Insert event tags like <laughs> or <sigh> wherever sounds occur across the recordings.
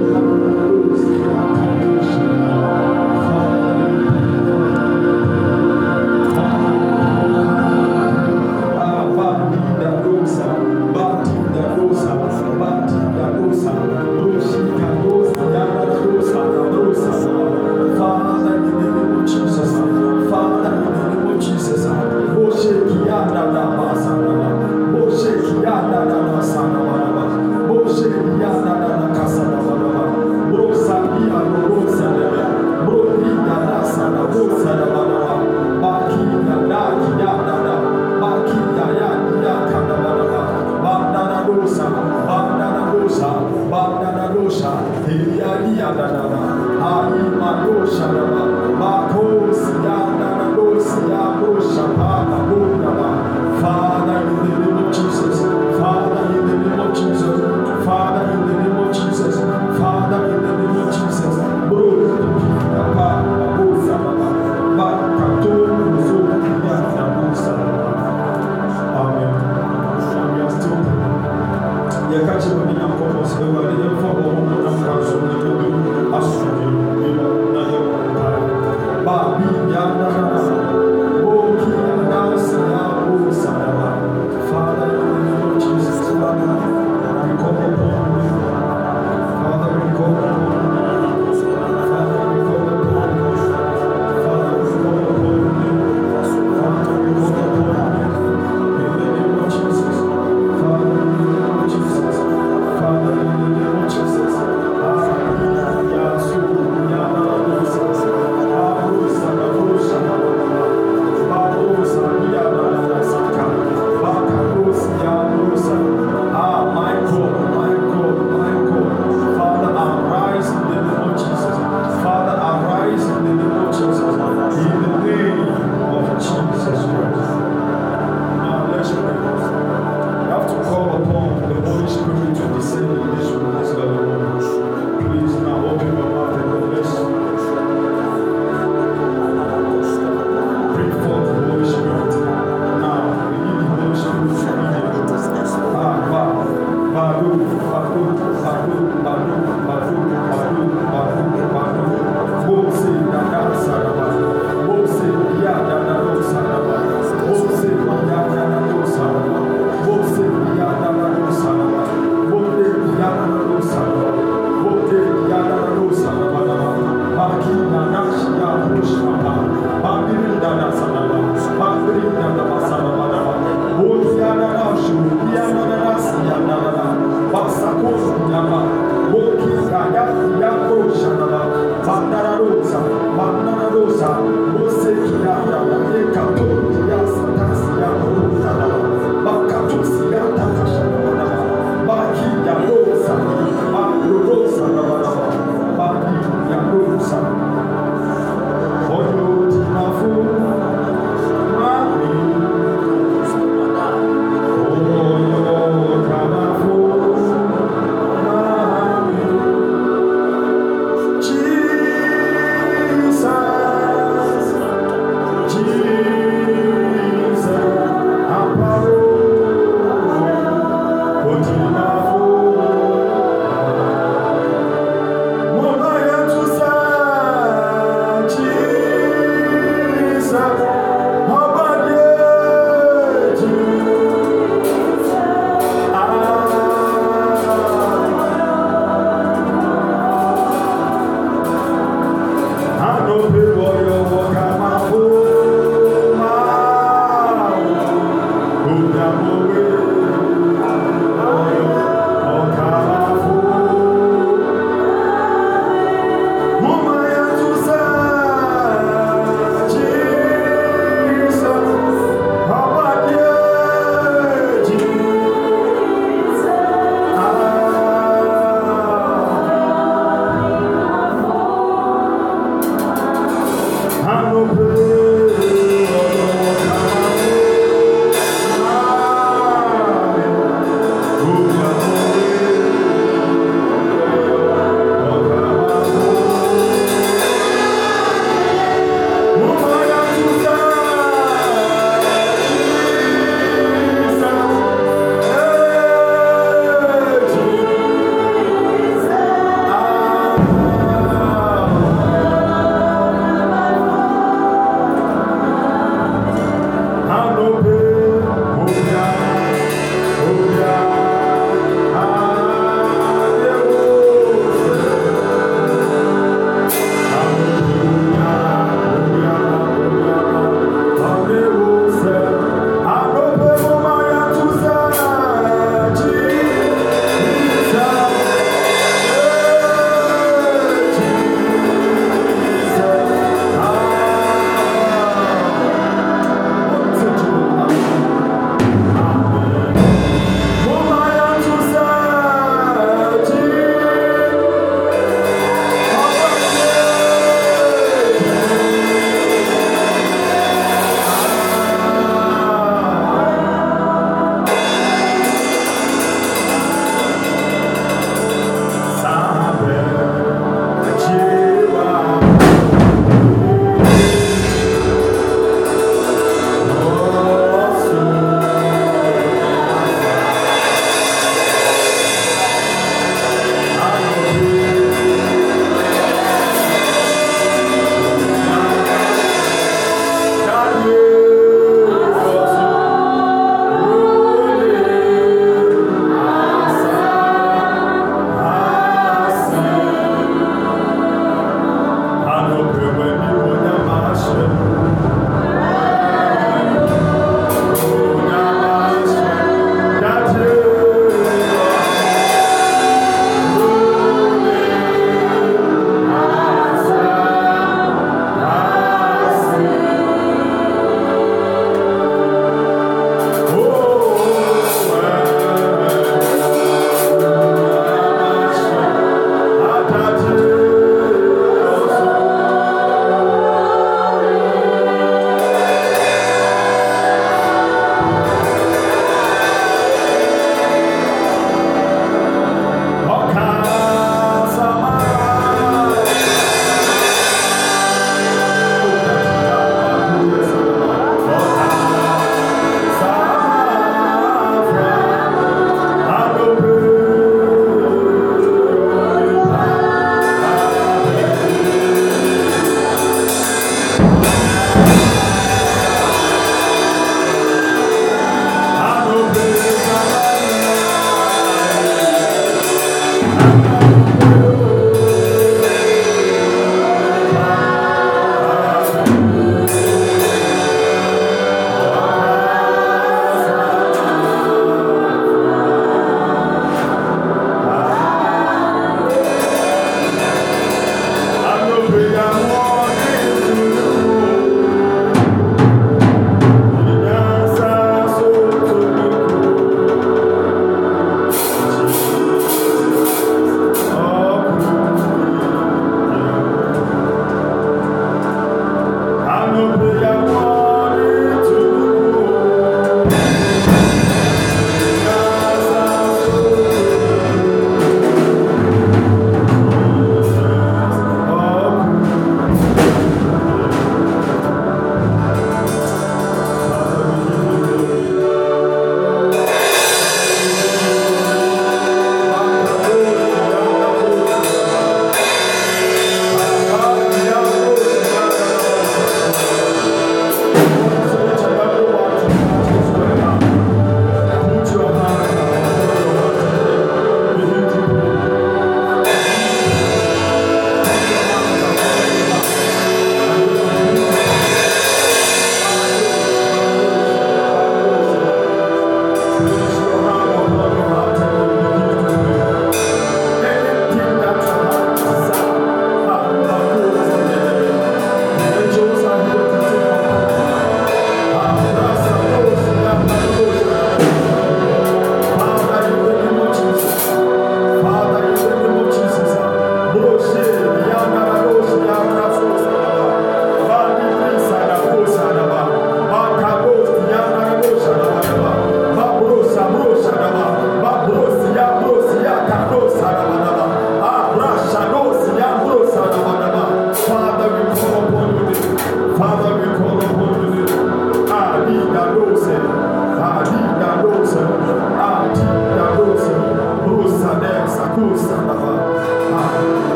啊。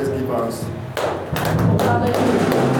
vez que vamos. Boa noite.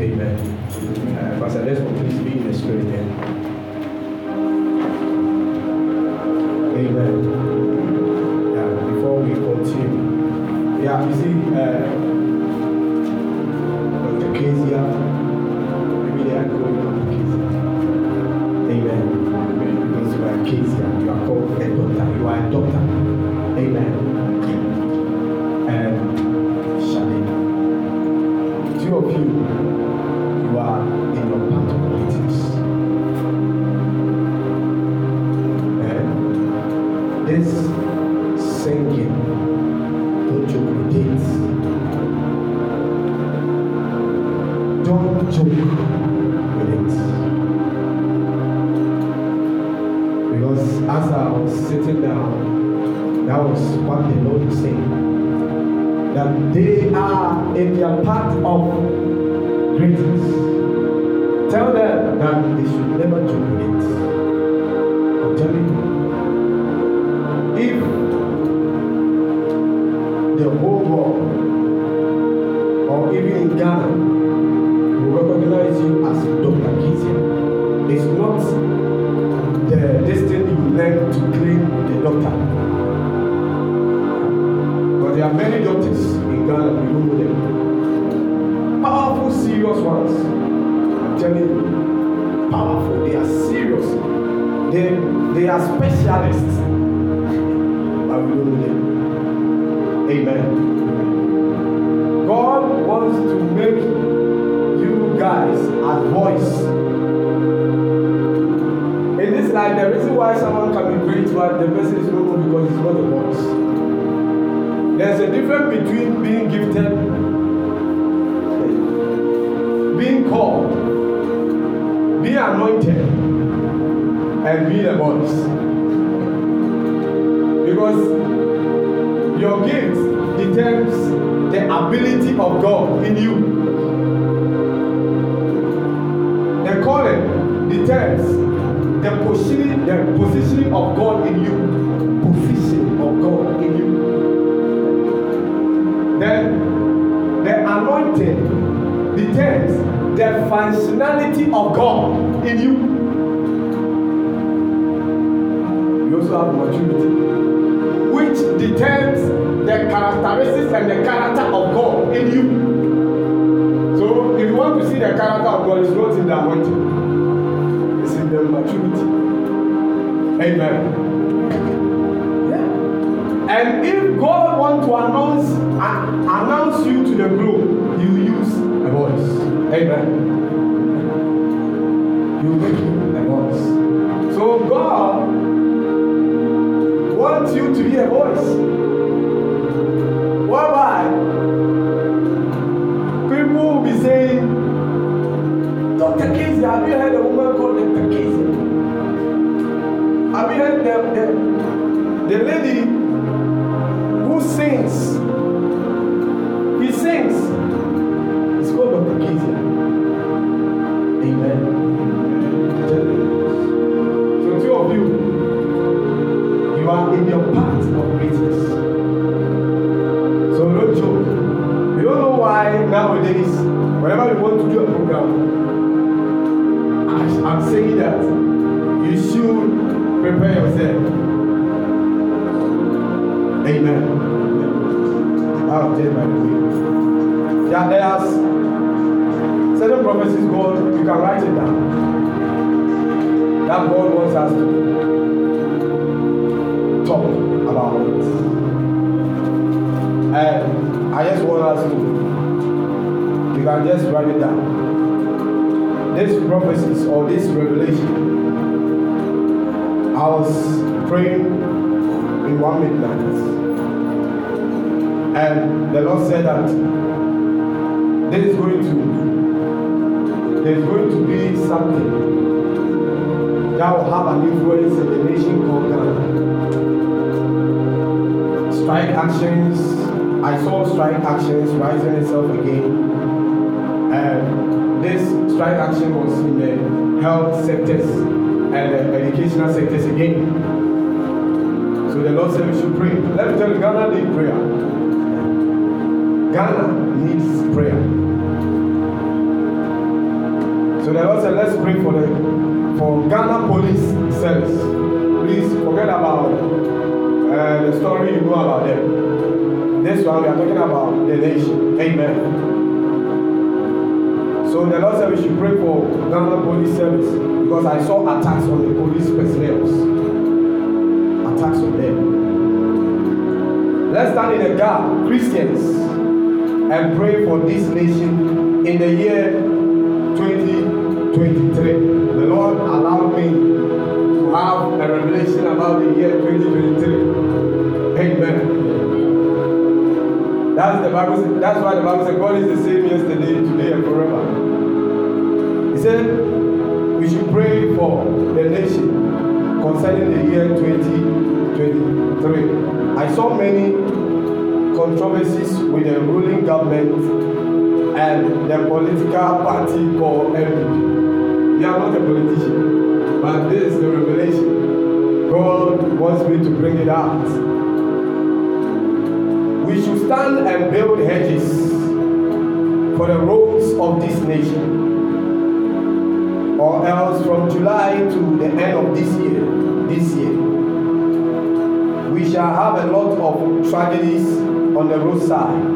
Amen. Amen. Uh, Pastor, let's please be in the spirit then. The Lord said we should pray for Ghana police service because I saw attacks on the police personnel. Attacks on them. Let's stand in the gap, Christians, and pray for this nation in the year 2023. The Lord allowed me to have a revelation about the year 2023. Amen. That's the Bible. That's why the Bible says God is the same government and the political party called MPP. We are not a politician, but this is the revelation. God wants me to bring it out. We should stand and build hedges for the roads of this nation or else from July to the end of this year, this year, we shall have a lot of tragedies on the roadside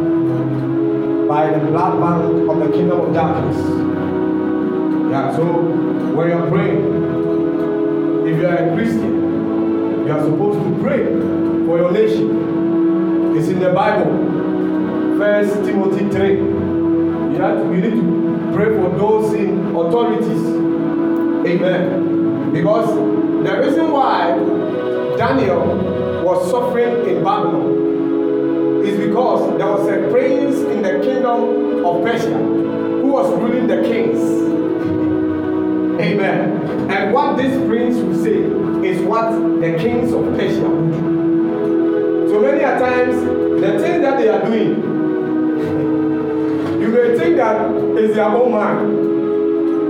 the blood bank of the kingdom of darkness. Yeah, so when you are praying, if you are a Christian, you are supposed to pray for your nation. It's in the Bible, First Timothy 3. You, have to, you need to pray for those in authorities. Amen. Because the reason why Daniel was suffering in Babylon is because there was a prince in the kingdom of Persia who was ruling the kings. Amen. And what this prince will say is what the kings of Persia do. So many a times, the thing that they are doing, you may think that is their own man.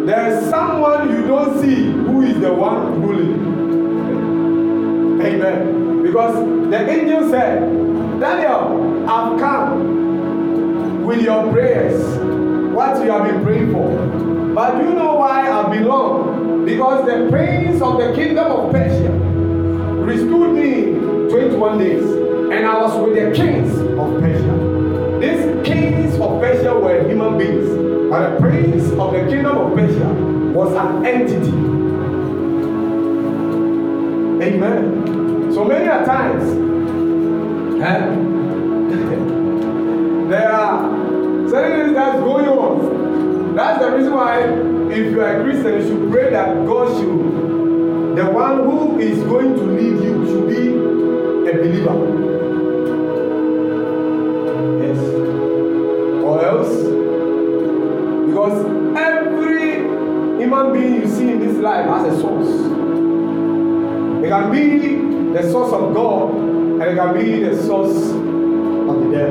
There is someone you don't see who is the one ruling. Amen. Because the angel said, Daniel, have come with your prayers, what you have been praying for. But you know why I belong? Because the prince of the kingdom of Persia restored me 21 days, and I was with the kings of Persia. These kings of Persia were human beings, but the prince of the kingdom of Persia was an entity. Amen. So many times, eh, there are certain things that's going on. That's the reason why, if you are a Christian, you should pray that God should, the one who is going to lead you, should be a believer. Yes. Or else, because every human being you see in this life has a source. It can be the source of God, and it can be the source yeah,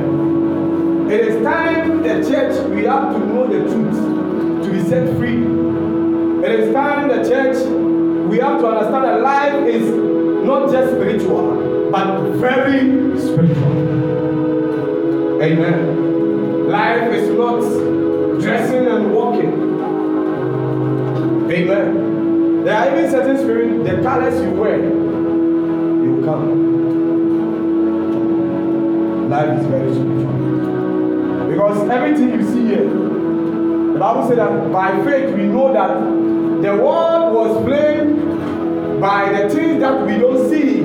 It is time the church, we have to know the truth to be set free. It is time the church, we have to understand that life is not just spiritual, but very spiritual. Amen. Life is not dressing and walking. Amen. There are even certain spirits, the colors you wear, you come. life is very spiritual. Because everything you see here, the Bible says that by faith we know that the world was framed by the things that we don't see.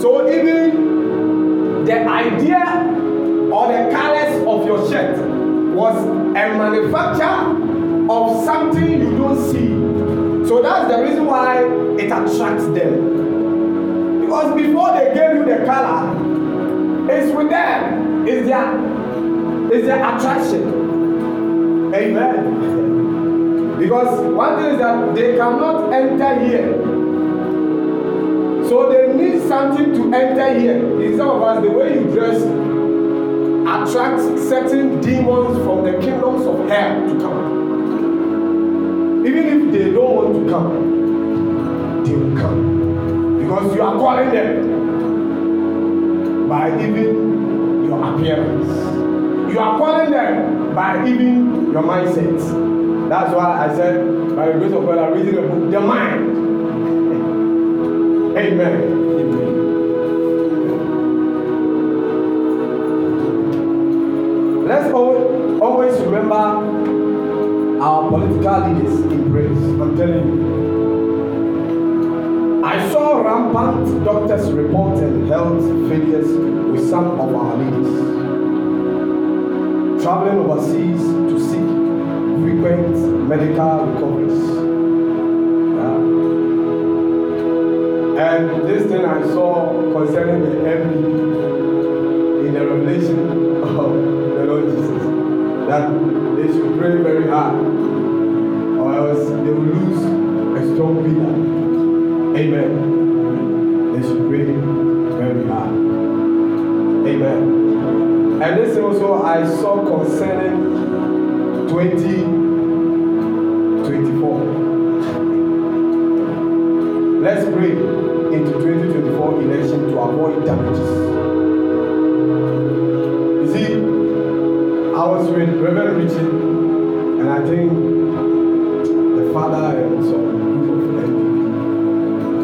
So even the idea or the colors of your shirt was a manufacture of something you don't see. So that's the reason why it attracts them. Because before they gave you the color, It's with them. It's their, it's their attraction. Amen. Because one thing is that they cannot enter here. So they need something to enter here. In some of us, the way you dress attracts certain demons from the kingdoms of hell to come. Even if they don't want to come, they will come. Because you are calling them. by even your appearance. You are calling them by even your mindset. That's why I said, by the grace of God, I'm reading a book, The Mind. <laughs> Amen. Amen. Let's always remember our political leaders in praise. I'm telling you. rampant doctors reported health failures with some of our leaders. Traveling overseas to seek frequent medical recoveries. Yeah. And this thing I saw concerning the MD in the revelation <laughs> of the Lord Jesus that they should pray very hard also I saw concerning 2024. 20, Let's pray into 2024 election to avoid damages. You see, I was with Reverend Richard, and I think the father and some group of NDP.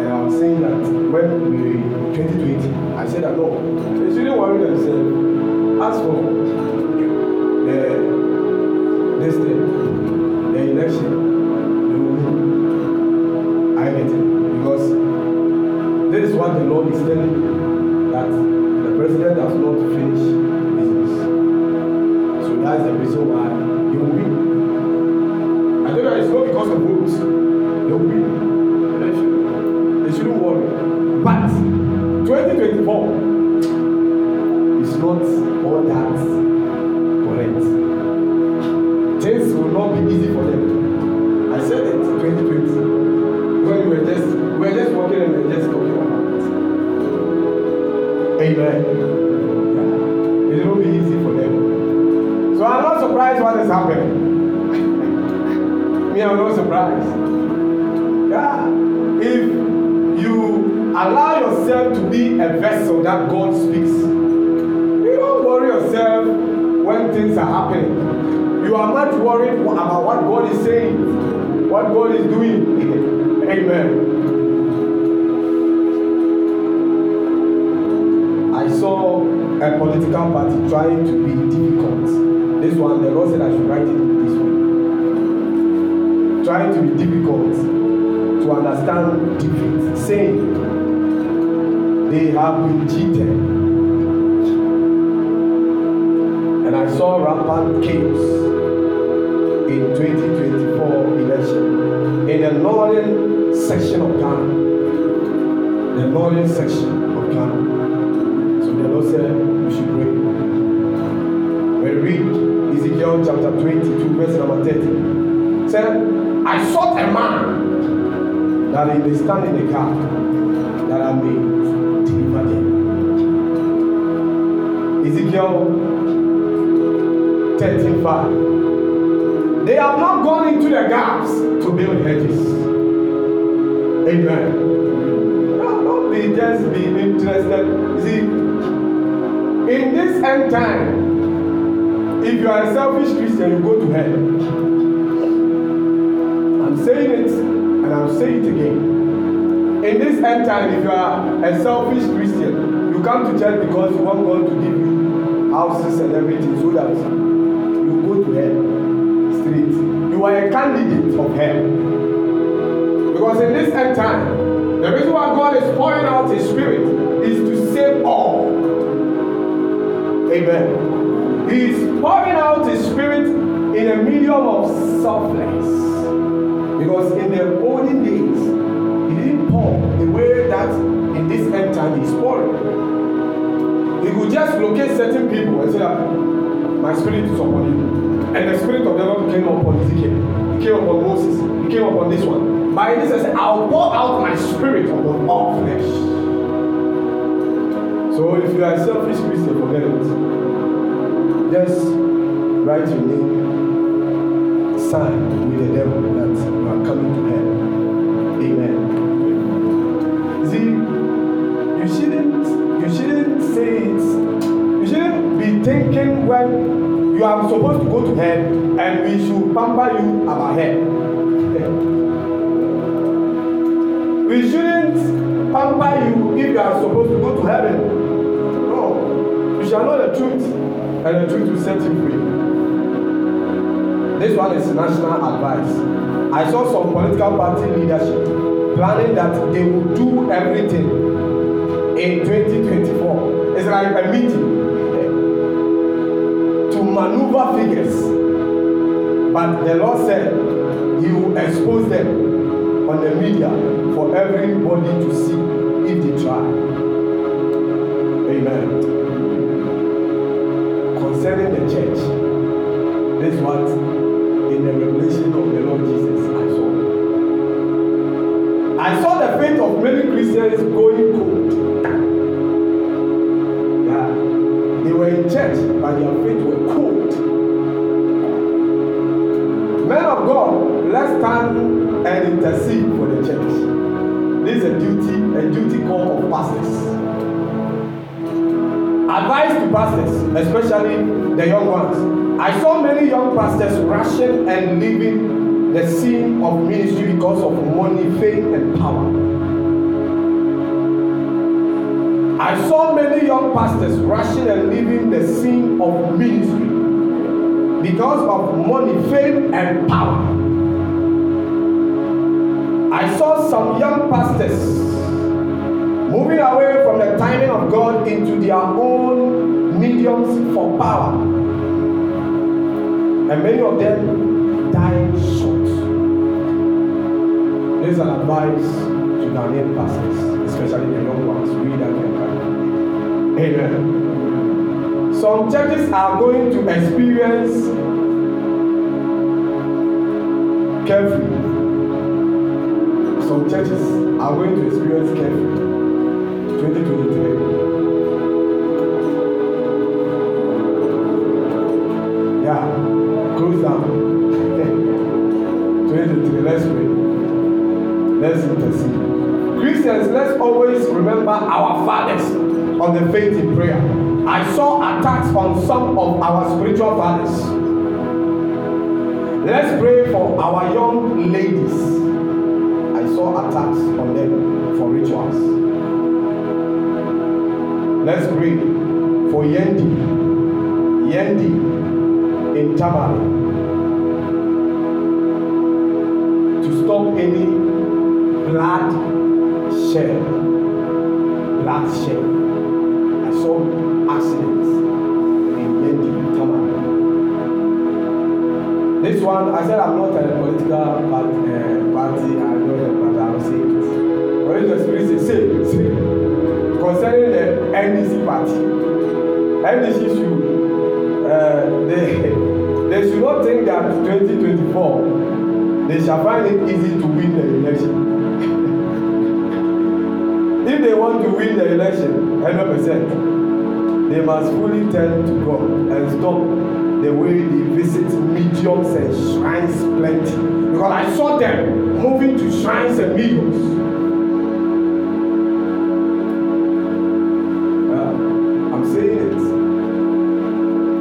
And I was saying that when we 2020, I said that no, This is what the Lord is telling you that the president has not finished business. So that's the reason why he will win. I think that it's not because of votes. They will win. They shouldn't worry. But 2024. not surprised what is happening. <laughs> Me, I'm not surprised. Yeah. If you allow yourself to be a vessel that God speaks, you don't worry yourself when things are happening. You are much worried about what God is saying, what God is doing. <laughs> Amen. I saw a political party trying to be difficult this one, the Lord said I should write it this way. Trying to be difficult to understand defeat, saying they have been cheated. And I saw rampant chaos in 2024 election in the northern section of Ghana. The northern section of Ghana. So the Lord said, John chapter 22, verse number 30. Said, I sought a man that in the stand in the car that I may deliver them. Ezekiel 13 5. They have not gone into the gaps to build hedges. Amen. don't be just be interested. See, in this end time, if you are a selfish Christian, you go to hell. I'm saying it and I'll say it again. In this end time, if you are a selfish Christian, you come to church because you want God to give you houses and everything so that you go to hell straight. You are a candidate of hell. Because in this end time, the reason why God is pouring out His Spirit is to save all. Amen. He is in a medium of softness. Because in the olden days, he didn't pour the way that in this end time he's pouring. He could just locate certain people and say that my spirit is upon you. And the spirit of the Lord came upon Ezekiel, he came upon Moses, he came upon this one. By this I I'll pour out my spirit upon all flesh. So if you are a selfish Christian, forget it. Just write your name sign with the devil that you are coming to hell. Amen. See, you shouldn't you shouldn't say it. You shouldn't be thinking when you are supposed to go to hell and we should pamper you about hell. We shouldn't pamper you if you are supposed to go to heaven. No. You shall know the truth, and the truth will set you free. This one is national advice. I saw some political party leadership planning that they will do everything in 2024. It's like a meeting to maneuver figures. But the Lord said He will expose them on the media for everybody to see if they try. Amen. Concerning the church, this is what of many Christians going cold. Yeah. They were in church, but their faith were cold. Men of God, let's stand and intercede for the church. This is a duty, a duty call of pastors. Advice to pastors, especially the young ones. I saw many young pastors rushing and leaving the scene of ministry because of money, fame, and power. I saw many young pastors rushing and leaving the scene of ministry because of money, fame, and power. I saw some young pastors moving away from the timing of God into their own mediums for power. And many of them died short. This is an advice to Ghanaian pastors, especially the young ones. We Amen. Some churches are going to experience curfew. Some churches are going to experience curfew 2023. Yeah, close down. 2023, <laughs> let's pray. Let's intercede. Christians, let's always remember our fathers. on the faith in prayer. I saw attacks on some of our spiritual fathers. Let's pray for our young ladies. I saw attacks on them for rituals. Let's pray for Yendi. Yendi in Tamale. To stop any blood shed. Blood shed. this one, I said I'm not a political part, uh, party, eh, I'm not a party, I'm saying this. the spirit is say, say, concerning the NDC party, NDC should, uh, eh, they, they should not think that 2024, they shall find it easy to win the election. <laughs> if they want to win the election, 100%, they must fully turn to God and stop the way they visit mediums and shrines plenty. Because I saw them moving to shrines and mediums. Uh, I'm saying it.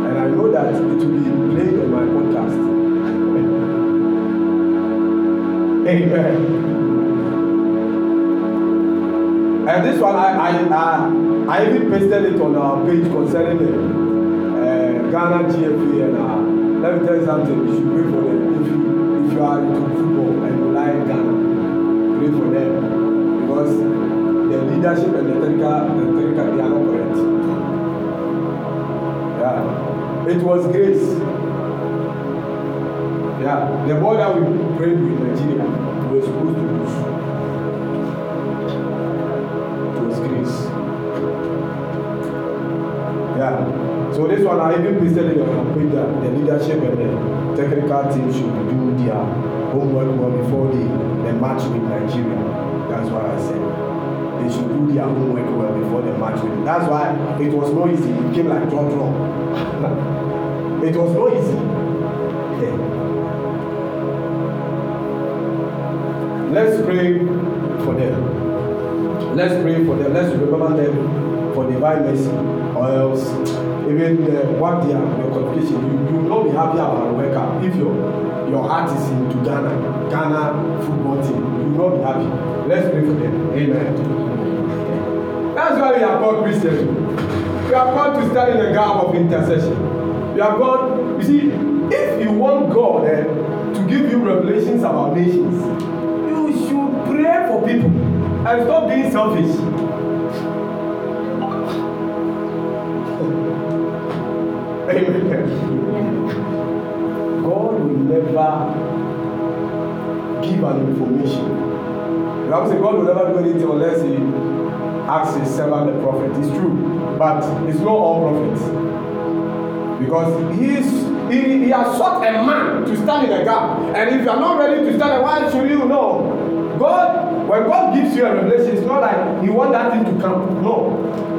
And I know that it will be played on my podcast. <laughs> Amen. And this one, I, I, I, uh, I even pasted it on our page concerning the uh, Ghana GFA and our Let me tell you something. You should pray for them. If you, if you are into football and you like Ghana, pray for them because their leadership and their technical, their technical, they are not correct. Yeah, it was grace. Yeah, the ball that we played with Nigeria we were supposed to lose. It was grace. Yeah. So this one I even pasted in your with the, the leadership and the technical team should do their homework well before the, the match with Nigeria. That's what I said. They should do their homework well before the match with. Them. That's why it was not easy. It came like draw draw. <laughs> it was not easy. Yeah. Let's pray for them. Let's pray for them. Let's remember them for divine mercy, or else even uh, what they are motivation you you no be happy about Rebecca if your your heart is into Ghana Ghana football team you no be happy let's pray for them amen that's why we are called Christians we are called to stand in the gap of intercession we are called you see if you want God eh, to give you revelations about nations you should pray for people and stop being selfish. Amen. God will never give an information. The Bible says God will never do anything unless He asks His servant the prophet. It's true, but it's not all prophets. Because he's, he, he has sought a man to stand in the gap. And if you are not ready to stand, why should you? know? God, when God gives you a revelation, it's not like He wants that thing to come. No.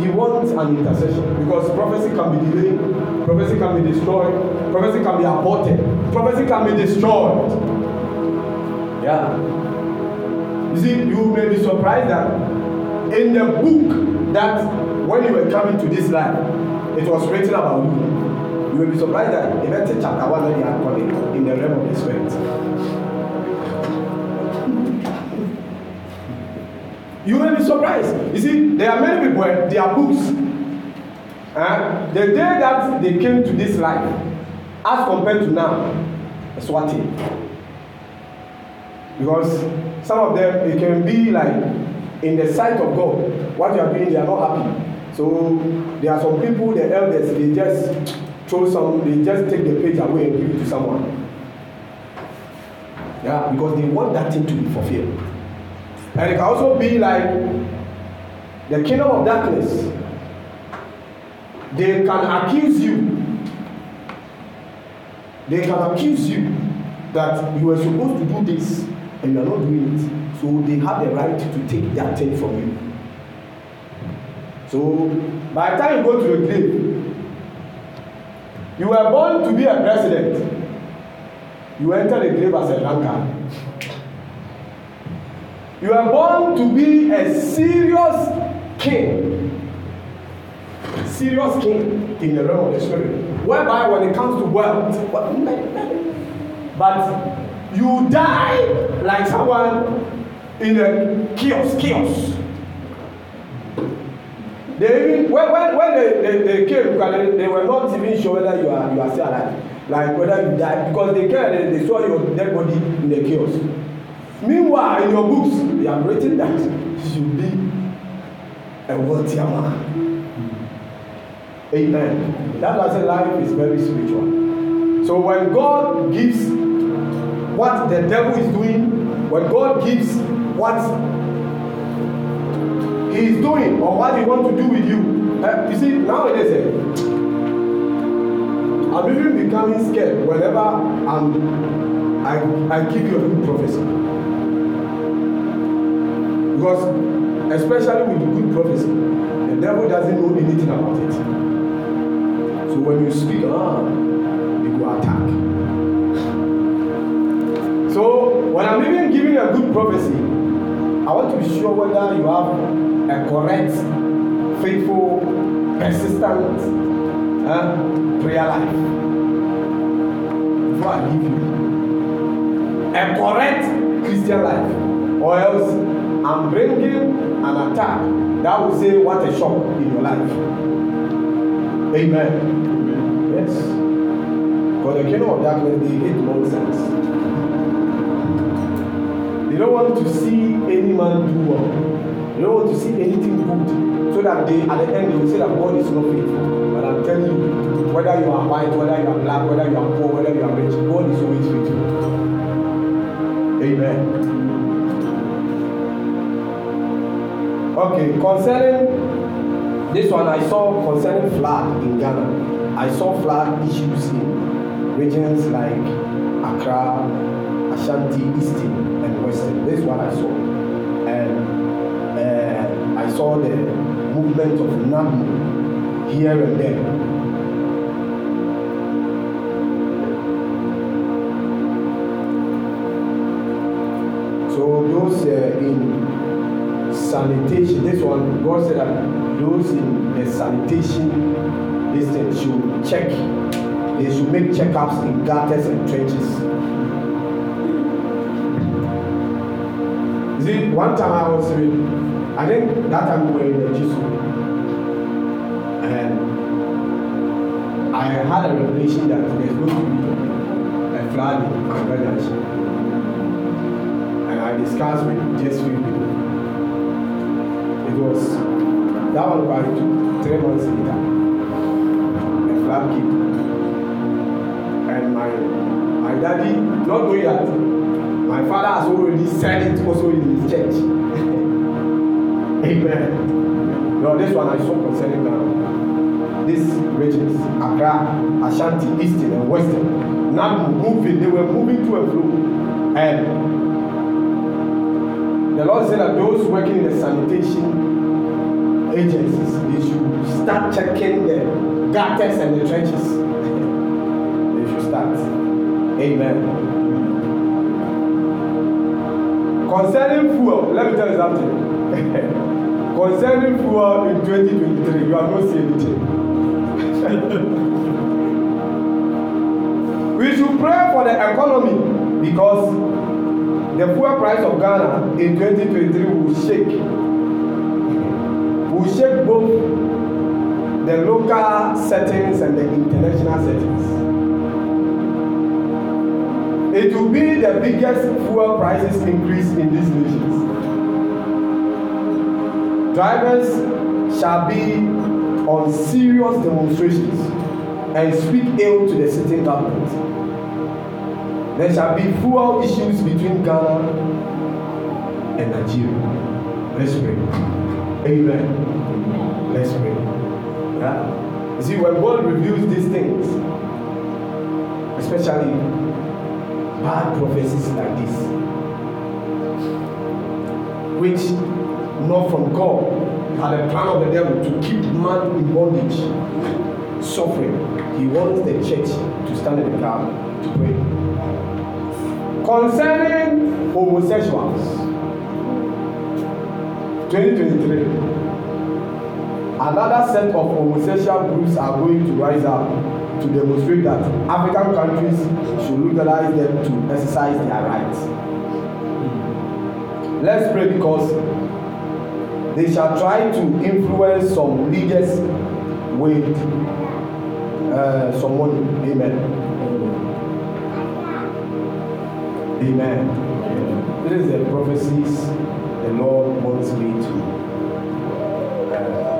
He wants an intercession because prophecy can be delayed, prophecy can be destroyed, prophecy can be aborted, prophecy can be destroyed. Yeah. You see, you may be surprised that in the book that when you were coming to this life, it was written about you. You will be surprised that Ephesians chapter one, that they had called in the realm of the spirit. You may be surprised. You see, there are many people, eh, their books. Eh? The day that they came to this life, as compared to now, is what it. Because some of them, it can be like, in the sight of God, what they are doing, they are not happy. So there are some people, the elders, they just throw some, they just take the page away and give it to someone. Yeah, because they want that thing to be fulfilled. And it can also be like the kingdom of darkness. They can accuse you. They can accuse you that you were supposed to do this and you are not doing it. So they have the right to take that thing from you. So by the time you go to the grave, you were born to be a president. You enter the grave as a ranker. You are born to be a serious king. Serious king in the realm of the spirit. Whereby, when it comes to wealth, but you die like someone in a kiosk. kiosk. They even when when, when they, they, they came, they, they were not even sure whether you are you are still alive, like whether you died, because they came and they, they saw your dead body in the kiosk meanwhile in your books you have written that you should be a wealthier man amen that was a life is very spiritual so when god gives what the devil is doing when god gives what he is doing or what he want to do with you eh, you see nowadays eh, i'm even becoming scared whenever i'm i i give you a good prophecy Because especially with good prophecy, the devil doesn't know anything about it. So when you speak, ah, they go attack. So when I'm even giving a good prophecy, I want to be sure whether you have a correct, faithful, persistent uh, prayer life. Before I give you a correct Christian life, or else I'm bringing an attack that will say, What a shock in your life. Amen. Amen. Yes. Because the kingdom of darkness, they hate nonsense. They don't want to see any man do well. They don't want to see anything good. So that they, at the end, they will say that God is not faithful. But I'm telling you, whether you are white, whether you are black, whether you are poor, whether you are rich, God is always faithful. Amen. Okay, concerning this one, I saw concerning flood in Ghana. I saw flood issues in regions like Accra, Ashanti, Eastern, and Western. This one I saw. And uh, I saw the movement of NAMU here and there. So those uh, in sanitation. This one, God said that those in the sanitation system should check. They should make checkups in gutters and trenches. You see, one time I was in, I think that time we were in the Jesus. And I had a revelation that there's going to be a flood in Bangladesh. And I discussed with just few people. that one by two, three months later, a flap came. And my my daddy, not knowing that, my father has already said it also in his church. <laughs> Amen. Now this one I saw concerning Ghana. this regions, Accra, Ashanti, Eastern and Western, now moving, they were moving to and fro. And the Lord said that those working in the sanitation agencies, they should start checking the gutters and the trenches. <laughs> they should start. Amen. Concerning fuel, let me tell you something. <laughs> Concerning fuel in 2023, you are not seeing anything. <laughs> we should pray for the economy because the fuel price of Ghana in 2023 will shake. both the local settings and the international settings. It will be the biggest fuel prices increase in these nations. Drivers shall be on serious demonstrations and speak ill to the sitting government. There shall be fuel issues between Ghana and Nigeria. Let's pray. Amen. Let's pray. Yeah? You see, when God reveals these things, especially bad prophecies like this, which not from God, had a plan of the devil to keep man in bondage, suffering. He wants the church to stand in the gap to pray. Concerning homosexuals, 2023 another set of homosexual groups are going to rise up to demonstrate that African countries should legalize them to exercise their rights. Let's pray because they shall try to influence some leaders with uh, some money. Amen. Amen. Amen. This is the prophecies the Lord wants me to. Uh,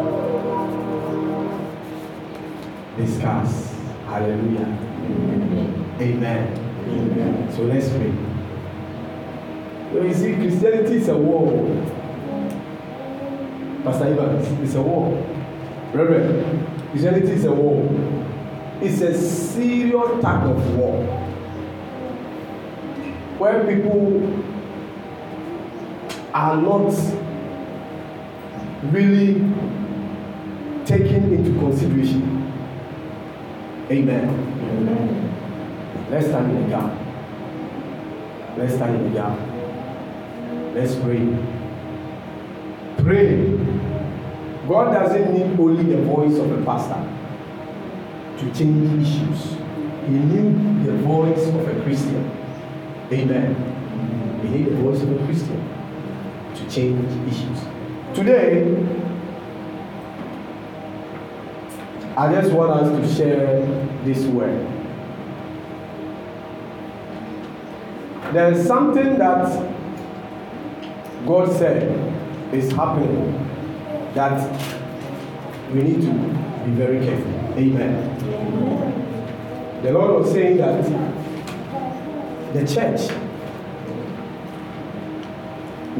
is scarce. Hallelujah. Amen. Amen. Amen. So let's pray. So you see, Christianity is a war. Pastor Ivan, it's a war. Reverend, Christianity is a war. It's a serious type of war. Where people are not really taken into consideration. Amen. Amen. Let's stand in the gap. Let's stand in the gap. Let's pray. Pray. God doesn't need only the voice of a pastor to change issues. He needs the voice of a Christian. Amen. He needs the voice of a Christian to change issues. Today, I just want us to share this word. There is something that God said is happening that we need to be very careful. Amen. The Lord was saying that the church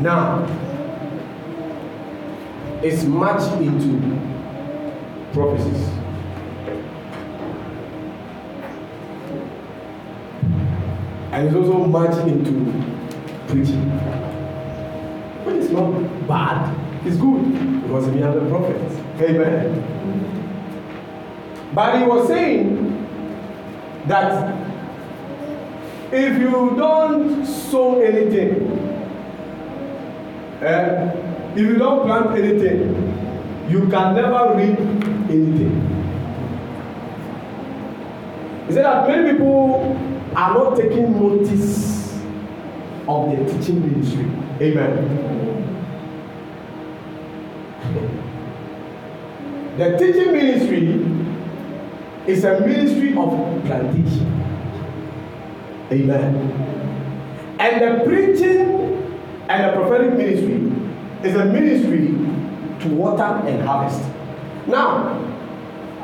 now is much into prophecies. and it's also merged into preaching. Which is not bad, it's good because we have the prophets. Amen. But he was saying that if you don't sow anything, eh, if you don't plant anything, you can never reap anything. He said that many people are not taking notice of the teaching ministry. Amen. the teaching ministry is a ministry of plantation. Amen. And the preaching and the prophetic ministry is a ministry to water and harvest. Now,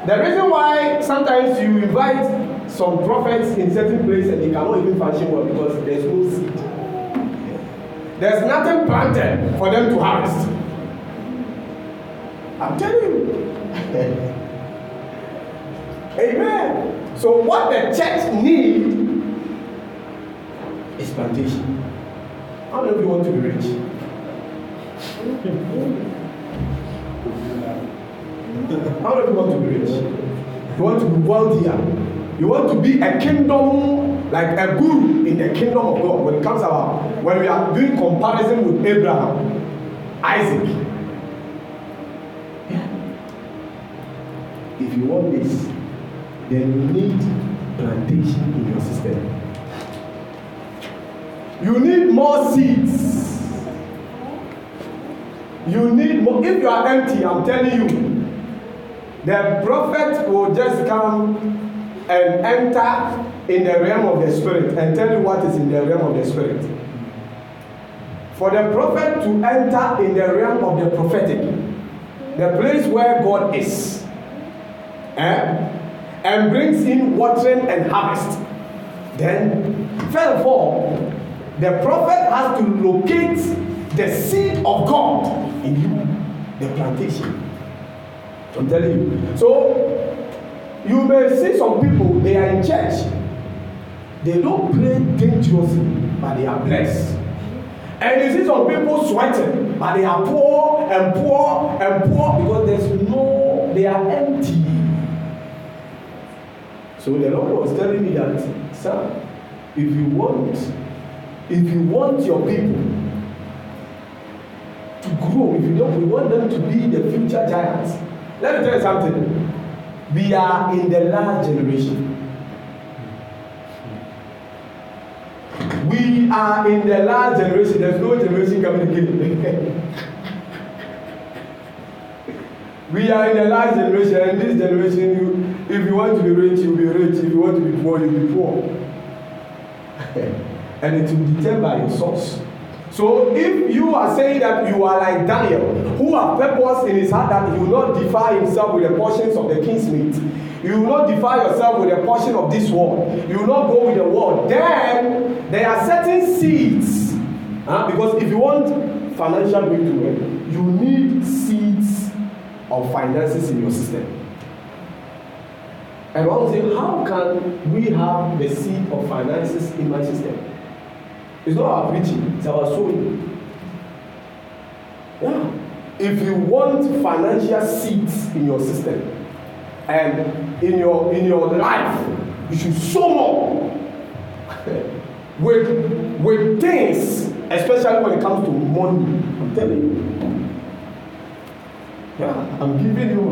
the reason why sometimes you invite some prophets in certain places they cannot even function well because there's no seed. There's nothing planted for them to harvest. I'm telling you. <laughs> Amen. So what the church needs is plantation. How many of you want to be rich? How many of you want to be rich? You want to be wealthier? You want to be a kingdom, like a guru in the kingdom of God. When it comes about, when we are doing comparison with Abraham, Isaac. Yeah. If you want this, then you need plantation in your system. You need more seeds. You need more. If you are empty, I'm telling you, the prophet will just come and enter in the realm of the spirit and tell you what is in the realm of the spirit. For the prophet to enter in the realm of the prophetic, the place where God is, eh? and brings in watering and harvest, then, therefore, the prophet has to locate the seed of God in you, the plantation. I'm telling you. So, you may see some people they are in church they don pray dangerously but they are blessed and you see some people sweating but they are poor and poor and poor because there is no they are empty so the lord was telling me that sir if you want if you want your people to grow if you don't you want them to be the future giants let me tell you something we are in the last generation. We are in the last generation. There's no generation coming again. <laughs> we are in the last generation, and this generation, you, if you want to be rich, you'll be rich. If you want to be poor, you'll be poor. <laughs> and it will be determined by your source. So if you are saying that you are like Daniel, who have purpose in his heart that he will not defile himself with the portions of the king's meat, you will not defile yourself with a portion of this world, you will not go with the world, then there are certain seeds. Huh? Because if you want financial breakthrough, eh, you need seeds of finances in your system. And one will say, how can we have the seed of finances in my system? It's not our preaching, it's our sowing. Yeah. If you want financial seeds in your system and in your in your life, you should sow more <laughs> with with things, especially when it comes to money. I'm telling you. Yeah, I'm giving you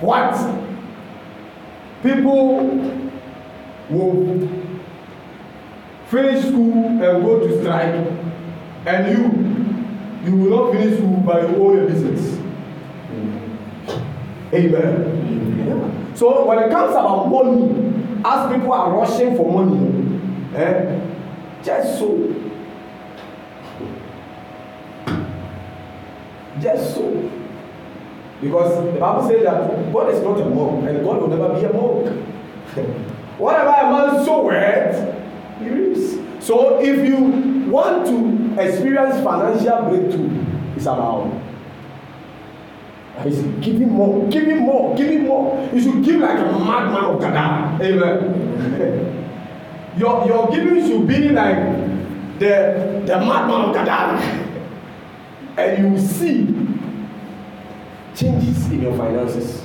what people will finish school and go to strike and you you will not finish school by your own business amen yeah. so when it comes about money as people are rushing for money eh just so just so because the bible says that god is not a monk and god will never be a monk <laughs> whatever a man so worth? reaps. So if you want to experience financial breakthrough, it's about I said, more, giving more, giving more. You should give like a madman of Ghana. Amen. <laughs> your your giving should be like the the madman of Ghana. and you see changes in your finances.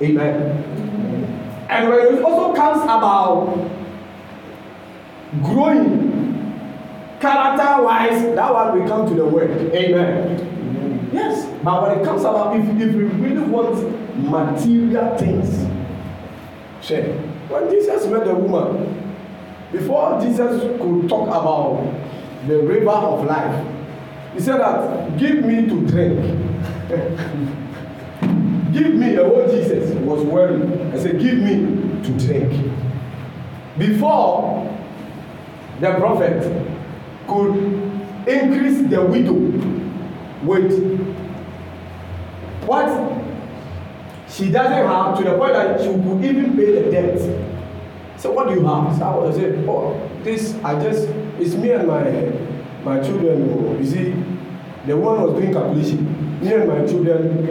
Amen. And when it also comes about growing character wise that one will come to the world amen. yes but when it comes about if if we really want material things share when jesus met the woman before jesus could talk about the river of life he said that give me to drink. <laughs> give me the whole jesus was wearing i said, give me to drink before the prophet could increase the widow with what she doesn't have to the point that she could even pay the debt so what do you have so i was say oh this i just it's me and my my children o oh, you see the one was doing calculation me and my children <laughs>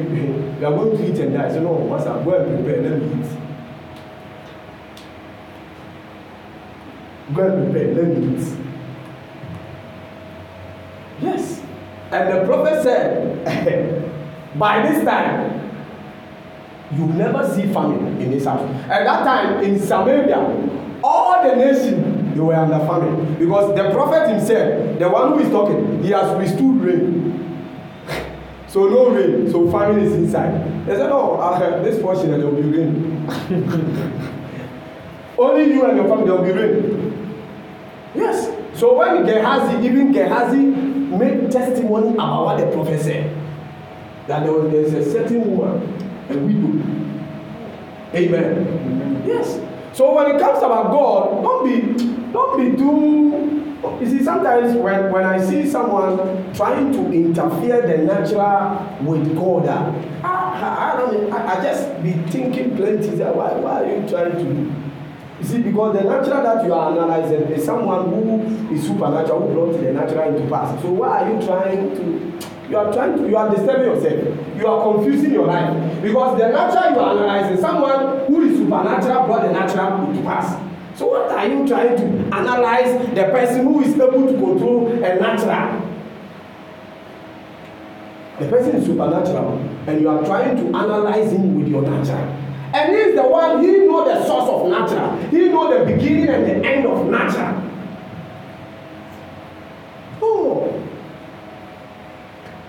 we are going to eat and die so no master. go and prepare let me eat Go and prepare. Let me do Yes. And the prophet said, <laughs> By this time, you never see famine in this house. At that time in Samaria, all the nation they were under famine because the prophet himself, the one who is talking, he has withstood rain. <laughs> so no rain, so famine is inside. They said, "Oh, uh, this portion there will be rain." <laughs> Only you and your family will be rain. Yes. So when Gehazi, even Gehazi made testimony about what the prophet said, that there was there's a certain woman, a widow. Amen. Yes. So when it comes about God, don't be don't be too you see sometimes when when i see someone trying to interfere the natural with god ah i ah, i don't i, I just be thinking plenty say why why are you trying to You see, because the natural that you are analyzing is someone who is supernatural, who brought the natural into past. So why are you trying to? You are trying to. You are disturbing yourself. You are confusing your life because the natural you are analyzing, someone who is supernatural brought the natural into past. So what are you trying to analyze the person who is able to control a natural? The person is supernatural, and you are trying to analyze him with your natural. And he's the one, he know the source of nature. He know the beginning and the end of nature. Oh.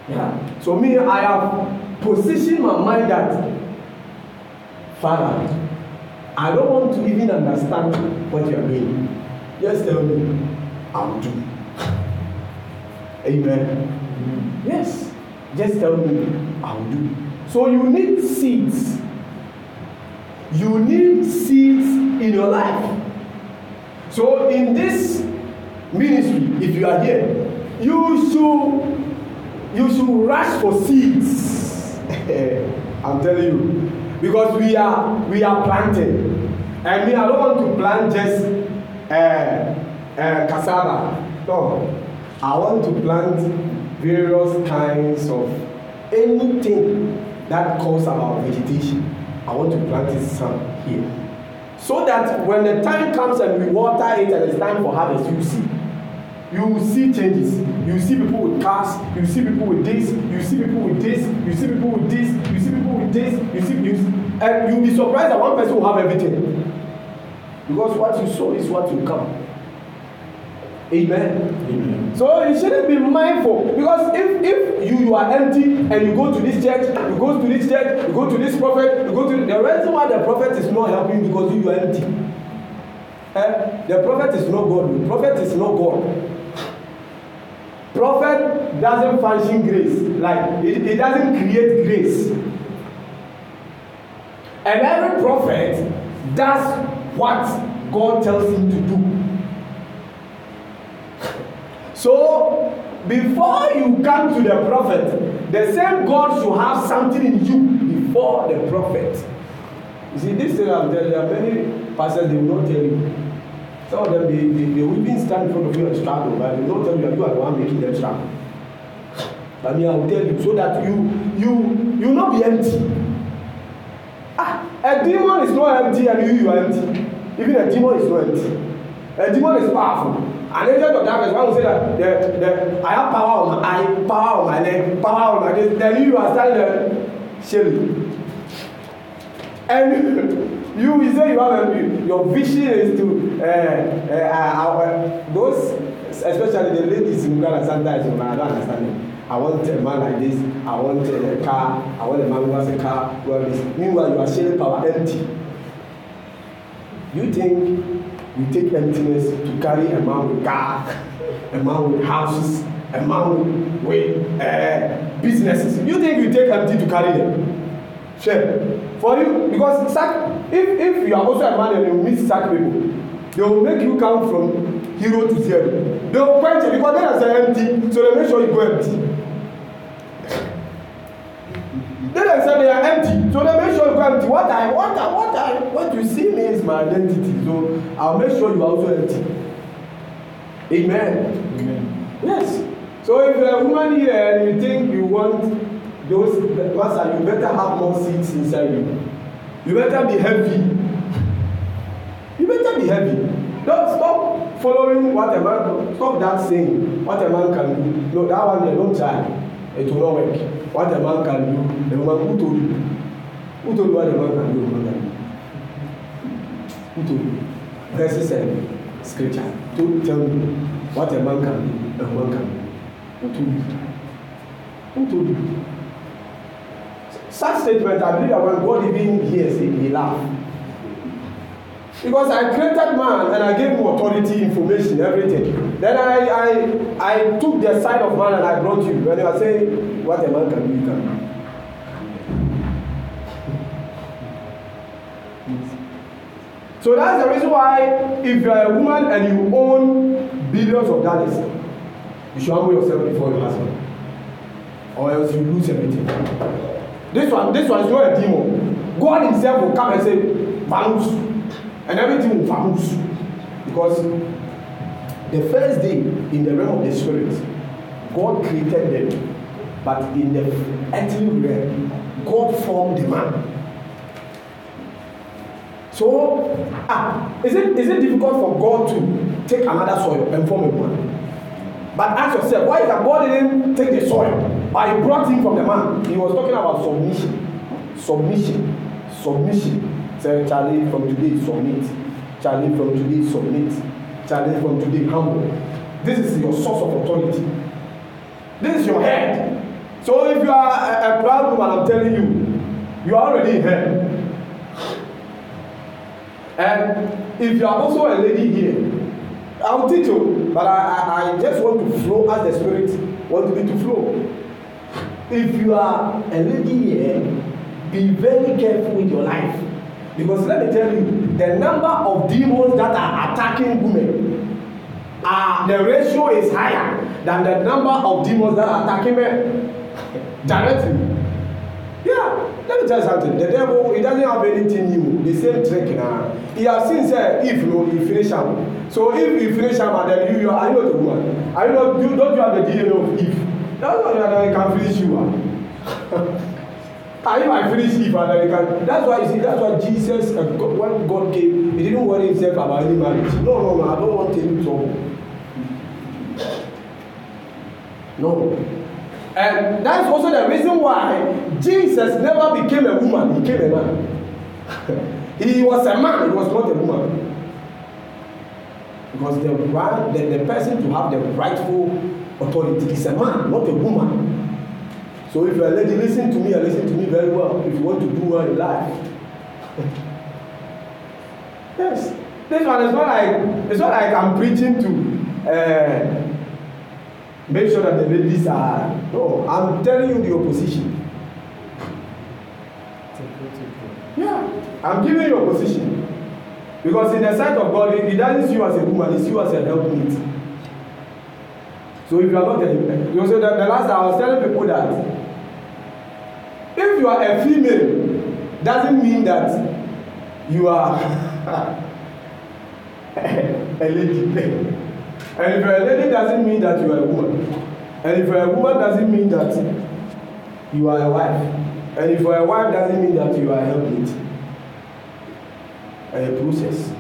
Yeah. So me, I have positioned my mind that, Father, I don't want to even understand what you are doing. Just tell me, I'll do. Amen. Yes. Just tell me, I'll do. So you need seeds you need seeds in your life. So, in this ministry, if you are here, you should you should rush for seeds. <laughs> I'm telling you, because we are we are planting, and me I don't want to plant just uh, uh, cassava. No, I want to plant various kinds of anything that calls about vegetation I want to plant it some here. So that when the time comes and we water it and it's time for harvest, you see. You see changes. You see people with cars. You see people with this. You see people with this. You see people with this. You see people with this. You see, you and you'll be surprised that one person will have everything. Because what you sow is what will come. Amen. Amen. So you shouldn't be mindful because if if you, you are empty and you go to this church, you go to this church, you go to this prophet, you go to the reason why the prophet is not helping because you, are empty. Eh? The prophet is not God. The prophet is not God. Prophet doesn't function grace. Like it, it doesn't create grace. And every prophet does what God tells him to do. So, before you come to the prophet, the same God should have something in you before the prophet. You see, this thing I'm telling you, many pastors they will not tell you. Some of them they, they, they will even stand in front of you and struggle, but they will not tell you that you are the one making them struggle. But me, I will tell you so that you you you not be empty. Ah, a demon is not empty and you you are empty. Even a demon is not empty. A demon is powerful. And angels of darkness, one will say that the, the, I have power on my eye, power on my leg, power on my this. Then you are standing there, shame. And <laughs> you, you say you have a, your vision is to uh, uh, uh, those, especially the ladies in Ghana sometimes, you know, I don't understand it. I want a man like this. I want a car. I want a man who has a car. Who has this. Meanwhile, you are sharing power empty. You think You take emptiness to carry a man with car, a man with houses, a man with uh, businesses. You think you take empty to carry them? Sure. For you, because sack, if, if you are also a man and you meet sack people, they will make you come from hero to zero. They will quench you because they are empty, so they make sure you go empty. empty. What I want, I what I what you see me is my identity. So I'll make sure you are also empty. Amen. Amen. Yes. So if you're a woman here and you think you want those master, you better have more seats inside you. You better be heavy. You better be heavy. Don't stop following what a man stop that saying. What a man can do. No, that one there, don't try. It will not work. What a man can do, a woman who told you. Utolúwa lè wọ́n pàdé òun lọ́dà. Utolú verses and scripture to tell you what a man can be and what can be. Utolú. Utolú. Such statement, I believe that when God even hears it, he laughs. Because I created man and I gave him authority, information, everything. Then I, I, I took the side of man and I brought you. When you are saying what a man can do, you can do. So that's the reason why if you are a woman and you own billions of dollars, you should humble yourself before your husband. Or else you lose everything. This one, this one is not a demon. God himself will come and say, Vamos. And everything will vamos. Because the first day in the realm of the spirit, God created them. But in the earthly realm, God formed the man. So, ah, is it is it difficult for God to take another soil and form a one? But ask yourself, why is that God didn't take the soil, but He brought him from the man? He was talking about submission, submission, submission. Say, Charlie, from today submit. Charlie, from today submit. Charlie, from today humble. This is your source of authority. This is your head. So if you are a, a proud woman, I'm telling you, you are already in hell. And if you are also a lady here, I'll teach you, but I, I, I just want to flow as the Spirit wants me to flow. If you are a lady here, be very careful with your life. Because let me tell you, the number of demons that are attacking women, uh, the ratio is higher than the number of demons that are attacking men <laughs> directly. Yeah, let me tell you something. The devil, he doesn't have anything new. The same trick now. He has seen say if no, he finish am. So if he finish am, then you, you are you not the one. Are you not? You don't you have the DNA of if? That's why that can finish you. Ah. <laughs> are you I finish if and then you can? That's why you see. That's why Jesus uh, when God came, he didn't worry himself about any marriage. No, no, no. I don't want any trouble. No. And that's also the reason why Jesus never became a woman, he became a man. <laughs> he was a man, he was not a woman. Because the right, the, the person to have the rightful authority is a man, not a woman. So if you're a lady, listen to me and listen to me very well if you want to do well in life. <laughs> yes. This one is not like it's not like I'm preaching to uh, make sure that the ladies are no i'm telling you the opposition yeah i'm giving you opposition because in the sight of god he doesn't see you as a woman he see you as a helpmate so if you are not a you know so the, the last time i was telling people that if you are a female doesn't mean that you are <laughs> a lady And if you're a lady, doesn't mean that you are a woman. And if you're a woman, doesn't mean that you are a wife. And if you're a wife, doesn't mean that you are a helpmate. And a process.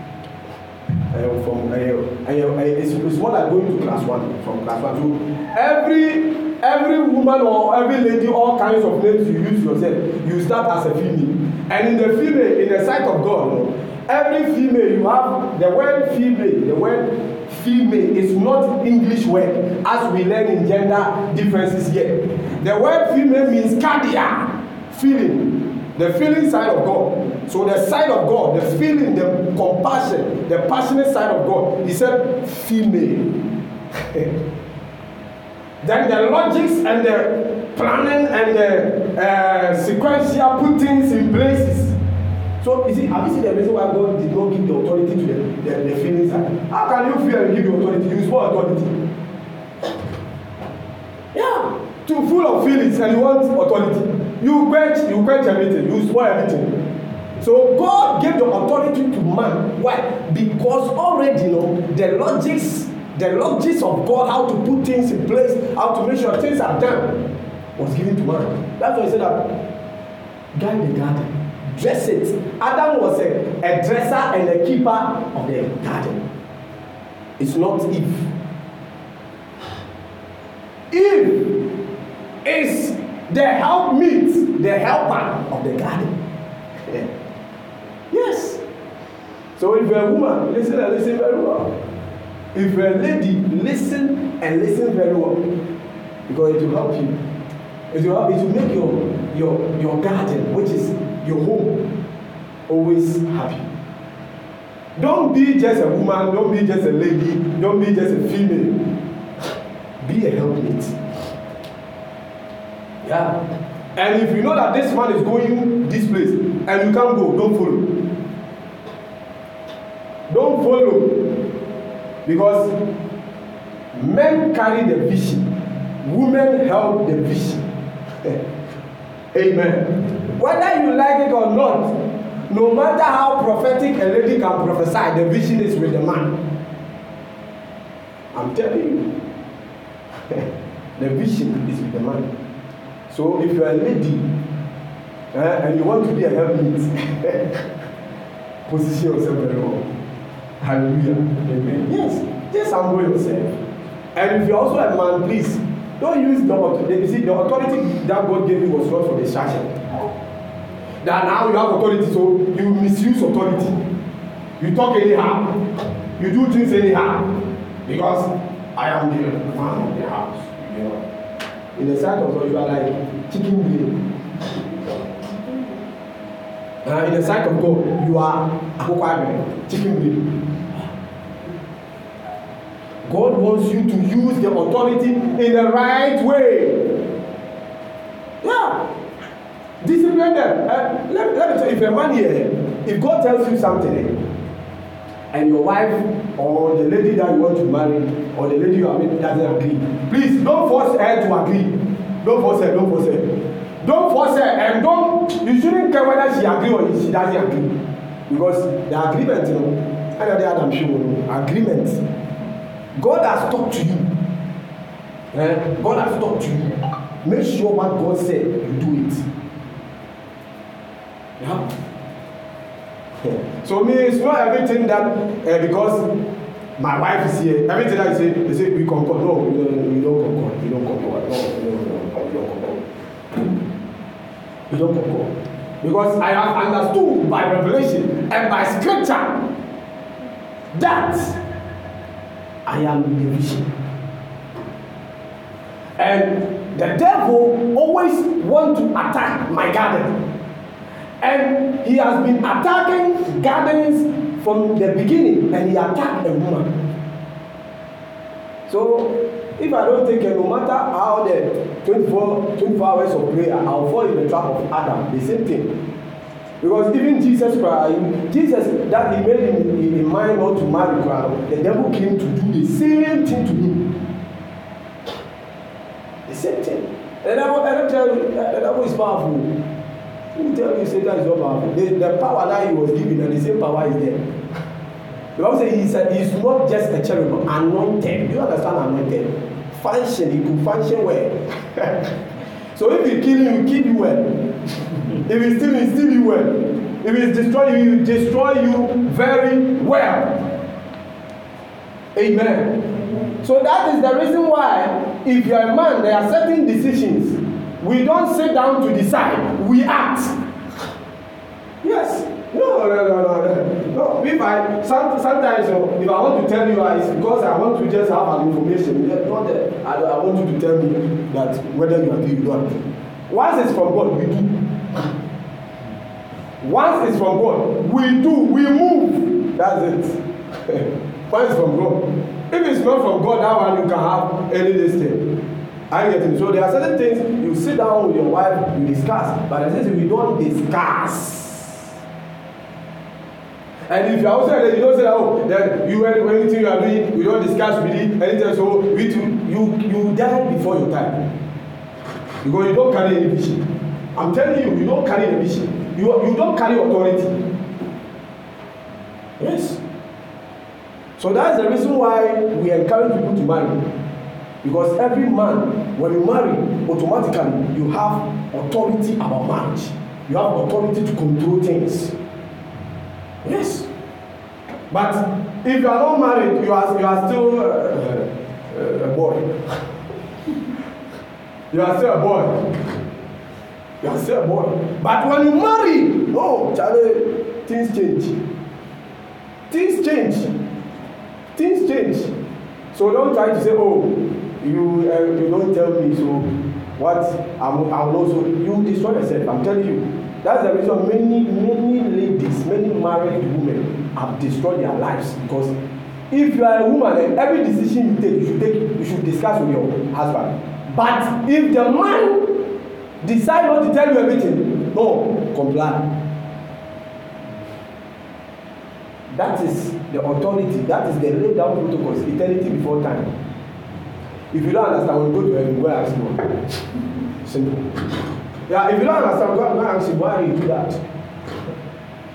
And from and, and it's, it's what I'm going to class one from class one to every every woman or every lady all kinds of names you use yourself you start as a female and in the female in the sight of God every female you have the word female the word female is not English word as we learn in gender differences here. The word female means cardia, feeling, the feeling side of God. So the side of God, the feeling, the compassion, the passionate side of God, he said female. <laughs> then the logics and the planning and the uh, sequential puttings in places So you see, have you seen the reason why God did not give the authority to the, the, the feelings? How can you fear and give the authority? You small authority. Yeah. Too full of feelings and you want authority. You quench, you quench everything, you spoil everything. So God gave the authority to man. Why? Because already you know the logics, the logics of God, how to put things in place, how to make sure things are done, was given to man. That's why he said that guide the garden dress it. Adam was a, a dresser and a keeper of the garden. It's not Eve. Eve is the helpmeet, the helper of the garden. <laughs> Yes. So if a woman, listen and listen very well. If a lady, listen and listen very well. Because it will help you. It will, help, it will make your, your, your garden, which is your home always happy. Don't be just a woman, don't be just a lady, don't be just a female. Be a helpmate. Yeah. And if you know that this man is going this place and you can't go, don't follow. Don't follow. Because men carry the vision, women help the vision. <laughs> Amen. Whether you like it or not, no matter how prophetic a lady can prophesy, the vision is with the man. I'm telling you. <laughs> the vision is with the man. So if you're a lady eh, and you want to be a helpmeet, <laughs> position yourself very well. Hallelujah. Amen. Yes, just humble yourself. And if you're also a man, please Don't use the authority. see, the authority that God gave you was not for the church. That now you have authority, so you misuse authority. You talk anyhow. You do things anyhow. Because I am the man of the house. You know. In the sight of God, you are like chicken wing. Uh, in the sight of God, you are chicken wing. God wants you to use the authority in the right way. Yeah. Discipline them. Uh, let, let me tell you, if a man here, if God tells you something, and your wife or the lady that you want to marry or the lady you are with doesn't agree, please don't force her to agree. Don't force her, don't force her. Don't force her and don't, you shouldn't care whether she agree or she doesn't agree. Because the agreement, you know, and the other I'm sure, agreement God has talked to you. Eh? God has talked to you. Make sure what God said, you do it. Yeah? So me, it's not everything that uh, because my wife is here everything i say they say we concord no you don't we don't concord we don't concord no no no we don't concord You don't concord because i have understood by revelation and by scripture that I am in a vision. And the devil always wants to attack my garden. And he has been attacking gardens from the beginning, and he attacked a woman. So if I don't take care, no matter how the 24, 24 hours of prayer, I'll fall in the trap of Adam. The same thing because even jesus cry jesus that he made him he, he mind not to marry cry the devil came to do the same thing to him the same thing the devil the devil tell you the devil is powerful who tell you satan is not powerful the the power that he was given na the same power is there the bible say he is a he is not just a cherubim anointed do you understand anointed function he go function well <laughs> so if he kill him kill you well. If he steal, he you well. If he destroy you, he destroy you very well. Amen. So that is the reason why, if you are a man, there are certain decisions. We don't sit down to decide, we act. Yes. No, no, no, no, no. If I some, sometimes you oh, know, if I want to tell you, uh, it's because I want to just have an information. Not that I, I want you to tell me that whether you agree or not. Once it's from God, we do. Once it's from God, we do, we move. That's it. <laughs> Once from God. If it's not from God, how you can have any destiny? I get it. So there are certain things you sit down with your wife, you discuss, but there are things we don't discuss. And if you are also you don't say that oh, that you anything you are doing, you don't discuss really, anything. So we too, you you die before your time because you don't carry any vision. I'm telling you, you don't carry mission. You, you don't carry authority. Yes. So that's the reason why we encourage people to marry. Because every man, when you marry, automatically you have authority about marriage. You have authority to control things. Yes. But if you are not married, you are, you are still uh, uh, uh a boy. <laughs> you are still a boy you are still a boy but when you marry oh chale things change things change things change so don't try to say oh you uh, you don't tell me so what i'm i'm also you destroy yourself i'm telling you that's the reason many many ladies many married women have destroyed their lives because if you are a woman then every decision you take you should take you should discuss with your husband but if the man decide not to tell you everything no comply that is the authority that is the laid down protocols eternity before time if you don't understand well go to heaven go ask God simple yeah if you don't understand go go ask him why you do that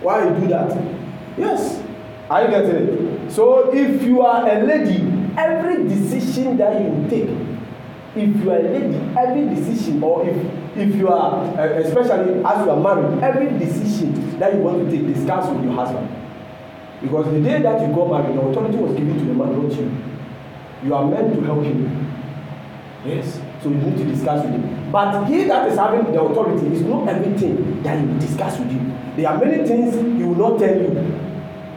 why you do that yes are you getting it so if you are a lady every decision that you take if you are a lady every decision or if if you are uh, especially as you are married every decision that you want to take discuss with your husband because the day that you go married the authority was given to the man not you you are meant to help him yes so you need to discuss with him but he that is having the authority is not everything that he will discuss with you there are many things he will not tell you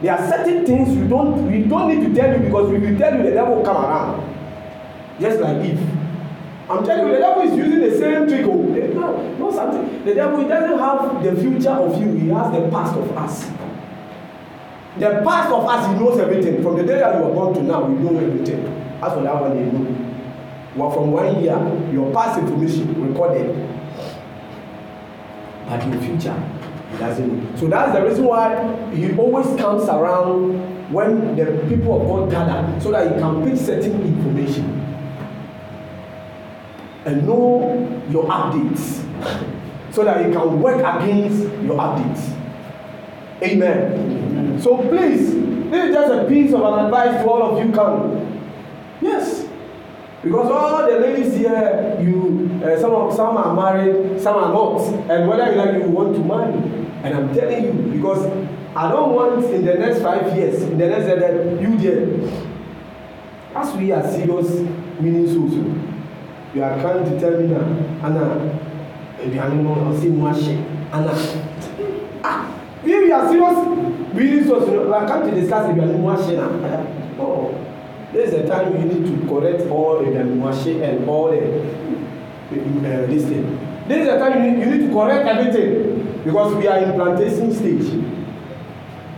there are certain things you don't you don't need to tell you because if you tell you the devil will come around just like if i'm telling you the devil is using the same trick o oh now. Know something. The devil doesn't have the future of you, he has the past of us. The past of us, he knows everything. From the day that you were born to now, you know everything. As for that one, they know. Well, from one year, your past information recorded. But your future, he doesn't know. So that's the reason why he always comes around when the people of God gather so that he can pick certain information and know your updates so that you can work against your updates. Amen. Amen. So please, this is just a piece of an advice to all of you coming. Yes. Because all the ladies here, you uh, some of, some are married, some are not, and whether you like you want to marry. And I'm telling you, because I don't want in the next five years, in the next year, uh, you there. As we are serious meaning so soon you are trying to tell me na ana aduane no ɔsi mu ahyɛ ana ah we we are serious we need to we are come to discuss aduane mu ahyɛ na oh this is the time you need to correct all aduane mu ahyɛ and all the uh, this thing this is the time you need, you need to correct everything because we are in plantation stage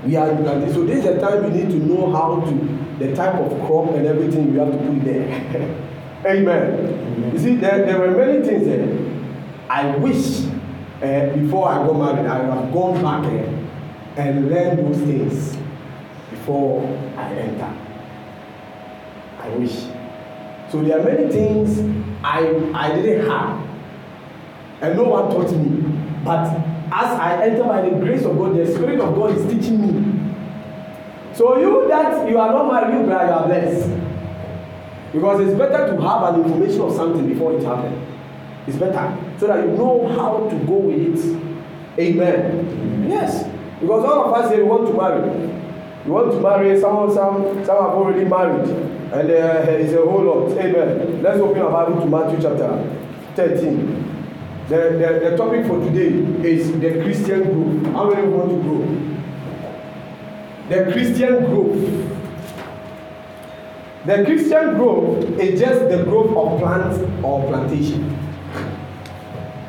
we are in plantation so this is the time you need to know how to the type of crop and everything you have to put there. <laughs> Amen. You see, there, there were many things that I wish eh, before I got married, I would have gone back there eh, and learned those things before I enter. I wish. So there are many things I, I didn't have, and no one taught me. But as I enter by the grace of God, the Spirit of God is teaching me. So you that you are not married, you are blessed. Because it's better to have an information of something before it happens. It's better. So that you know how to go with it. Amen. Yes. Because all of us say we want to marry. We want to marry someone, some, some have already married. And uh, it's a whole lot. Amen. Let's open our Bible to Matthew chapter thirteen. The, the, the topic for today is the Christian group. How many want to grow? The Christian group. The Christian growth is just the growth of plants or plantation.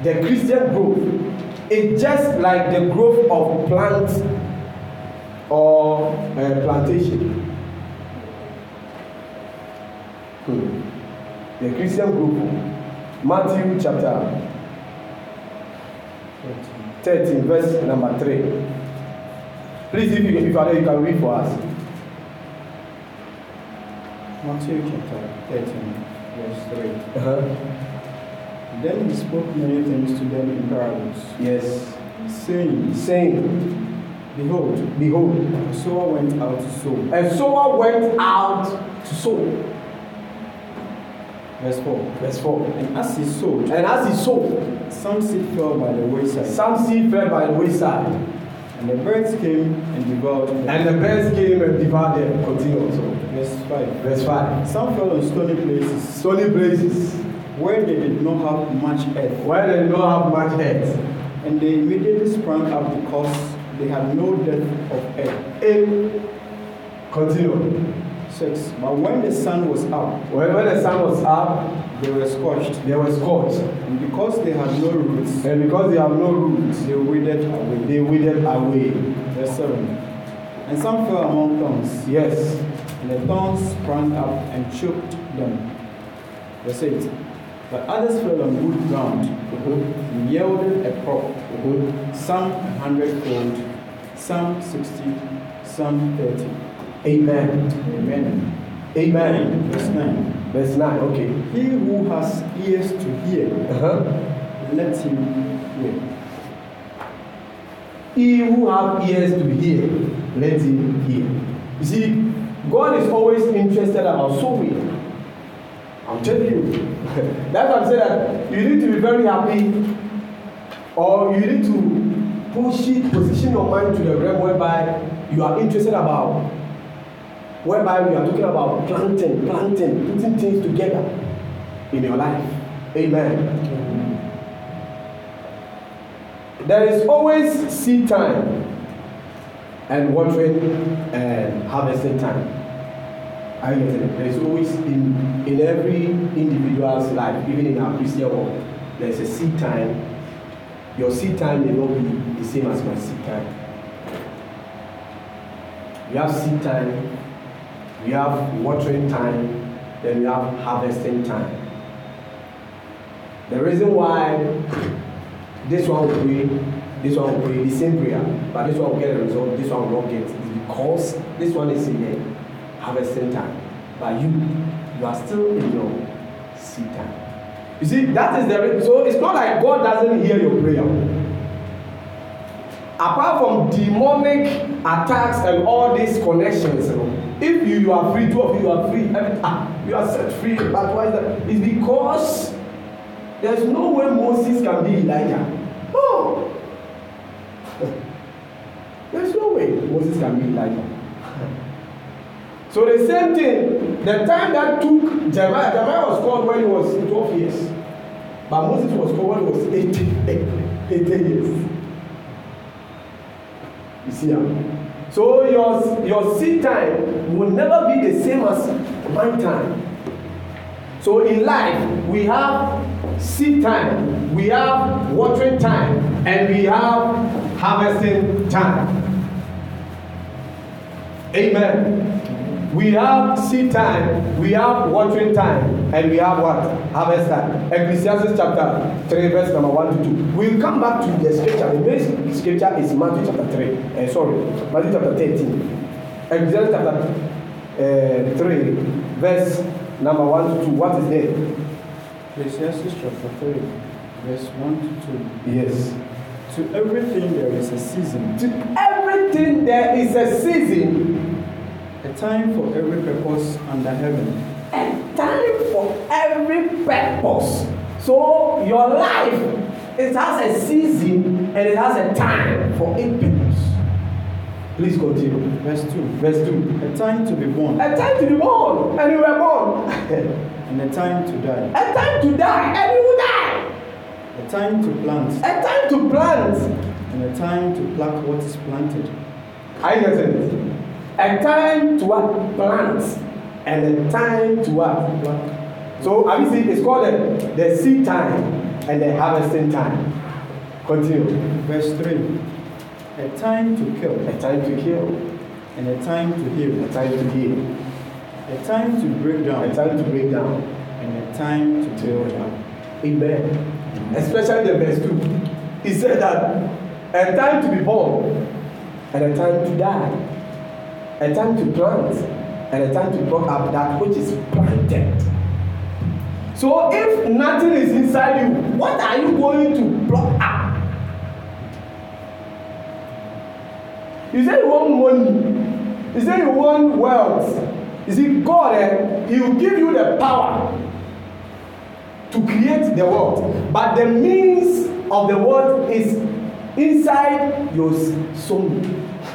The Christian growth is just like the growth of plants or uh, plantation. Hmm. The Christian growth, Matthew chapter 13, verse number three. Please, if you, if you are there, you can read for us. Matthew chapter 13, verse 3. Uh-huh. Then he spoke many things to them in parables. Yes. Saying, saying, Behold, behold, a sower went out to sow. A sower went out to sow. Verse 4. Verse 4. And as he sowed, and as he sowed, some seed fell by the wayside. Some seed fell by the wayside And the birds came and devoured them. And the birds came and devoured them. Continue also. Verse 5. Verse 5. Some fell on stony places. Stony places. Where they did not have much earth. Where they did not have much earth. And they immediately sprang up because they had no depth of earth. Eight. Continue. Six. But when the sun was up. When, when the sun was up. They were scorched. They were scorched. And because they had no roots. And because they have no roots. They withered away. They withered away. Verse 7. And some fell among thorns. Yes. And the thorns sprang up and choked them. Verse 8. But others fell on good ground, mm And yielded a crop, mm-hmm. some a hundredfold, some sixty, some thirty. Amen. Amen. Amen. Verse 9. Verse 9, okay. He who has ears to hear, uh-huh. let him hear. He who has ears to hear, let him hear. You see, God is always interested about sowing. I'm telling you. <laughs> That's why I say that you need to be very happy or you need to push it, position your mind to the realm whereby you are interested about whereby we are talking about planting, planting, putting things together in your life. Amen. There is always seed time and watering and harvesting time. I get it. There is always in, in every individual's life, even in our Christian world, there is a seed time. Your seed time may not be the same as my seed time. You have seed time we have watering time, then we have harvesting time. The reason why this one will pray, this one will pray the same prayer, but this one will get a result, this one will not get, is because this one is in the harvesting time. But you, you are still in your seed time. You see, that is the reason. So it's not like God doesn't hear your prayer apart from demonic attacks and all these connections If you, you are free, two of you are free, I ah, you are set free, but why is that? It's because there's no way Moses can be Elijah. No. There's no way Moses can be Elijah. So the same thing, the time that took Jeremiah, Jeremiah was called when he was 12 years. But Moses was called when he was 80, 80 years. You see how? Ah, So your, your seed time will never be the same as my time. So in life, we have seed time, we have watering time, and we have harvesting time. Amen we have seed time, we have watering time, and we have what? Harvest time. Ecclesiastes chapter 3, verse number 1 to 2. We'll come back to the scripture. The main scripture is Matthew chapter 3. Uh, sorry, Matthew chapter 13. Ecclesiastes chapter uh, 3, verse number 1 to 2. What is there? Ecclesiastes chapter 3, verse 1 to 2. Yes. To everything there is a season. To everything there is a season A time for every purpose under heaven. A time for every purpose. So your life, it has a season and it has a time for it purpose. Please continue. Verse 2. Verse 2. A time to be born. A time to be born. And you were born. <laughs> and a time to die. A time to die. And you will die. A time to plant. A time to plant. And a time to pluck what is planted. I get it. A time to what? Plant. And a time to what? Plant. So have you seen? It's called the, the seed time and the harvesting time. Continue. Verse 3. A time to kill. A time to kill. And a time to heal. A time to heal. A time to break down. A time to break down. And a time to build up. Amen. mm Especially the verse 2. He said that a time to be born and a time to die a time to plant and a time to pluck up that which is planted. So if nothing is inside you, what are you going to pluck up? You say you want money. You say you want wealth. You see, God, eh, He will give you the power to create the world. But the means of the world is inside your soul.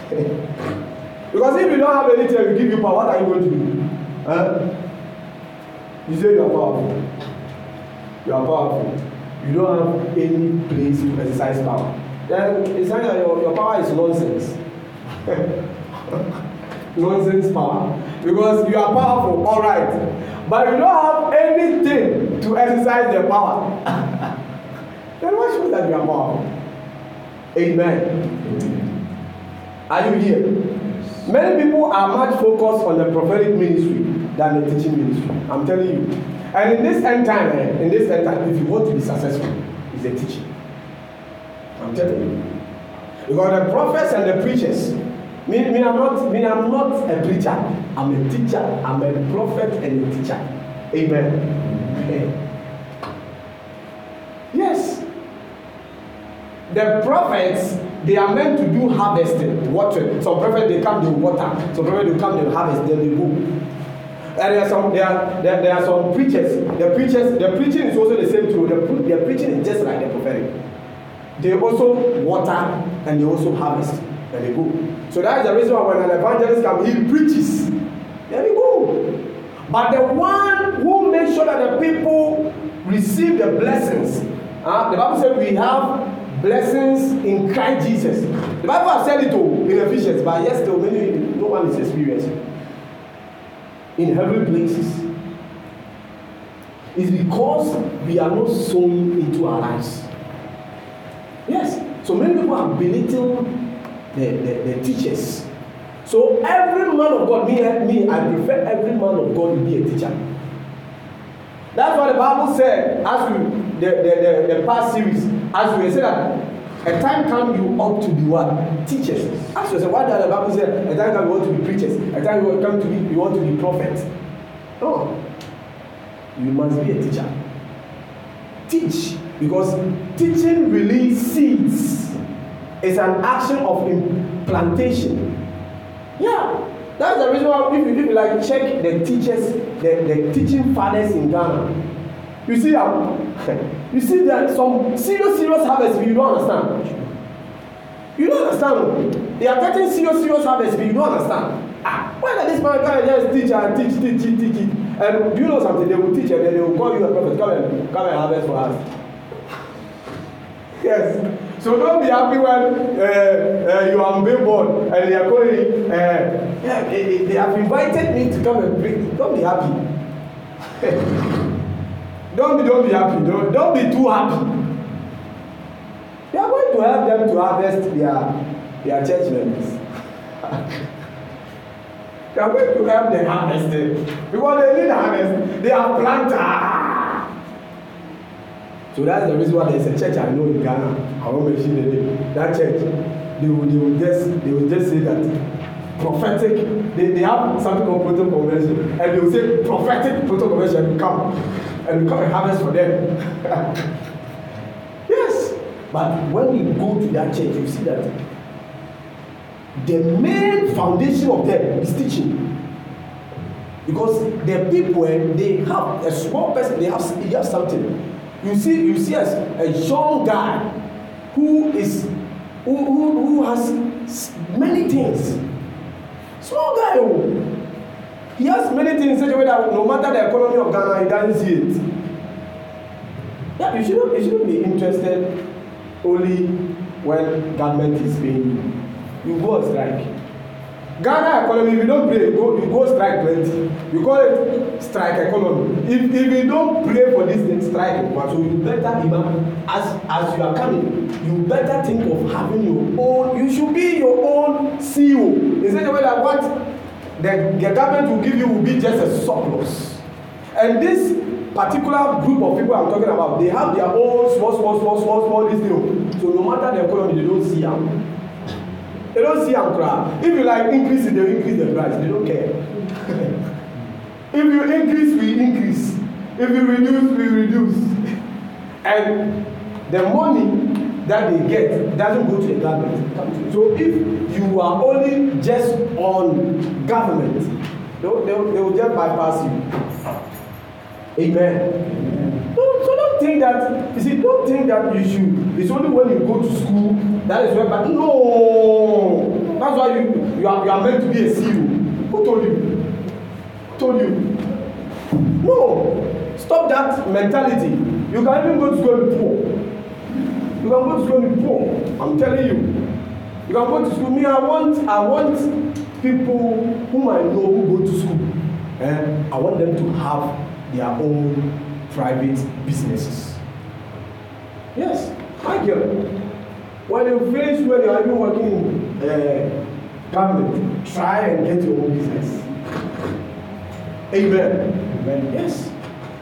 <laughs> Because if you don't have anything, to give you power, what are you going to do? Huh? Eh? You say you are powerful. You are powerful. You don't have any place to exercise power. Then it's that your, your power is nonsense. <laughs> nonsense power. Because you are powerful, all right. But you don't have anything to exercise the power. <laughs> then why should that be are powerful? Amen. Are you here? Many people are much focused on the prophetic ministry than the teaching ministry. I'm telling you. And in this end time, eh, in this end time, if you want to be successful, it's the teaching. I'm telling you. Because the prophets and the preachers, me, me, I'm not, me, I'm not a preacher. I'm a teacher. I'm a prophet and a teacher. Amen. Amen. The prophets, they are meant to do harvesting, watering. Some prophets, they come, they water. Some prophets, they come, they harvest, then they go. And there are some there are, there, there are some preachers. The preachers, the preaching is also the same too. The, the preaching is just like the prophetic. They also water and they also harvest and they go. So that is the reason why when an evangelist come, he preaches. Then he go. But the one who makes sure that the people receive the blessings, uh, the Bible said we have blessings in Christ Jesus. The Bible has said it all in Ephesians, but yes, still many no one is experiencing in heavenly places. It's because we are not sown into our lives. Yes, so many people have belittled the, the, the teachers. So every man of God, me, me, I prefer every man of God to be a teacher. That's what the Bible said as we the, the, the, the past series As we say that a time come you ought to be what? Teachers. Ask yourself, why does the Bible say a time come you want to be preachers? A time you come to be you want to be prophets? No. You must be a teacher. Teach because teaching release seeds. It's an action of implantation. Yeah. That's the reason why if you, if you like check the teachers, the, the teaching fathers in Ghana, You see that? You see that some serious, serious harvest, but you don't understand. You don't understand. They are getting serious, serious harvest, but you don't understand. Ah, why did this man come and just teach and teach, teach, teach, teach, teach? And do you know something? They will teach and then they will call you a prophet. Come and come and harvest for us. Yes. So don't be happy when uh, uh, you are on billboard and they are calling Uh, yeah, they, they have invited me to come and bring. Don't be happy. <laughs> Don't be, don't be happy. Don't, don't be too happy. They are going to help them to harvest their, their church members. <laughs> they are going to help them harvest it. Because they need harvest. They are planter. So that's the reason why there is a church I know in Ghana. I won't mention the name. That church, they will, they will just they will just say that prophetic they they have something called protocol convention and they will say prophetic photo convention come and become a harvest for them. <laughs> yes. But when we go to that church, you see that the main foundation of them is teaching. Because the people eh, they have a small person, they have they have something. You see, you see as a young guy who is who, who, who has many things. Small guy. Oh. He has many things in such a way that no matter the economy of Ghana, he doesn't see it. Yeah, you shouldn't, you shouldn't be interested only when government is paying you. You go on strike. Ghana economy, if you don't pay, you go, you go strike plenty. You call it strike economy. If, if you don't pray for this thing, strike. But so you better, Imam, as, as you are coming, you better think of having your own, you should be your own CEO. Is that the way that what the, the government will give you will be just a surplus. And this particular group of people I'm talking about, they have their own small, small, small, small, small this thing. So no matter the economy, they don't see them. They don't see them cry. If you like increase it, they increase the price. They don't care. <laughs> if you increase, we increase. If you reduce, we reduce. <laughs> and the money that they get doesn't go to the government. So if you are only just on government, they will, they they will just bypass you. Amen. Amen. so don't think that you see, don't think that you should. It's only when you go to school that is where. But no, that's why you you are you are meant to be a CEO. Who told you? Who told you? No, stop that mentality. You can even go to school and be You can go to school and be poor. I'm telling you. You can go to school. Me, I want, I want people whom I know who go to school. Eh? I want them to have their own private businesses. Yes, I get When you finish when you are even working in uh, government, try and get your own business. Amen. Amen. Yes.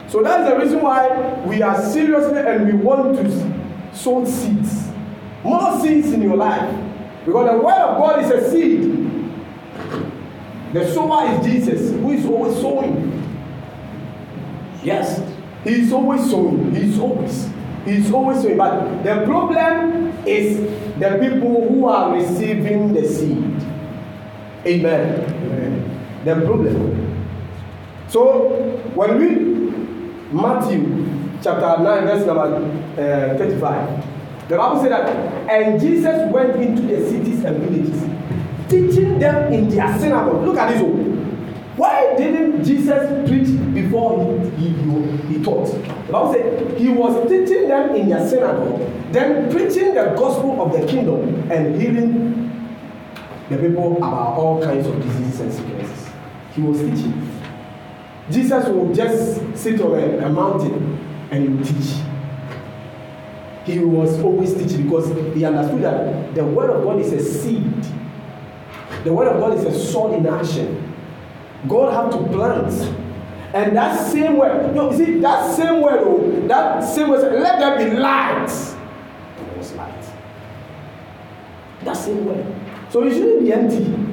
So that's the reason why we are seriously and we want to sown seeds. More seeds in your life. Because the word of God is a seed. The sower is Jesus, who is always sowing. Yes, he is always sowing. He is always. He is always sowing. But the problem is the people who are receiving the seed. Amen. Amen. The problem. So when we Matthew chapter 9, verse number uh, eh, 35. The Bible says that, and Jesus went into the cities and villages, teaching them in their synagogue. Look at this one. Why didn't Jesus preach before he, he, he taught? The Bible says he was teaching them in their synagogue, then preaching the gospel of the kingdom and healing the people about all kinds of diseases and sicknesses. He was teaching. Jesus would just sit on a, a mountain and you teach. He was always teaching because he understood that the word of God is a seed. The word of God is a sword in action. God had to plant. And that same word, no, you see, that same word, oh, that same word, let there be light. There was light. That same word. So it shouldn't be empty.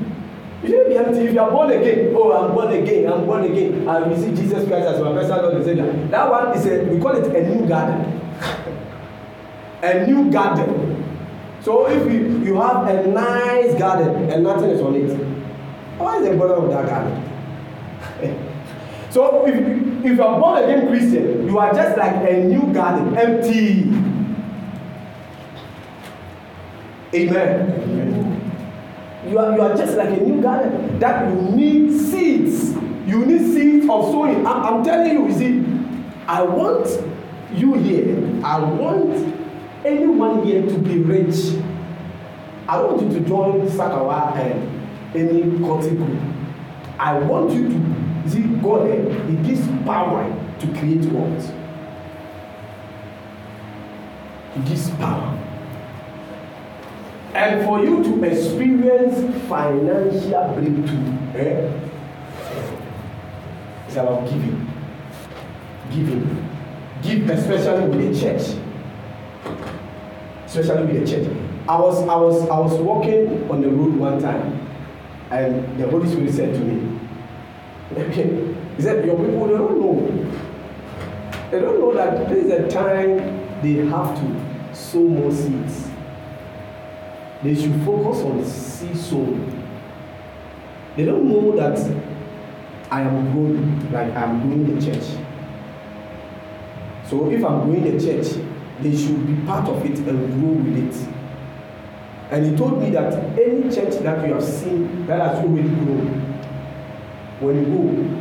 You need if you are born again. Oh, I'm born again, I'm born again. I receive Jesus Christ as my personal Lord and Savior. That one is a, we call it a new garden. a new garden. So if you, you have a nice garden and nothing is on it, what is the bother of that garden? <laughs> so if, if you are born again Christian, you are just like a new garden, empty. Amen. Amen you are, you are just like a new garden that you need seeds you need seeds of sowing I, i'm telling you you see i want you here i want anyone here to be rich i want you to join sakawa and any cotton group i want you to you see god eh he gives power to create wealth he gives power And for you to experience financial breakthrough, eh? it's about giving. Giving. Give, especially with the church. Especially with the church. I was, I was, I was walking on the road one time, and the Holy Spirit said to me, He said, Your people they don't know. They don't know that there is a time they have to sow more seeds. they should focus on see soul they don't know that i am good like I am doing the church so if i'm doing the church they should be part of it and grow with it and he told me that any church that you have seen that has always grown when you go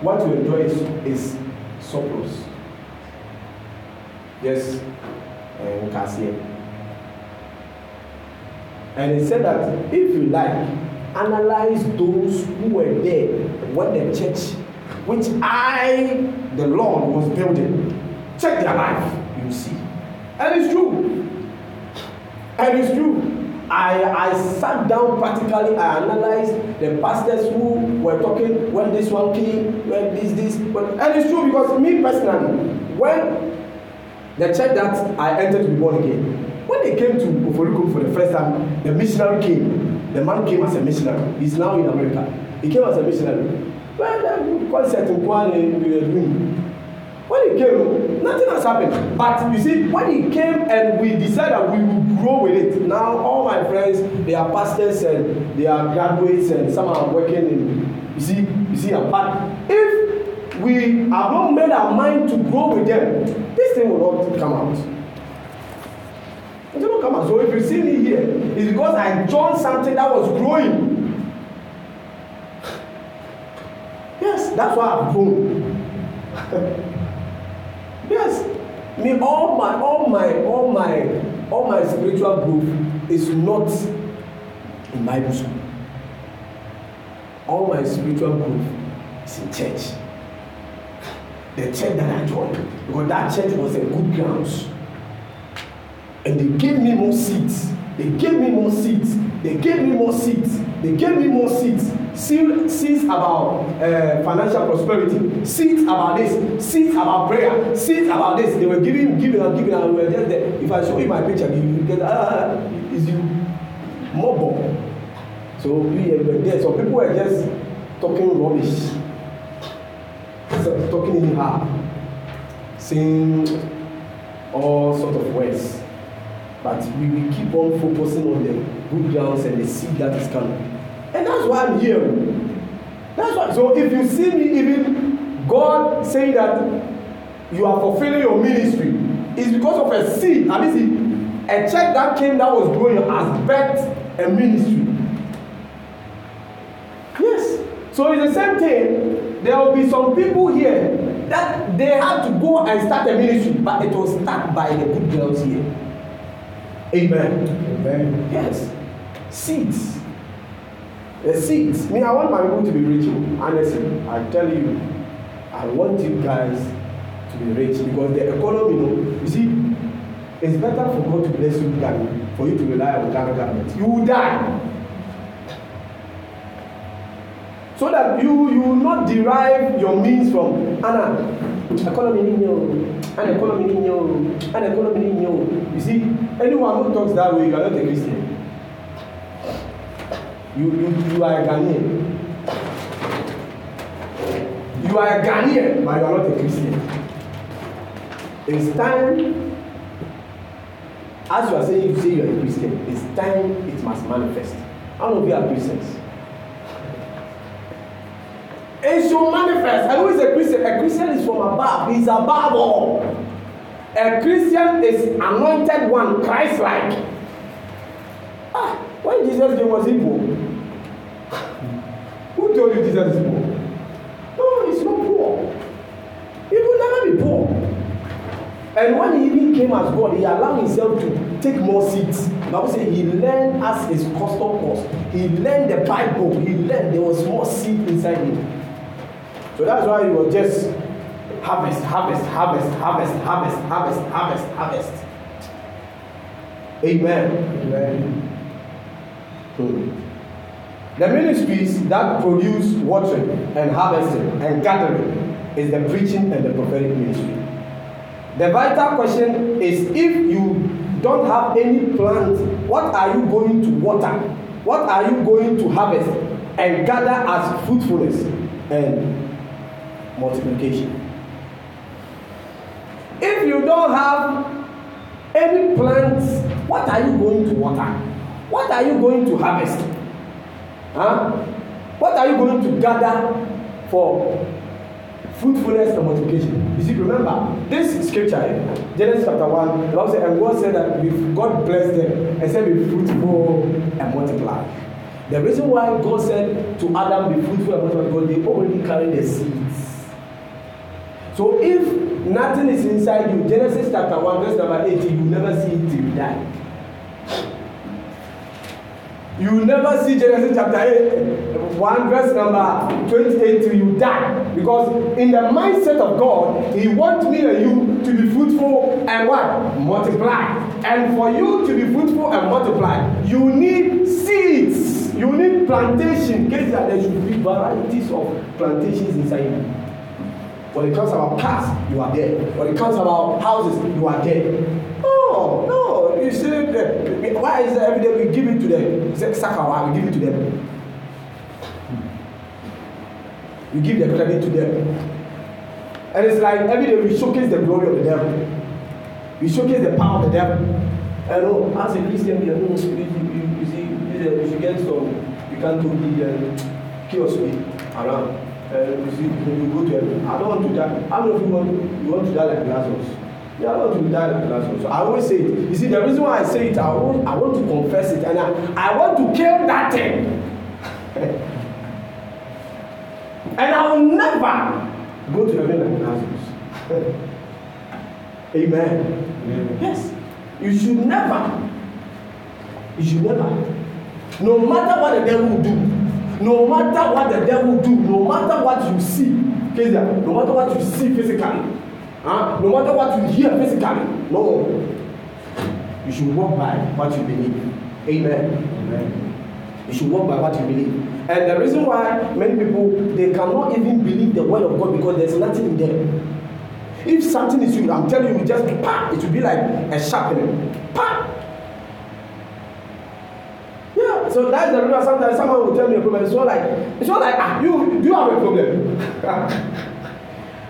what you enjoy is is surplus yes uh, we can see it. And he said that if you like, analyze those who were there when the church, which I, the Lord, was building. Check their life, you see. And it's true. And it's true. I, I sat down practically, I analyzed the pastors who were talking when this one came, when this, this. When, and it's true because me personally, when the church that I entered to be born again, When they came to Oforiko for the first time, the missionary came. The man came as a missionary. He's now in America. He came as a missionary. Well, that concert in Kwan we were doing. When he came, nothing has happened. But you see, when he came and we decided we will grow with it, now all my friends, they are pastors and they are graduates and some are working in, you see, you see, apart. If we have not made our mind to grow with them, this thing will not come out. I don't come as well. if you see me here, it's because I joined something that was growing. Yes, that's why I've grown. <laughs> yes. Me, all my, all my, all my, all my spiritual growth is not in Bible school. All my spiritual growth is in church. The church that I joined. Because that church was a good ground And they gave me more seats. They gave me more seats. They gave me more seats. They gave me more seats. Seats, seats about uh, financial prosperity. Seats about this. Seats about prayer. Seats about this. They were giving, giving, and giving, and we were just there. If I show you my picture, you get ah, ah, ah, is you more bomb. So we were there. So people were just talking rubbish, so, talking in her, saying all sort of words. But we will keep on focusing on the good grounds and the seed that is coming. And that's why I'm here. That's why. So if you see me even God saying that you are fulfilling your ministry, it's because of a seed. I mean, a check that came that was growing as bet a ministry. Yes. So it's the same thing. There will be some people here that they have to go and start a ministry, but it was started by the good girls here. Amen. Amen. Yes. Seeds. The seeds. Me, I want my people to be rich. Oh. Honestly, I tell you, I want you guys to be rich because the economy, you, know, you see, it's better for God to bless you than for you to rely on Ghana government. You will die. So that you you will not derive your means from Anna. Economy, you know an economy in your an economy in your you see anyone who talks that way you are not a Christian you you you are a Ghanaian you are a Ghanaian but you are not a Christian it's time as you are saying you say you are a Christian it's time it must manifest how many of you are Christians It should manifest. And who is a Christian? A Christian is from above, He is above all. A Christian is anointed one, Christ like. Ah, when Jesus came, was he poor? Who told you Jesus is poor? No, is not poor. He will never be poor. And when he even came as God, he allowed himself to take more seats. Bible say he learned as his custom course. He learned the Bible. He learned there was more seat inside him. So that's why you will just harvest, harvest, harvest, harvest, harvest, harvest, harvest, harvest. Amen. Amen. So, the ministries that produce watering and harvesting and gathering is the preaching and the prophetic ministry. The vital question is if you don't have any plants, what are you going to water? What are you going to harvest and gather as fruitfulness and multiplication. If you don't have any plants, what are you going to water? What are you going to harvest? Huh? What are you going to gather for fruitfulness and multiplication? You see, remember this scripture, eh? Genesis chapter 1, the Bible says, and God said that if God blessed them and said, Be fruitful and multiply. The reason why God said to Adam, Be fruitful and multiply, because they already carried the seeds So if nothing is inside you, Genesis chapter 1, verse number 8, you never see it till you die. You never see Genesis chapter 8, 1, verse number 28 till you die. Because in the mindset of God, He wants me and you to be fruitful and what? Multiply. And for you to be fruitful and multiply, you need seeds. You need plantation. Case that there should be varieties of plantations inside you. When it comes about cars, you are dead. When it comes about houses, you are dead. Oh no, you see, why is it every day we give it to them? It's Sakawa, we give it to them. We give the credit to them. And it's like every day we showcase the glory of the devil. We showcase the power of the devil. And oh, as a Christian, you, know, you, you, you see, you should get some, you can't totally uh, chaos around uh, you see you go to heaven i don't want to die how many of you want you want to die like lazarus you yeah, don't want to die like lazarus so i always say it you see the reason why i say it i want i want to confess it and i i want to kill that thing <laughs> and i will never go to heaven like lazarus <laughs> amen. amen yes you should never you should never no matter what the devil do no matter what the devil do no matter what you see kezia no matter what you see physically huh? no matter what you hear physically no you should walk by what you believe amen, amen. You should walk by what you believe. And the reason why many people they cannot even believe the word of God because there's nothing in them. If something is you, I'm telling you, just pa, it will be like a sharpening. Pa! So that's the reason sometimes someone will tell me a problem. It's not like it's not like ah, you you have a problem.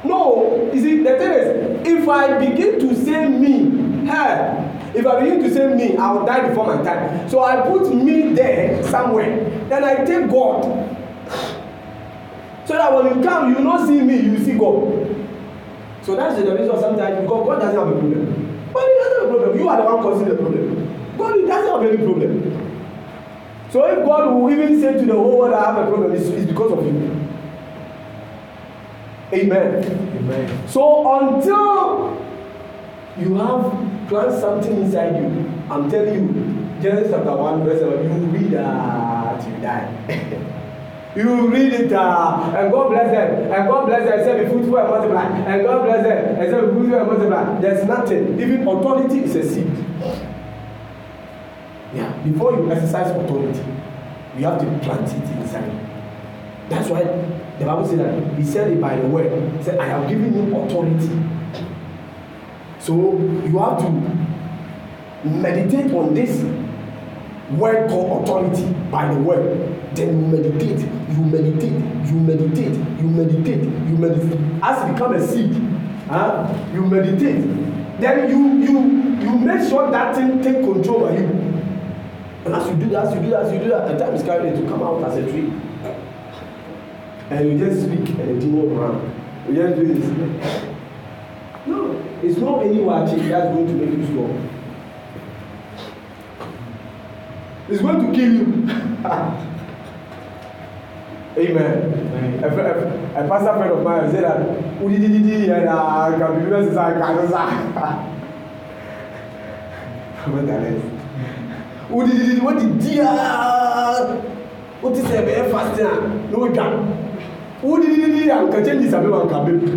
<laughs> no, you see the thing is if I begin to say me, hey, if I begin to say me, I will die before my time. So I put me there somewhere. Then I take God. So that when you come, you not see me, you see God. So that's the reason sometimes because God doesn't have a problem. But he doesn't have a problem. You are the one causing the problem. God doesn't have any problem. So if God will even say to the whole world, I have a problem, it's, it's because of you. Amen. Amen. So until you have plant something inside you, I'm telling you, Genesis chapter 1, verse 7, you read that till you die. <laughs> you read it uh, and God bless them and God bless them and say be fruitful and multiply and God bless them and say be fruitful and multiply. There's nothing. Even authority is a seed. Yeah. Before you exercise authority, you have to plant it inside. That's why the Bible says that he said it by the word. He said, I have given you authority. So you have to meditate on this word called authority by the word. Then you meditate, you meditate, you meditate, you meditate, you meditate. As you become a seed, huh? you meditate. Then you you you make sure that thing take control of you. And as you do that, as you do that, as you do that, the time is carried to come out as a tree. And you just speak and the demon run. You just do this. No, it's not any watching that's going to make you strong. It's going to kill you. <laughs> Amen. Amen. A, a, a pastor friend of mine said that udididi and uh, can be because it's like kazaza. What the hell wodididi wodi diaa wote sɛ ɛbɛyɛ fasten a na wodwa wodididi a nka kyɛngyi sabe wa nka bɛbu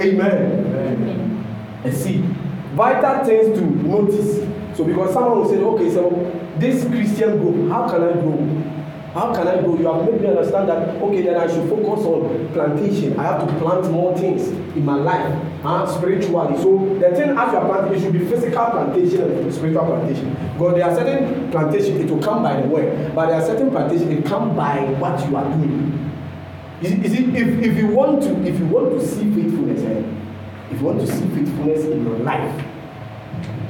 amen ɛsi vital things to notice so because someone will say okay so this christian group how can i grow how can I grow? You have made me understand that, okay, then I should focus on plantation. I have to plant more things in my life uh, spiritually. So the thing as you are planting, it should be physical plantation and spiritual plantation. But there are certain plantation, it will come by the way, but there are certain plantation, it come by what you are doing. Is, is it, if, if you want to if you want to see faithfulness, eh, if you want to see faithfulness in your life,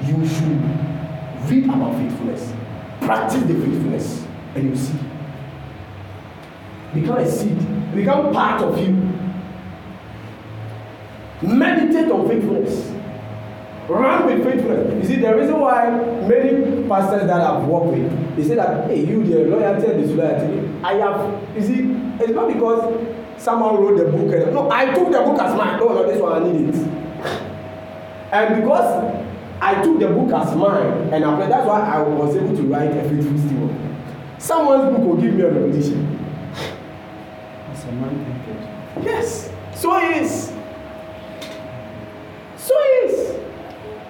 you should read about faithfulness, practice the faithfulness, and you see. Become a seed, become part of you. Meditate on faithfulness. Run with faithfulness. You see, the reason why many pastors that I've worked with, they say that, hey, you, the loyalty and disloyalty, I have, you see, it's not because someone wrote the book and, no, I took the book as mine. No, no, this one, I need it. And because I took the book as mine and applied, that's why I was able to write a faithful steward. Someone's book will give me a reputation. As a man thinketh. Yes, so it is.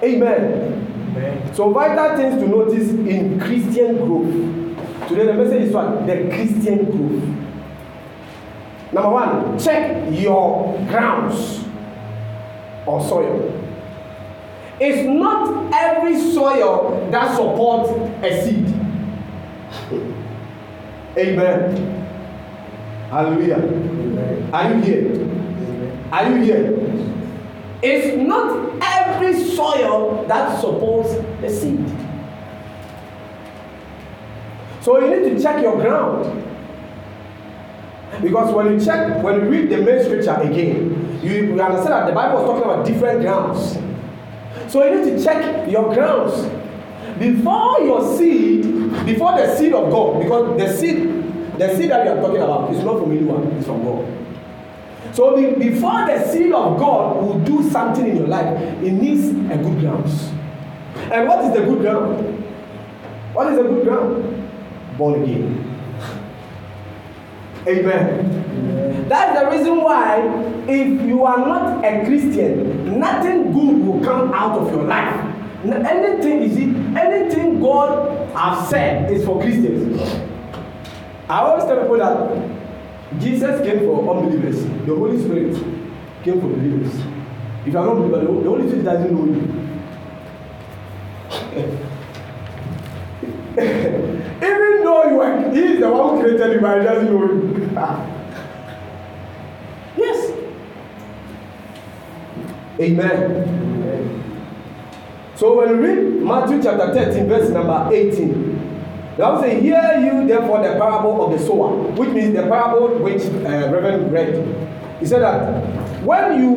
Amen. Amen. Some vital things to notice in Christian growth. Today the message is what? The Christian growth. Number one, check your grounds or soil. It's not every soil that supports a seed. <laughs> Amen. Hallelujah. Amen. Are you here? Amen. Are you here? Is not every soil that supports the seed. So you need to check your ground. Because when you check, when you read the main scripture again, you, you understand that the Bible is talking about different grounds. So you need to check your grounds before your seed, before the seed of God, because the seed, the seed that you are talking about is not from anyone, it's from God. So be, before the seed of God will do something in your life, it needs a good ground. And what is the good ground? What is the good ground? Born again. <laughs> Amen. Amen. That's the reason why, if you are not a Christian, nothing good will come out of your life. Anything is it? Anything God has said is for Christians. I always tell people that Jesus came for unbelievers. The Holy Spirit came for believers. If you are not believer, the Holy Spirit doesn't know you. <laughs> Even though you are, he is the one who created you, but he doesn't know you. <laughs> yes. Amen. Amen. So when we read Matthew chapter 13, verse number 18. Now say, hear you therefore the parable of the sower, which means the parable which uh, Reverend read. He said that when you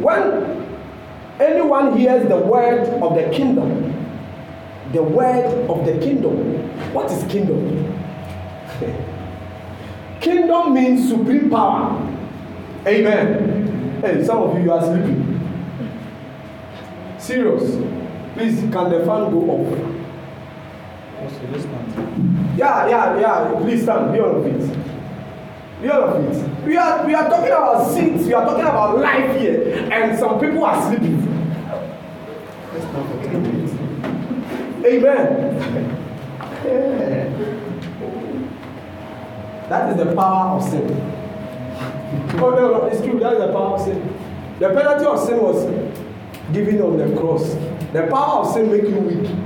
when anyone hears the word of the kingdom, the word of the kingdom. What is kingdom? <laughs> kingdom means supreme power. Amen. Hey, some of you, you are sleeping. Serious. Please, can the fan go off? Yeah, yeah, yeah. Please stand. Be all of it. Be all of it. We are we are talking about sins. We are talking about life here, and some people are sleeping. Let's not forget it. Amen. That is the power of sin. oh no, no, it's true. That is the power of sin. The penalty of sin was given on the cross. The power of sin make you weak.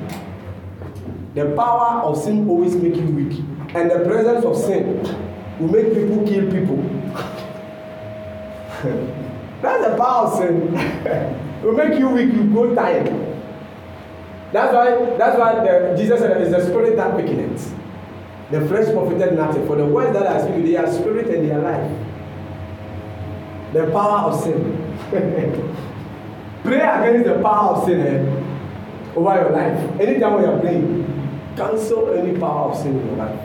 The power of sin always make you weak, and the presence of sin will make people kill people. <laughs> That's the power of sin. it <laughs> will make you weak. You go tired. That's why. That's why the, Jesus said, "It's the spirit that quickeneth." The flesh profited nothing. For the words that I speak, they are spirit and they are life. The power of sin. <laughs> Pray against the power of sin eh, over your life. Anytime when you're praying, Cancel any power of sin in your life.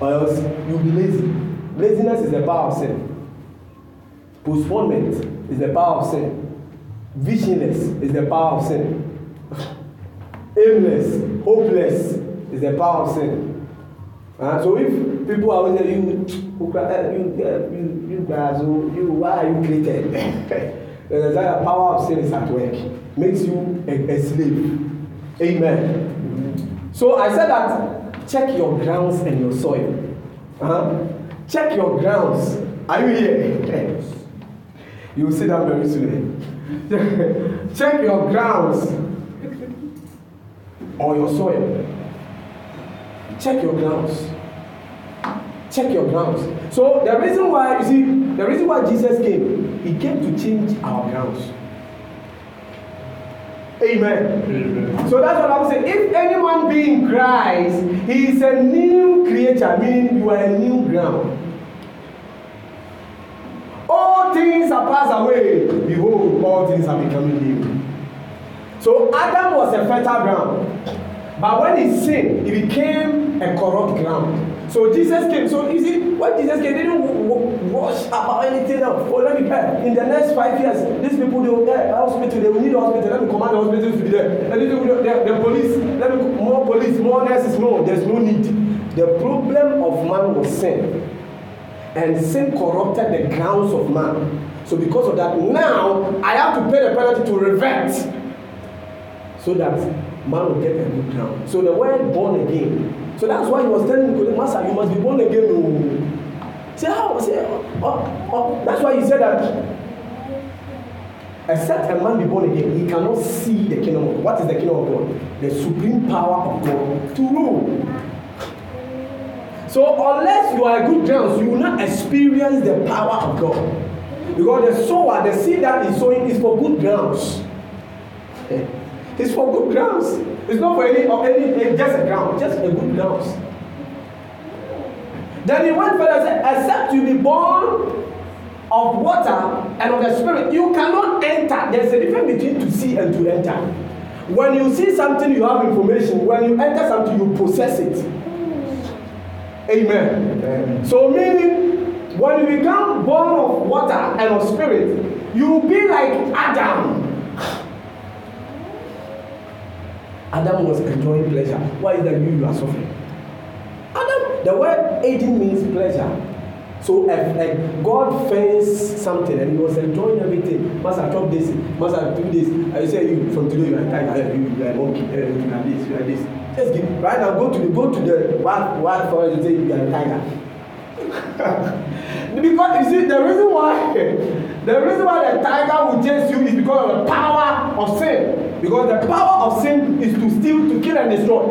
Or else you'll be lazy. Laziness is the power of sin. Postponement is the power of sin. Visionless is the power of sin. <sighs> Aimless, hopeless is the power of sin. Uh, so if people are always you, eh, you, eh, you, you guys, oh, you, why are you created? <laughs> the power of sin is at work. Makes you a, a slave. Amen. So I said that check your grounds and your soil. Uh-huh. Check your grounds. Are you here? <laughs> You will see that very soon. <laughs> check your grounds or your soil. Check your grounds. Check your grounds. So the reason why you see the reason why Jesus came, he came to change our grounds. Amen. Amen. So that's what I would say. If anyone be in Christ, he is a new creature, meaning you are a new ground. All things are passed away. Behold, all things are becoming new. So Adam was a fertile ground. But when he sinned, he became a corrupt ground. So Jesus came. So you see, when Jesus came, they didn't rush about anything else. Oh, let me pay. In the next five years, these people they will get hospital. They will need a hospital. Let me command the hospital to be there. Let me do the, the, the police. Let me more police, more nurses. No, there's no need. The problem of man was sin, and sin corrupted the grounds of man. So because of that, now I have to pay the penalty to revert, so that man will get a good crown. So the word born again. So that's why he was telling Nicodemus, Master, you must be born again. No. Oh. Say how? Say, oh, oh. That's why he said that except a man be born again, he cannot see the kingdom of God. What is the kingdom of God? The supreme power of God to rule. So unless you are a good ground, you will not experience the power of God. Because the sower, the seed that is sowing is for good grounds. Okay. <laughs> It's for good grounds. It's not for any or any eh, just a ground, just a good grounds. Then he went further and said, Except you be born of water and of the spirit, you cannot enter. There's a difference between to see and to enter. When you see something, you have information. When you enter something, you process it. Amen. Amen. So meaning, when you become born of water and of spirit, you will be like Adam. Adam was enjoying pleasure. Why is that you, you are suffering? Adam, the word aging means pleasure. So if, if God fenced something and he was enjoying everything, must have chop this, must have do this. I say you from today you are tired, you, you are monkey, eh, you are this, you are this. Just give right now go to the go to the wild wild forest and say you are tiger. <laughs> because you see the reason why <laughs> the reason why the tiger will chase you is because of the power of sin. Because the power of sin is to steal, to kill, and destroy.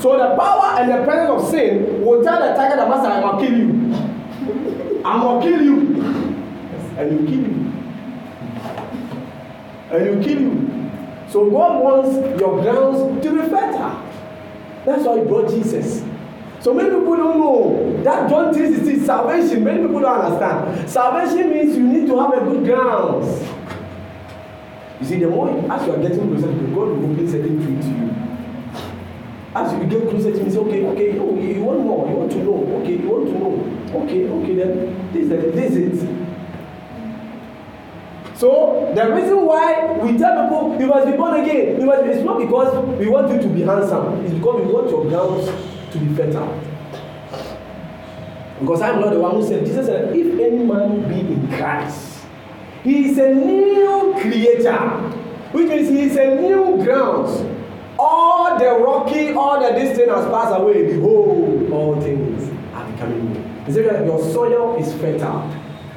So the power and the presence of sin will tell the tiger that master, I'm gonna kill you. I'm gonna kill you. And you kill you. And you kill you. So God wants your grounds to be fertile. That's why he brought Jesus. So many people don't know that John 3 is salvation. Many people don't understand. Salvation means you need to have a good grounds. You see, the more as you are getting closer to God, God will open certain things to you. As you get closer to Him, say, okay, okay, oh, you want more, you want to know, okay, you want to know, okay, okay, then this, then this is it. So the reason why we tell people you must be born again, you must be, it's not because we want you to be handsome, it's because we want your grounds to be fertile. Because I'm not the one who said, Jesus said, if any man be in Christ, He is a new creator, which means he is a new ground. All the rocky, all the this has passed away. Behold, all things are becoming new. Is said that your soil is fertile.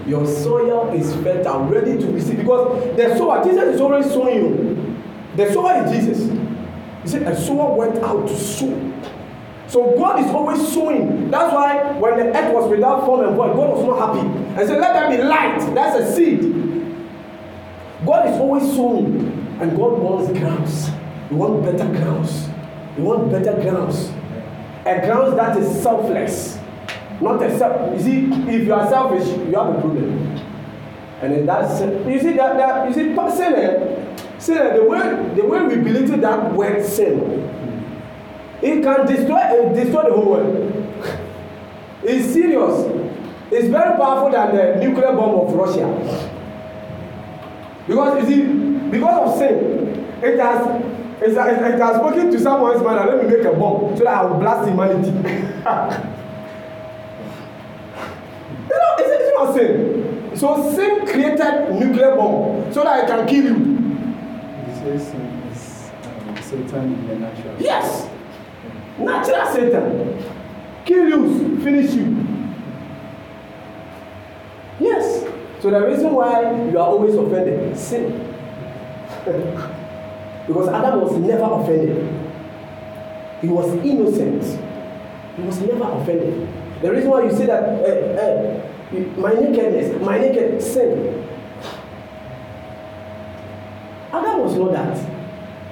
Your soil is fertile, ready to receive. Because the sower, Jesus is already sowing you. The sower is Jesus. He said, a sower went out to sow. So God is always sowing. That's why when the earth was without form and void, God was not happy. And said, let there be light. That's a seed. God is always sowing, and God wants grounds. He wants better grounds. He wants better grounds. A grounds that is selfless. Not a self. You see, if you are selfish, you have a problem. And then that's you see that that you see sin. Eh? Sin eh, the way the way we believe that word sin. It can destroy it destroy the whole world. it's serious. It's very powerful than the nuclear bomb of Russia because you see because of sin it has it has it has spoken to someone's mind and let me make a bomb so that i will blast humanity <laughs> you know is it's it's not sin so sin created nuclear bomb so that it can kill you. you say sin is um, satan in natural. yes natural satan kill you finish you yes. So the reason why you are always offended, sin. because Adam was never offended. He was innocent. He was never offended. The reason why you say that, eh, eh, my nakedness, my naked sin. Adam was not that.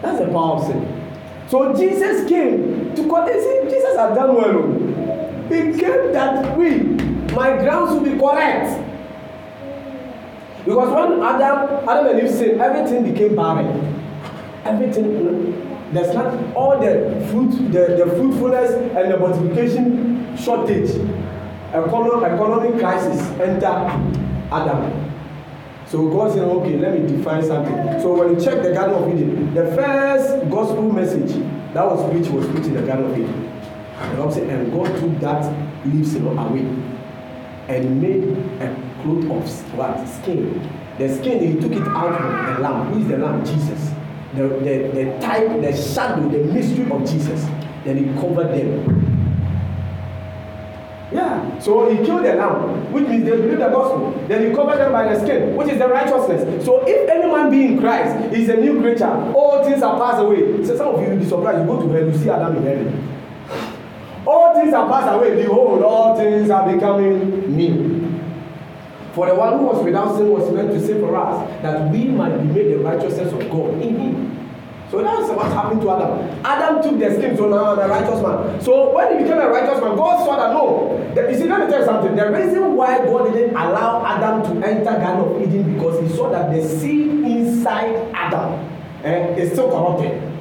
That's the power of sin. So Jesus came to correct. Eh, Jesus had done well. Oh. He came that we, my grounds will be correct. Because when Adam, Adam and Eve sinned, everything became barren. Everything, there's not all the fruit, the, the fruitfulness and the multiplication shortage, economic, economic crisis enter Adam. So God said, okay, let me define something. So when you check the Garden of Eden, the first gospel message that was preached was preached in the Garden of Eden. And God say, and God took that leaves you know, away and made a Cloth of what? Skin. The skin, he took it out of the lamb. Who is the lamb? Jesus. The, the, the type, the shadow, the mystery of Jesus. Then he covered them. Yeah. So he killed the lamb, which means they believe the gospel. Then he covered them by the skin, which is the righteousness. So if any man be in Christ, he's a new creature. All things are passed away. So some of you will be surprised. You go to hell, you see Adam in heaven. All things are passed away. Behold, all things are becoming new. For the one who was without sin was meant to save for us that we might be made the righteousness of God in him. So that's what happened to Adam. Adam took the skin, so now I'm a righteous man. So when he became a righteous man, God saw that no. The, you see, let me tell you something. The reason why God didn't allow Adam to enter Garden of Eden because he saw that the seed inside Adam eh, is still corrupted.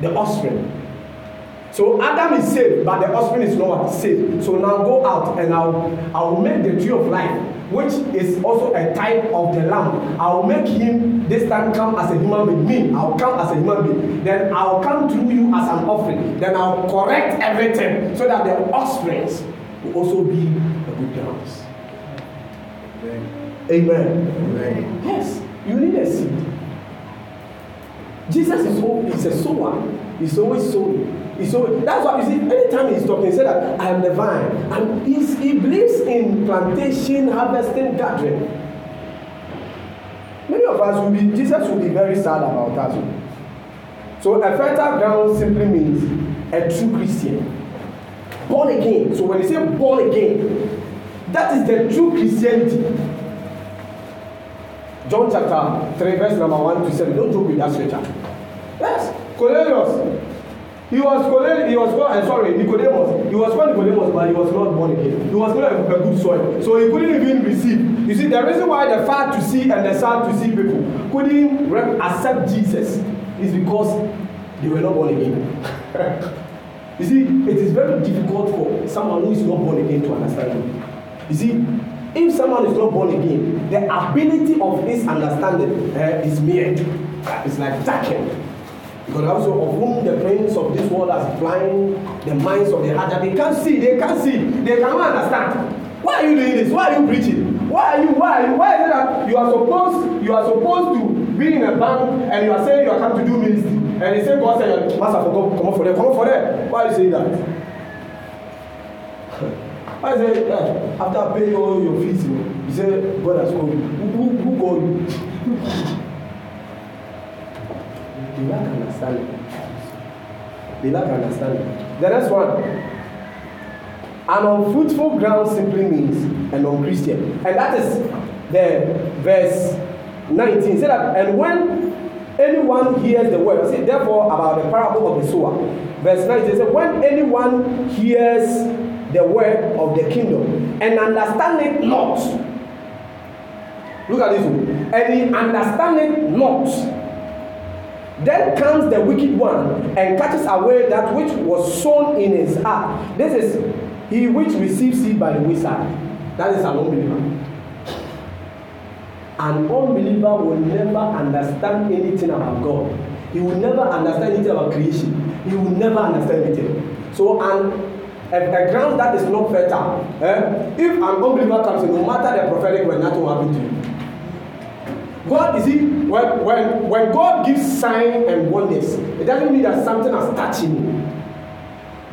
The offspring So Adam is saved, but the offspring is not saved. So now go out and I'll, I'll make the tree of life, which is also a type of the lamb. I'll make him this time come as a human being. Me, I'll come as a human being. Then I'll come through you as an offering. Then I'll correct everything so that the offspring will also be a good grounds. Amen. Amen. Amen. Yes, you need a seed. Jesus is, hope, is a sower. He's always sowing. He's always, that's why you see, anytime he's talking, he said that I am the vine. And he's, he believes in plantation, harvesting, gathering. Many of us will be, Jesus will be very sad about that. So a fertile ground simply means a true Christian. Born again. So when you say born again, that is the true Christianity. John chapter 3, verse number 1 to 7. Don't joke with that scripture. Yes. Cornelius, he was Cornelius, he was born, I'm eh, sorry, Nicodemus. He was born Nicodemus, but he was not born again. He was born of a good soil. So he couldn't even receive. You see, the reason why the far to see and the sad to see people couldn't accept Jesus is because they were not born again. <laughs> you see, it is very difficult for someone who is not born again to understand you. You see, if someone is not born again, the ability of his understanding uh, is mere. It's like darkened. Because the of whom the prince of this world has blind the minds of the heart that they can't see, they can't see, they cannot understand. Why are you doing this? Why are you preaching? Why are you? Why are you? Why is it that you are supposed you are supposed to be in a bank and you are saying you are come to do ministry and the same God said your master for God come up for there come up for there why are you saying that? <laughs> why you say that? after pay all your fees you say God has called you who who, who called you? <laughs> They lack understanding. They lack understanding. The next one. An unfruitful ground simply means an unchristian. And that is the verse 19. Say that, and when anyone hears the word, say therefore about the parable of the sower. Verse 19 says, when anyone hears the word of the kingdom and understand it not. Look at this one. And he understand it not Then comes the wicked one and catches away that which was sown in his heart. This is he which receives seed by the wayside. That is an unbeliever. An unbeliever will never understand anything about God. He will never understand anything about creation. He will never understand anything. So an a, a ground that is not fertile. Eh? If an unbeliever comes in, no matter the prophetic word, nothing will happen to you. God is it when, when, when God gives sign and wonders, it doesn't mean that something has touched him.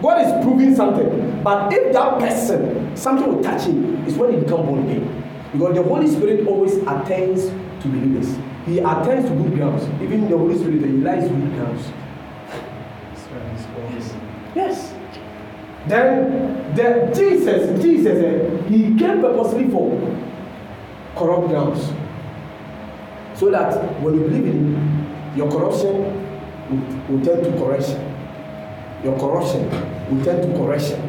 God is proving something. But if that person, something will touch him, is when he become born again. Because the Holy Spirit always attends to believers. He attends to good girls, Even the Holy Spirit, he likes good girls. Yes. Then the Jesus, Jesus, eh, he came purposely for corrupt girls. So that when you believe in it, your corruption will, will tend to correction. Your corruption will tend to correction.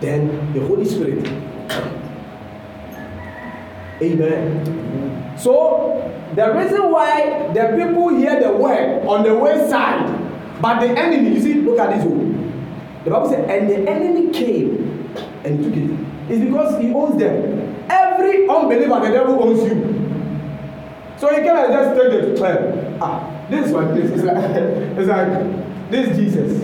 Then the Holy Spirit. Amen. So the reason why the people hear the word on the side, but the enemy, you see, look at this one. Oh. The Bible said, and the enemy came and took it. It's because he owns them. Every unbeliever, the devil owns you. So he came just take the twelve, eh, ah, this is what this is like, <laughs> it's like this is Jesus.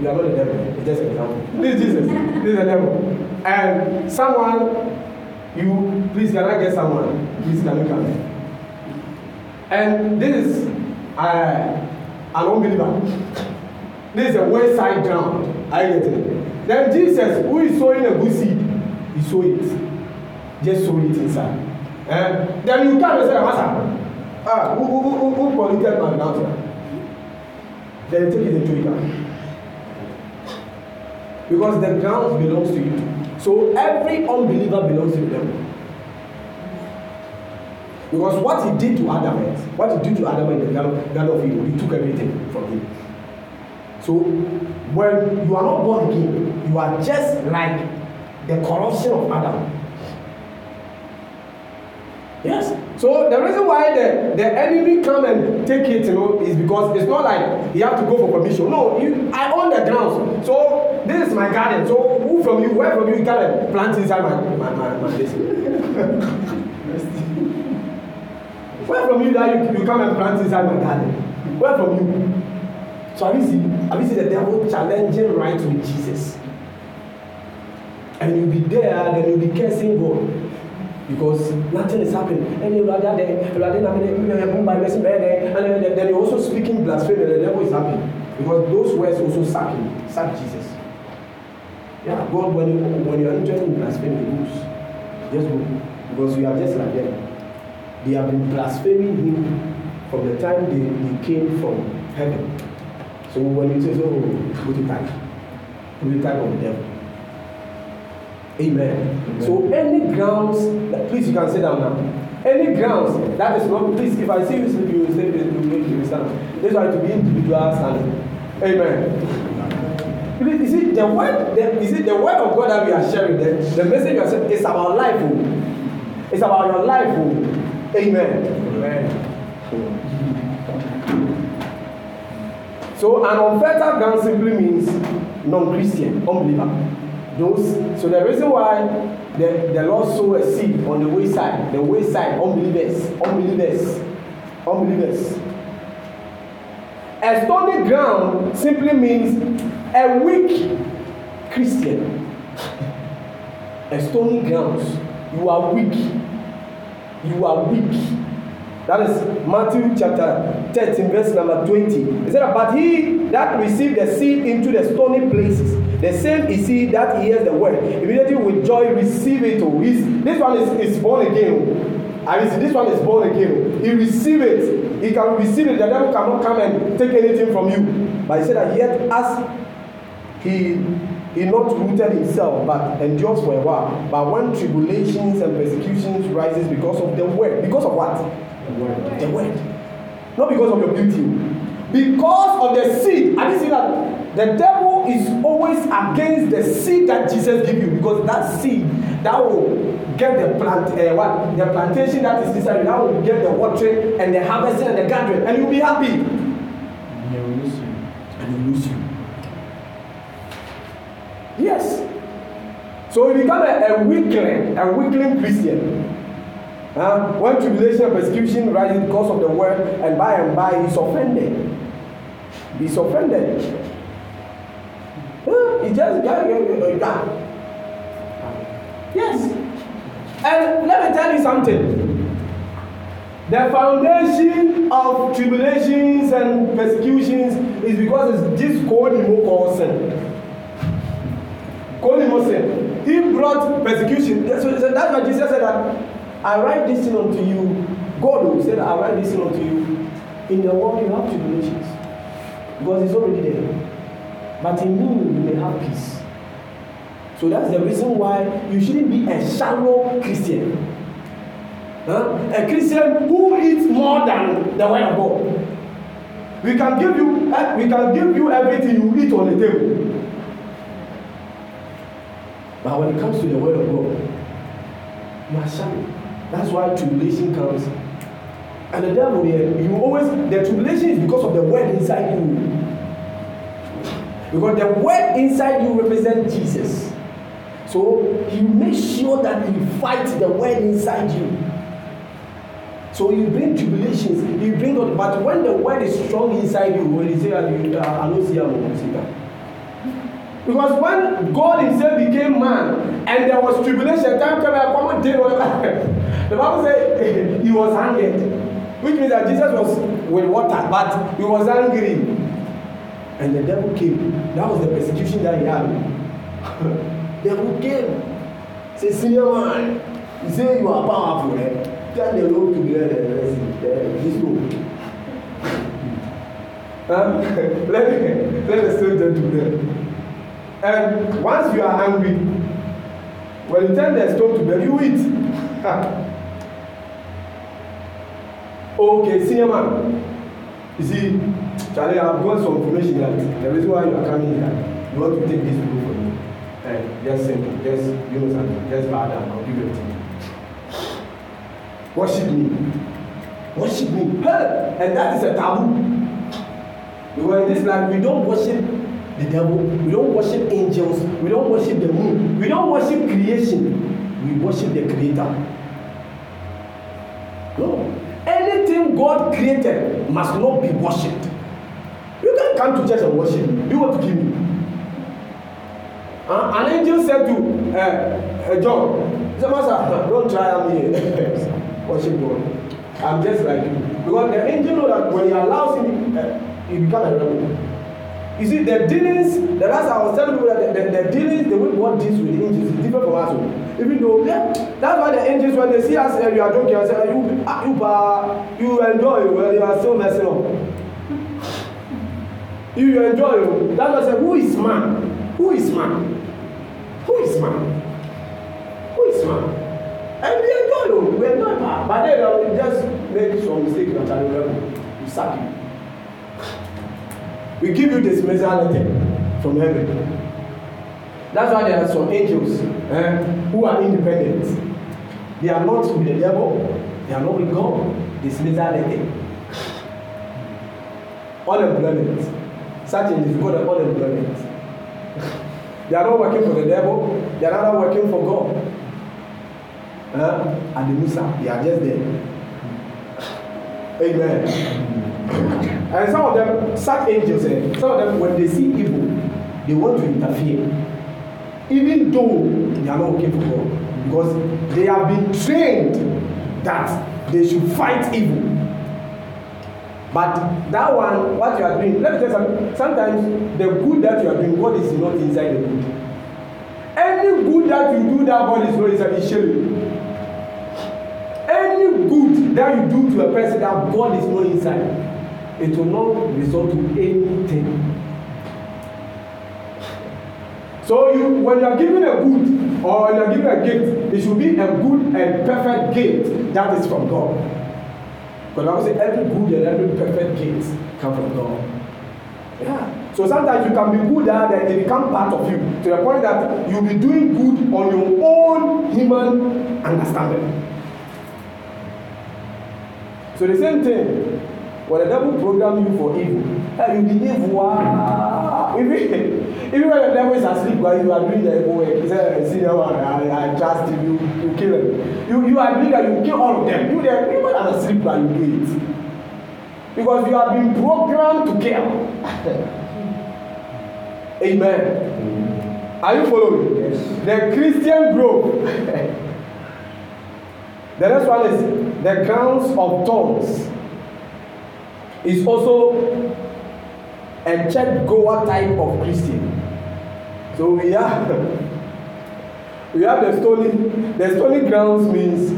You are not the devil, it's just an example. This is Jesus, this is the devil. And someone, you please can I get someone? Please can you come? And this is uh, an unbeliever. This is a west side ground. I get it. Then Jesus, who is sowing a good seed, he sowed it. Just sow it inside. Eh? Then you can't say, Master, ah, who, who, who, who polluted my mountain? Then take it into account. Because the ground belongs to you. So every unbeliever belongs to the devil. Because what he did to Adam, what he did to Adam in the Garden of Eden, he took everything from him. So when you are not born again, you are just like the corruption of Adam. Yes. So the reason why the, the enemy come and take it, you know, is because it's not like you have to go for permission. No, you, I own the grounds. So this is my garden. So who from you, where from you, you gotta plant inside my my my, my place. <laughs> where from you that you, you come and plant inside my garden? Where from you? So have you seen have you seen the devil challenging right with Jesus? And you'll be there, then you'll be cursing God because nothing is happening. And you are there, you are there, boom, my blessing, and then, they are also speaking blasphemy, the devil is happy. Because those words also sack him, sack Jesus. Yeah, God, when, you, when you're interested in blasphemy, lose. Yes, because you are just like them. They have been blaspheming him from the time they, they came from heaven. So when you say, oh, put it back, put it back on the devil. Amen. Amen. So any grounds, please you can sit down now. Any grounds that is wrong, please if I see you sleep, you sleep, you sleep, you stand. This one to be individual standing. Amen. Please, is it the word? The, is it the word of God that we are sharing? The, the message you are saying is about life. Oh. It's about your life. Oh. Amen. Amen. So an unfettered ground simply means non-Christian, unbeliever those so the reason why the the Lord sow a seed on the wayside the wayside unbelievers unbelievers unbelievers a stony ground simply means a weak Christian <laughs> a stony ground you are weak you are weak that is Matthew chapter thirteen verse number 20. he said but he that received the seed into the stony places The same is he that hears the word, immediately with joy receive it. Oh, he's, this one is, is born again. I oh. mean, this one is born again. Oh. He receive it. He can receive it. The devil cannot come and take anything from you. But he said that yet as he he not rooted himself but endures for a while. But when tribulations and persecutions rises because of the word, because of what? The word. The word. Not because of your beauty. Oh. Because of the seed. Have you seen that? The is always against the seed that Jesus give you because that seed that will get the plant uh, what the plantation that is necessary that will get the watering and the harvesting and the gathering and you'll be happy. And they lose you. And they lose you. Yes. So you become a, a weakling, a weakling Christian. Huh? When tribulation and persecution rises because of the word, and by and by he's offended. He's offended. Yeah, it's just yeah, yeah, yeah, yeah, yeah. Yes. And let me tell you something. The foundation of tribulations and persecutions is because it's this Kodimo sin. Kodimo sin. He brought persecution. That's, what, that's why Jesus said that I write this thing unto you. God will say that I write this thing unto you. In the world you have tribulations. Because it's already there. But in me, you may have peace. So that's the reason why you shouldn't be a shallow Christian. Huh? A Christian who eats more than the word of God. We can give you, eh, we can give you everything you eat on the table. But when it comes to the word of God, you are shallow. That's why tribulation comes. And the devil here, you always, the tribulation is because of the word inside you. Because the word inside you represents Jesus. So he makes sure that he fights the word inside you. So you bring tribulations, you bring God, but when the word is strong inside you, when you say, I don't see because when God Himself became man and there was tribulation, time came and common day, whatever. the Bible says <laughs> he was hungry, which means that Jesus was with water, but he was angry. And the devil came. That was the persecution that he had. <laughs> devil came. Say, senior man, you say you are powerful, eh? Tell the Lord to be there and rest in this <laughs> um, <laughs> let me let me still do that. And once you are angry, when you tell the stone to bed, you eat. okay, senior man. You see, Charlie, I've got some information that the reason why you are coming here, you want to take this people for me. And eh, just simple, just know something. just bow down, I'll give it to you. Worship me. Worship me. Hey! And that is a taboo. Because in this life, we don't worship the devil, we don't worship angels, we don't worship the moon, we don't worship creation, we worship the creator. No. Anything God created must not be worshipped. You can come to church and worship. Do you want to kill me? Uh, an angel said to uh, uh, John, he said, Master, don't try me <laughs> worship God. I'm just like you. Because the angel knows that when he allows him, uh, he becomes a rebel. You see, the dealings, the last I was telling you that the, the, the dealings, the way God deals with the angels is different from us. Oh. Even though, yeah, that's why the angels, when they see us and eh, you are joking, they say, ah, you, ah, you, uh, you enjoy, well, you are still messing up. You, enjoy enjoy. Oh. That's why I say, who is man? Who is man? Who is man? Who is man? And we enjoy, oh. we enjoy, but then uh, just make some mistake, you are trying you suck you. We give you this mezzanine from heaven. That's why there are some angels eh, who are independent. They are not with the devil, they are not with God. This mezzanine. Unemployment. Such a difficult unemployment. they are not working for the devil, they are not working for God. Eh? And the Musa, they are just there. Amen. And some of them, such angels, eh, some of them, when they see evil, they want to interfere. Even though they are not okay for God. Because they have been trained that they should fight evil. But that one, what you are doing, let me tell you something. Sometimes the good that you are doing, God is not inside the good. Any good that you do that God is not inside, He shall you. Any good that you do to a person that God is not inside, it will not result to anything. So you, when you are given a good or you are given a gift, it should be a good and perfect gift that is from God. Because I would say every good and every perfect gift come from God. Yeah. So sometimes you can be good and then it become part of you to the point that you'll be doing good on your own human understanding. So the same thing When the devil program you for evil, and you believe wow. Even even when the devil is asleep while you are doing the evil work, he say, "See that one? I, I trust him. You you kill him. You you agree that you kill all of them. You the people that asleep while you do it, because you have been programmed to kill." Amen. <laughs> Amen. Are you following? Yes. The Christian grove. <laughs> the next one is the crowns of thorns is also a church goer type of Christian. So we have <laughs> we have the stony the stony grounds means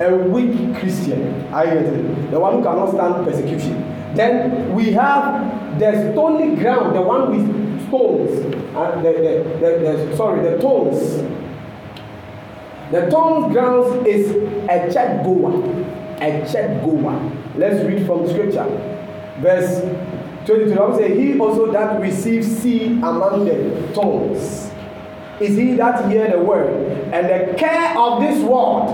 a weak Christian. I get it. The one who cannot stand persecution. Then we have the stony ground, the one with stones, and uh, the, the, the, the sorry, the thorns. The thorns grounds is a church goer, a church goer. Let's read from scripture. Verse 22 say, He also that receives seed among the tongues is he that hear the word, and the care of this world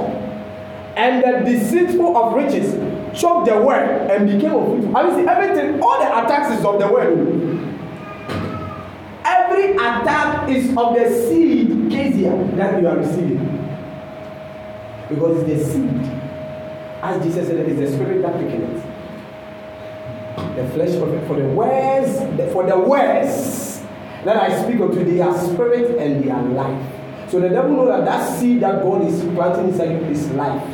and the deceitful of riches choke the word and became unfruitful. I mean, see, everything, all the attacks is of the word. Every attack is of the seed, Kezia, that you are receiving. Because it's the seed As Jesus said, it is the spirit that quickeneth. The flesh for, for the words, for the words that I speak unto they are spirit and they are life. So the devil know that that seed that God is planting inside you is life.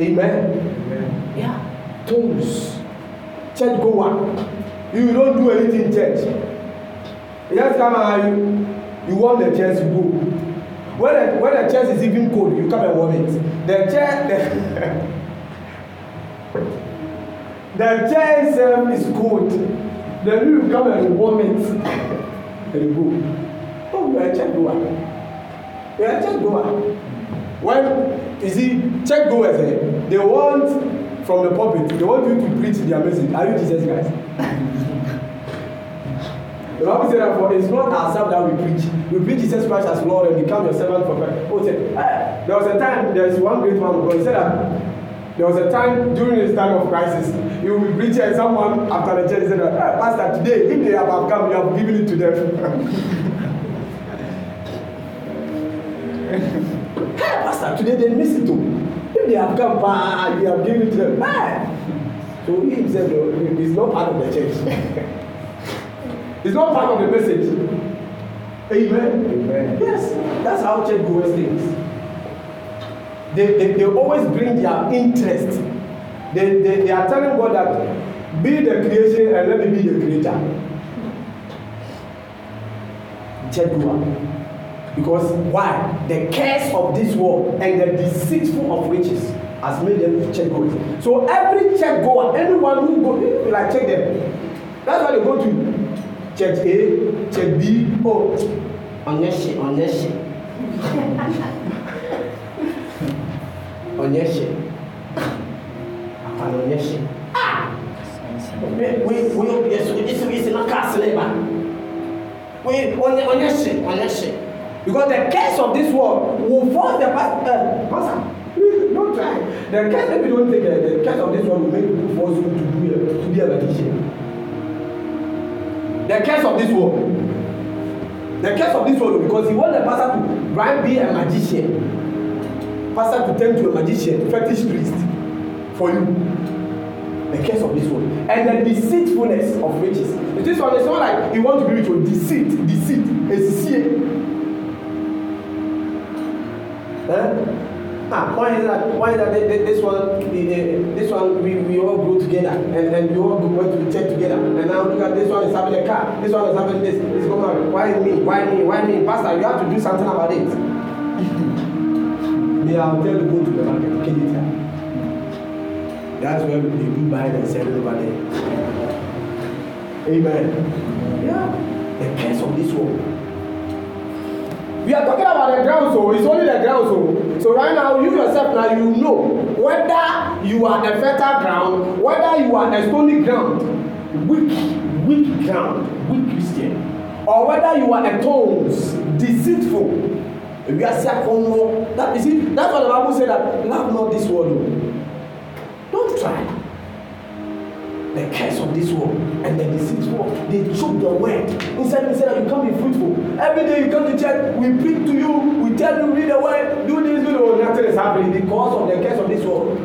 Amen. Amen. Yeah. Tongues. Church go on. You don't do anything, church. Yes, come on. You, you want the church go when the, when the chest is even cold you come and warm it the chair, <laughs> the, the chest itself is cold then you come and warm it and you go oh you are a church goer you are a church goer when you see church goers eh they want from the pulpit they want you to preach their message are you Jesus Christ. <laughs> The Bible said that for it's not ourselves that we preach. We preach Jesus Christ as Lord and become your servant for Christ. Oh, say, eh, There was a time, there is one great man of God, he said that there was a time during this time of crisis, he will be preaching and someone after the church said, that, hey, eh, Pastor, today, if they have come, you have given it to them. hey, <laughs> eh, Pastor, today they miss it too. If they have come, bah, you have given it to them. Hey. So he himself, is not part of the church. <laughs> It's not part of the message. Amen. Amen. Yes, that's how church goers think. They, they, they always bring their interest. They, they, they are telling God that be the creation and let me be the creator. goer, Because why? The curse of this world and the deceitful of riches has made them check goers. So every check goer, anyone who go, like check them. That's why they go to check A check B O, oh onyeshe onyeshe onyeshe hapana onyeshe huyo Yesu Yesu Yesu na kasi leba onyeshe onyeshe because the case of this world will force the pastor uh, pastor don't try the case if you don't take the, the case of this one will make people force you to do a, to be a magician the curse of this world the curse of this world because he want the pastor to right be a magician pastor to turn to a magician fetish priest for you the curse of this world and the deceitfulness of riches this one is not like he want to be rich o oh, deceit deceit esie. Eh? Ah, why is that? Why is that they, they, this one, they, they, this one, we, we all go together and, and we all go went to the church together. And now look at this one is having a car. This one is having this. It's going on. Why me? Why me? Why me? Pastor, you have to do something about it. <laughs> yeah, I'll tell you go to the market. Kill it. That's where they do buy and sell over there. Amen. Yeah. The curse of this one. We are talking about the ground, so oh. it's only the ground, so. Oh. So right now, you yourself now you know whether you are a fertile ground, whether you are a stony ground, weak, weak ground, weak Christian, or whether you are a thorns, deceitful. We are that you see, that's what the Bible said that love not this world. Don't try the curse of this world and the deceitful world. They choke the word. Instead, instead that you can't be fruitful. Every day you come to church, we preach to you, we tell you, read the word, do this, do that. Nothing is happening because of the curse of this world.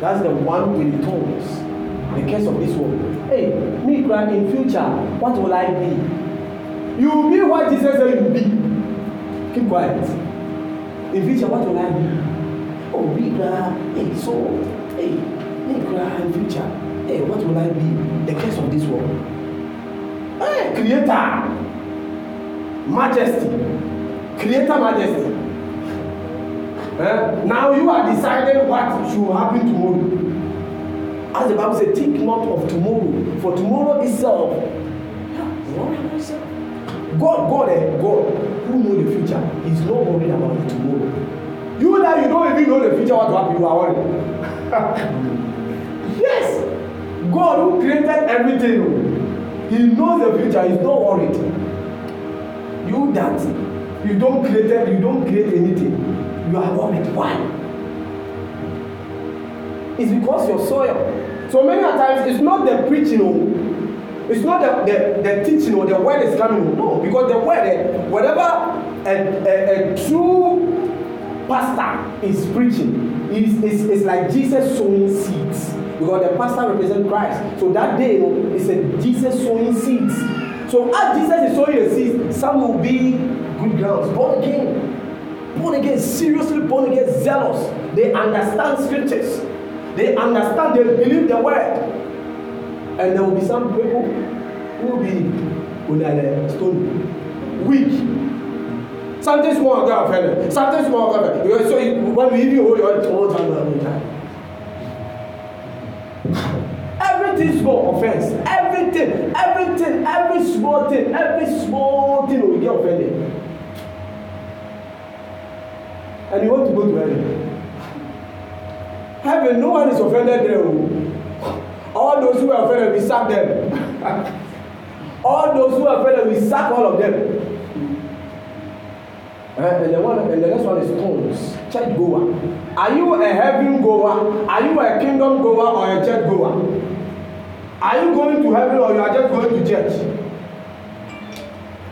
That's the one with the thorns. The curse of this world. Hey, me cry in future, what will I be? You will be what Jesus said you will be. Keep quiet. In future, what will I be? Oh, bigger, hey, so, hey. Hey, and future. Hey, what will I be? The curse of this world. Hey, creator. Majesty. Creator majesty. Eh? Now you are deciding what should happen tomorrow. As the Bible says, think not of tomorrow, for tomorrow itself. Yeah, about yourself. God, God, eh, God, who know the future, is not worried about the tomorrow. You that you don't even know the future, what will happen, you are worried. <laughs> Yes, God who created everything, He knows the future, He's not worried. You that you don't create you don't create anything, you are worried. Why? It's because your soil. So many times it's not the preaching. Only. Oh. It's not the, the, the teaching or the word is coming. Oh. No, because the word, eh, whatever a, a, a true pastor is preaching, is, is, is like Jesus sowing seeds because the pastor represent Christ. So that day is a Jesus sowing seeds. So as Jesus is sowing the seeds, some will be good girls, born again, born again, seriously born again, zealous. They understand scriptures. They understand. They believe the word. And there will be some people who will be under the stone, weak. Something small, God, something small, God. So when we even hold your own time, everything small offense everything everything every small thing every small thing will get offended and you want to go to heaven heaven no one is offended there o oh. all those who were offended we sack them <laughs> all those who were offended we sack all of them uh, and the one and the next one is stones church goer are you a heaven goer are you a kingdom goer or a church goer. Are you going to heaven or you are just going to church?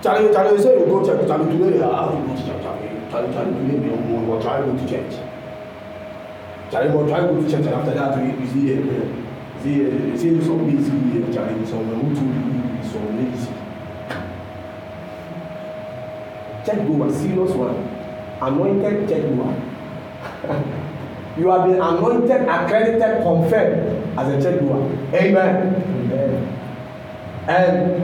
Charlie, Charlie, you say you go to church. Charlie, today I have to go to church. Charlie, Charlie, today we will try to go to church. Charlie, we will try to go to church and after that we will see the see see some busy, see the Charlie some who to some lazy. Church goer, serious one, anointed church goer. <laughs> you have been anointed, accredited, confirmed. as a church goer. Amen. Amen. And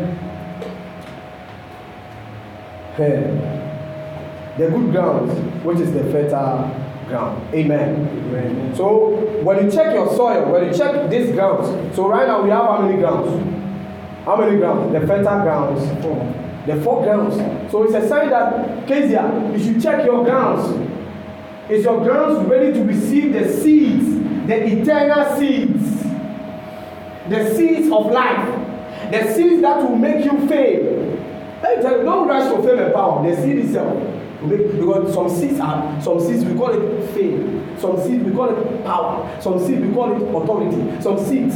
hey, eh, the good ground, which is the fertile ground. Amen. Amen. So when you check your soil, when you check these grounds, so right now we have how many grounds? How many grounds? The fertile grounds. The four grounds. So it's a sign that Kezia, you should check your grounds. Is your grounds ready to receive the seeds, the eternal seeds? the seeds of life, the seeds that will make you fail. Let me tell you, don't rush for fame and power. The seed itself because some seeds are some seeds we call it fame, some seeds we call it power, some seeds we call it authority, some seeds.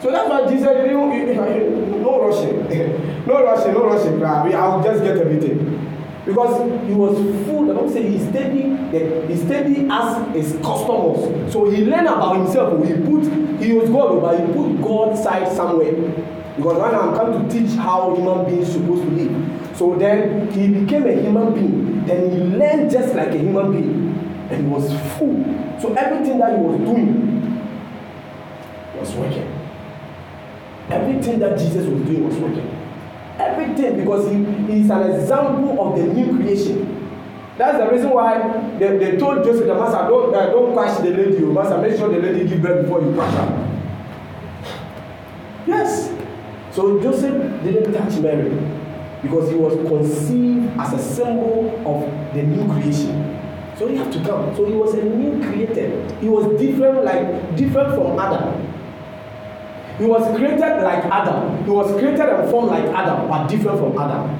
So that's why Jesus didn't <laughs> <laughs> no rushing, no rushing, no rushing. I will just get everything because he was full the bible say he steady the he steady as his customers so he learn about himself he put he was god but he put god side somewhere because right now i'm come to teach how human beings suppose to live so then he became a human being then he learn just like a human being and he was full so everything that he was doing was working everything that jesus was doing was working Everything because he, is an example of the new creation. That's the reason why they, they told Joseph, the master, don't, uh, don't crash the lady. Oh, master, make sure the lady give birth before you crash her. Yes. So Joseph didn't touch Mary because he was conceived as a symbol of the new creation. So he had to come. So he was a new created. He was different, like different from Adam. He was created like Adam. He was created and formed like Adam, but different from Adam.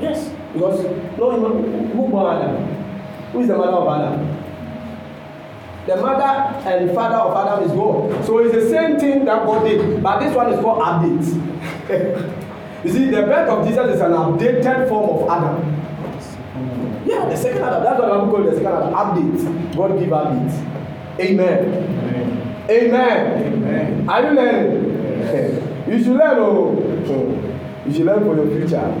Yes, because no human who born Adam? Who is the mother of Adam? The mother and father of Adam is God. So it's the same thing that God did, but this one is called update. <laughs> you see, the birth of Jesus is an updated form of Adam. Yeah, the second Adam. That's what I'm calling the second Adam. Update. God give updates. Amen. Amen. Amen. Amen. Are you learning? Yes. You should learn. Oh. You should learn for your future.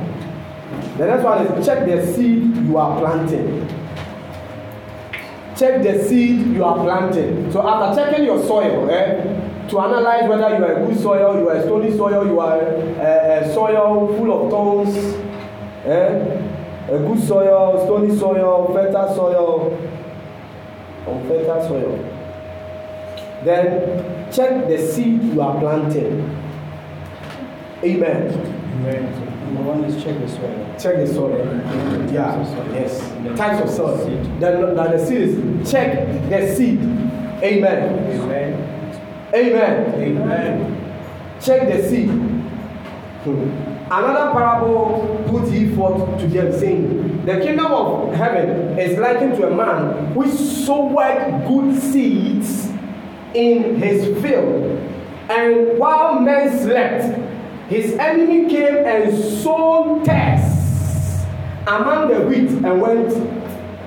The next one is check the seed you are planting. Check the seed you are planting. So after checking your soil, eh, to analyze whether you are good soil, you are stony soil, you are a, eh, a eh, soil full of thorns, eh, a good soil, stony soil, fertile soil, or fertile soil. Then check the seed you are planting. Amen. Amen. Number one is check the soil. Check the soil. Yeah. Yes. The types of soil. Then, then the seed is check the seed. Amen. Amen. Amen. Amen. Check the seed. Hmm. Another parable put he forth to them, saying, The kingdom of heaven is likened to a man which sowed good seeds in his field. And while men slept, his enemy came and sown tares among the wheat and went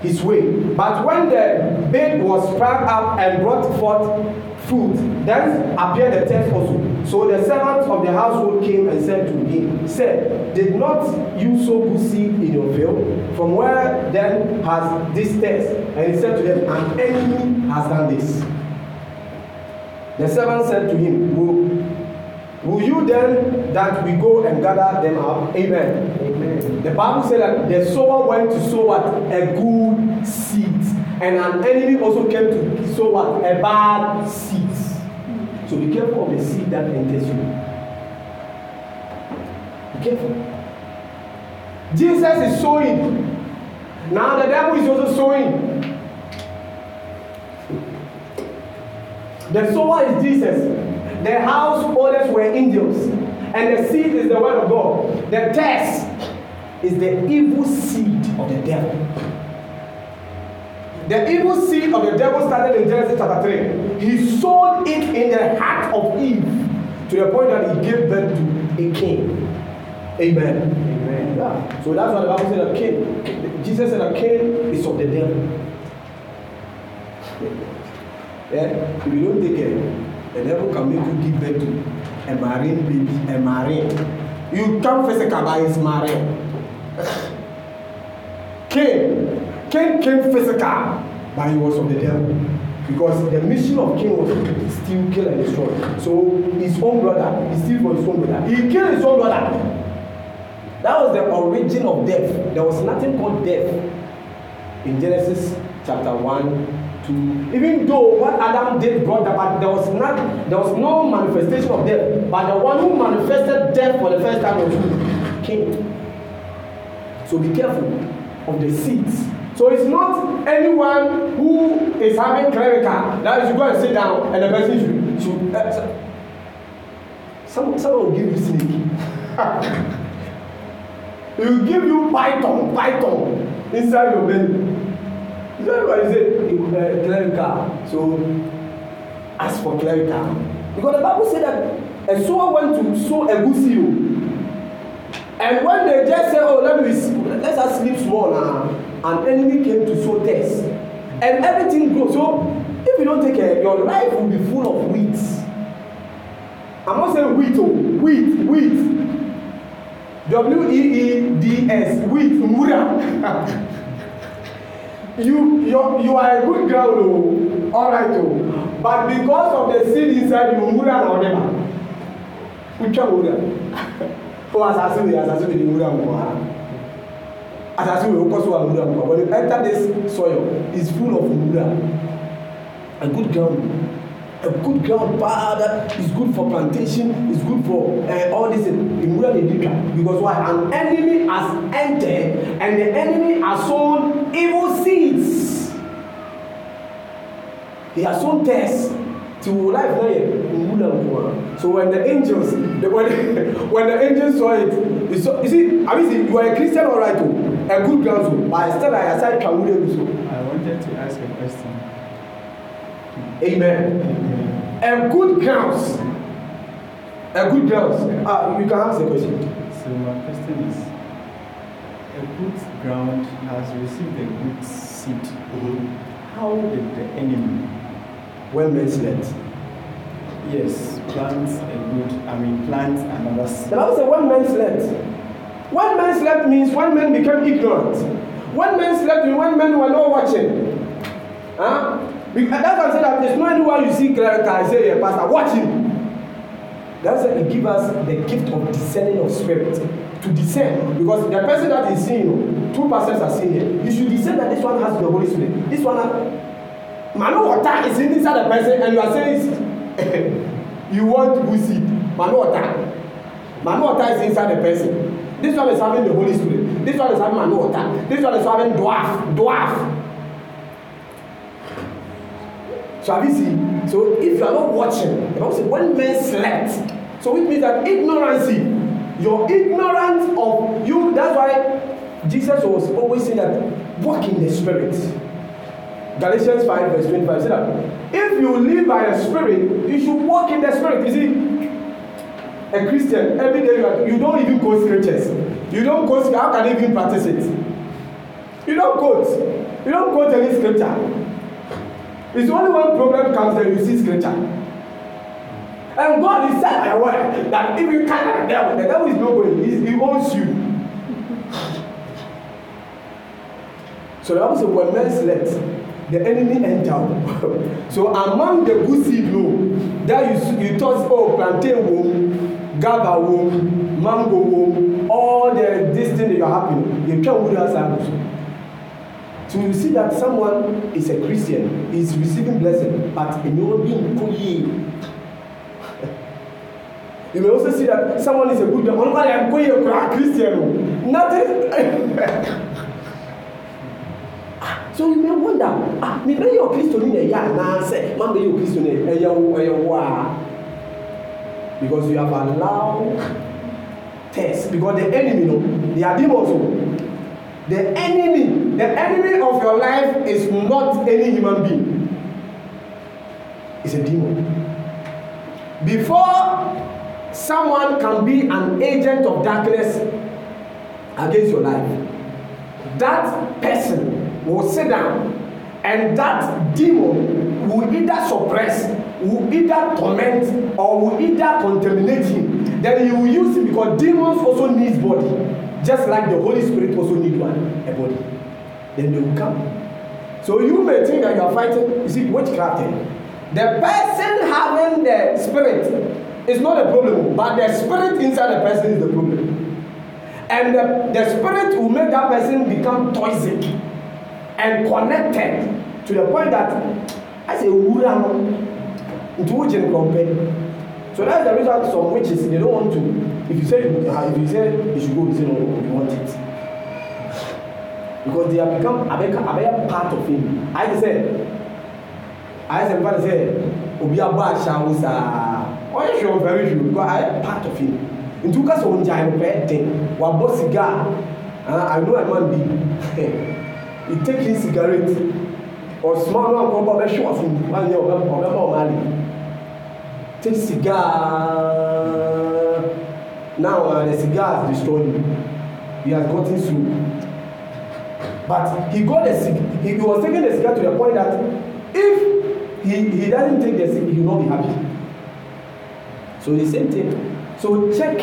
his way. But when the bed was sprung up and brought forth food, then appeared the tares also. So the servants of the household came and said to him, Sir, did not you sow good seed in your field? From where then has this tares? And he said to them, An enemy has done this. The servant said to him, Will, will you then that we go and gather them up? Amen. Amen. The Bible said that the sower went to sow what? A good seed. And an enemy also came to sow what? A bad seed. So be careful of the seed that enters you. Be careful. Jesus is sowing. Now the devil is also sowing. The sower is Jesus. The householders were angels. And the seed is the word of God. The test is the evil seed of the devil. The evil seed of the devil started in Genesis chapter 3. He sowed it in the heart of Eve to the point that he gave birth to a king. Amen. Amen. Yeah. So that's why the Bible said a king. Jesus said a king is of the devil. Yeah? If you don't take care, the devil can make you give birth to a marine baby, a marine. You can't face a kaba is marine. Cain, Cain came physical, but he was of the devil. Because the mission of Cain was to steal, kill, and destroy. So his own brother, he steal from his own brother. He killed his own brother. That was the origin of death. There was nothing called death in Genesis chapter 1 Even though what Adam did brought about, there was not there was no manifestation of death, but the one who manifested death for the first time was who? So be careful of the seeds. So it's not anyone who is having clerical that you go and sit down and the person should should uh, so, some someone will give you snake. <laughs> he will give you python python inside your belly you know everybody say uh, clerical so ask for clerical because the bible say that a sower went to sow a good seed, and when they just say oh let me let us sleep small now," an enemy came to sow test and everything grow so if you don take care your life will be full of weeds i'm not saying wheat o wheat wheat w e e d s wheat mura you you you are a good girl o oh. alright o oh. but because of the sin inside you wúrà lọ ní ma wútwa wúrà o asase wei asase wei ni wúrà nkọ ha asase wei o kọ so wa wúrà nkọ but the enter this soil is full of wúrà a good ground a good ground paa that is good for plantation is good for uh, all this in wúrà dey dey twa because why an enemy has entered and the enemy has sown evil seeds they are sown tares till life no yet so when the angels the, when <laughs> when the angels saw it you, saw, you see i mean you are a christian all right, a good girl, o but still i aside kawule lu so. i wanted to ask a question. amen. amen. a good ground a good ground ah you can ask the question. so my question is a good ground has received a good seat. Mm-hmm. How did the enemy? Well misled. Yes, plants a good, I mean, plants another seed. The Bible says one man slept. One man slept means one man became ignorant. One man slept means one man were not watching. Huh? Because that's why I said that there's no anyone you see clear can say, Pastor, watching. That's why He give us the gift of discerning of spirit to discern because the person that is seeing you two persons are seeing here you should discern that this one has the Holy Spirit this one manu water is inside the person and you are saying <laughs> you want pussy manu water manu water is inside the person this one is having the Holy Spirit this one is having manu water this one is having dwarf dwarf So have you seen? So if you are not watching, the Bible says when men slept, so it means that ignorance, your ignorance of you, that's why Jesus was always saying that walk in the spirit. Galatians 5, verse 25 said that if you live by the spirit, you should walk in the spirit. You see, a Christian, every day you, are, you don't even quote scriptures. You don't quote, how can you even practice it? You don't quote. You don't quote any scripture. It's only when problem comes that you see scripture. And God is set by word that if you can't have the devil, the devil is not going, he owns you. so that was says, when men slept, the enemy entered. <laughs> so among the good seed, no, that you, you toss oh, plantain womb, gaba womb, mango womb, all the this thing that you're happy, you can't wood outside. So you see that someone is a Christian, is receiving blessing, but enabling koyi. <laughs> You may also see that someone is a good man, only I'm going to Christian. Nothing. <laughs> so you may wonder ah mi bẹ yọ kristo ni na ẹyẹ anaasẹ ma bẹ yọ kristo ni ẹyẹ wo ẹyẹ wo a because you have allowed <laughs> test because the enemy no they are demons o. The enemy, the enemy of your life is not any human being. It's a demon. Before someone can be an agent of darkness against your life, that person will sit down and that demon will either suppress, will either torment, or will either contaminate him. Then you will use him because demons also need body just like the Holy Spirit also need one, a body. Then they will come. So you may think that you are fighting, Is it witchcraft. The person having the spirit is not a problem, but the spirit inside the person is the problem. And the, the spirit will make that person become toxic and connected to the point that I say, Wura, into which So that's the reason some witches they don't want to If you say uh, if you say you should go, you say no, we want it. Because they have become a better, part of him. I said, I said, but I said, Obi Abba Shawusa. Oh, you you're very true. Because I am part of him. Nti wo kasa I gyae pɛɛ den wabɔ siga ah I know a man be <laughs> he take his cigarette or ɔsoma no Come bɔ ɔbɛhwɛ ɔfun wanyɛ ɔbɛ ɔbɛ bɔ ɔmo ali take cigar now and uh, the cigar has destroyed him he has gotten soup but he got a sick he, was taking the cigar to the point that if he he doesn't take the cigar he will not be happy so the same thing so check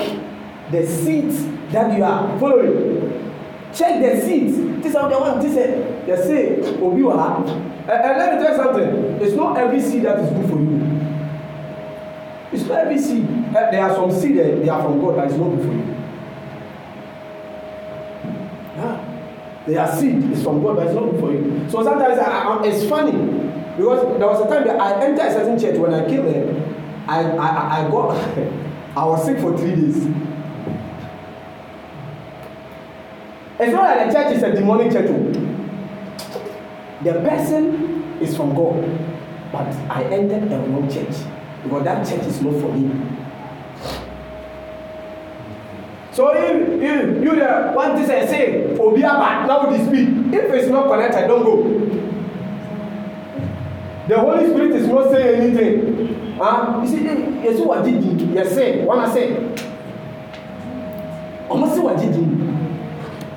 the seeds that you are following check the seeds this one the one this one the seed obi wa ha eh, and eh, let me tell you something it's not every seed that is good for you it's not every seed Eh, there are some seed that eh, they are from God that is not good for you. Yeah. They are seed is from God but it's not good for you. So sometimes I, I, it's funny because there was a time that I entered a certain church when I came there. I, I, I got <laughs> I was sick for three days. It's not like the church is a demonic church. Oh. The person is from God, but I entered the wrong church because that church is not for me so if if you dey want to say say obi aba now the speed if it's not connected don go the holy spirit is not saying anything ah huh? you see yesu wa didi yese wana se ọmọ si wa didi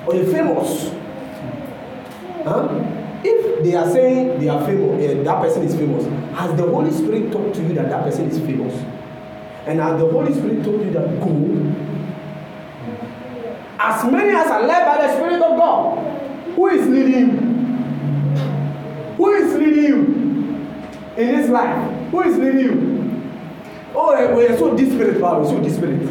or you famous huh? if they are saying they are famous uh, that person is famous has the holy spirit talk to you that that person is famous and has the holy spirit talk to you that go as many as are led by the Spirit of God. Who is leading you? Who is leading you in this life? Who is leading you? Oh, we eh, oh, are so desperate, Paul. So desperate. We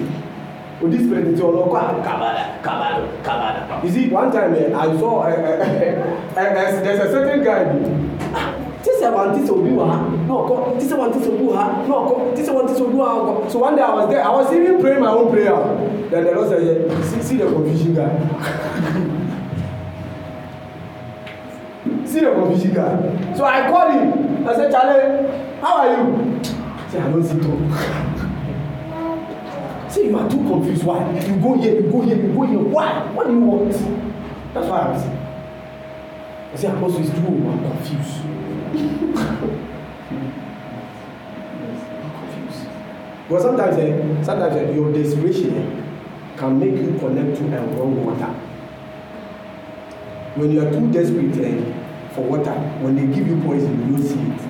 oh, desperate to Olokwa. Kabada, Kabada, Kabada. You see, one time eh, I saw uh, uh, uh, uh, there's a certain guy te sɛ wante sɛ obi wɔ ha na ɔkɔ te sɛ wante sɛ obi wɔ ha na ɔkɔ te sɛ obi wɔ ha so one day i was there i was even praying my own prayer then the lord said see, see the confusion guy <laughs> see the confusion guy so i call him i said chale how are you he said i don see too. <laughs> See, you are too confused. Why? You go here, you go here, you go here. Why? What do you want? That's why I'm saying. I say, Apostle is too, confused. Because sometimes, eh, sometimes eh, your desperation eh, can make you connect to a wrong water. When you are too desperate eh, for water, when they give you poison, you don't see it.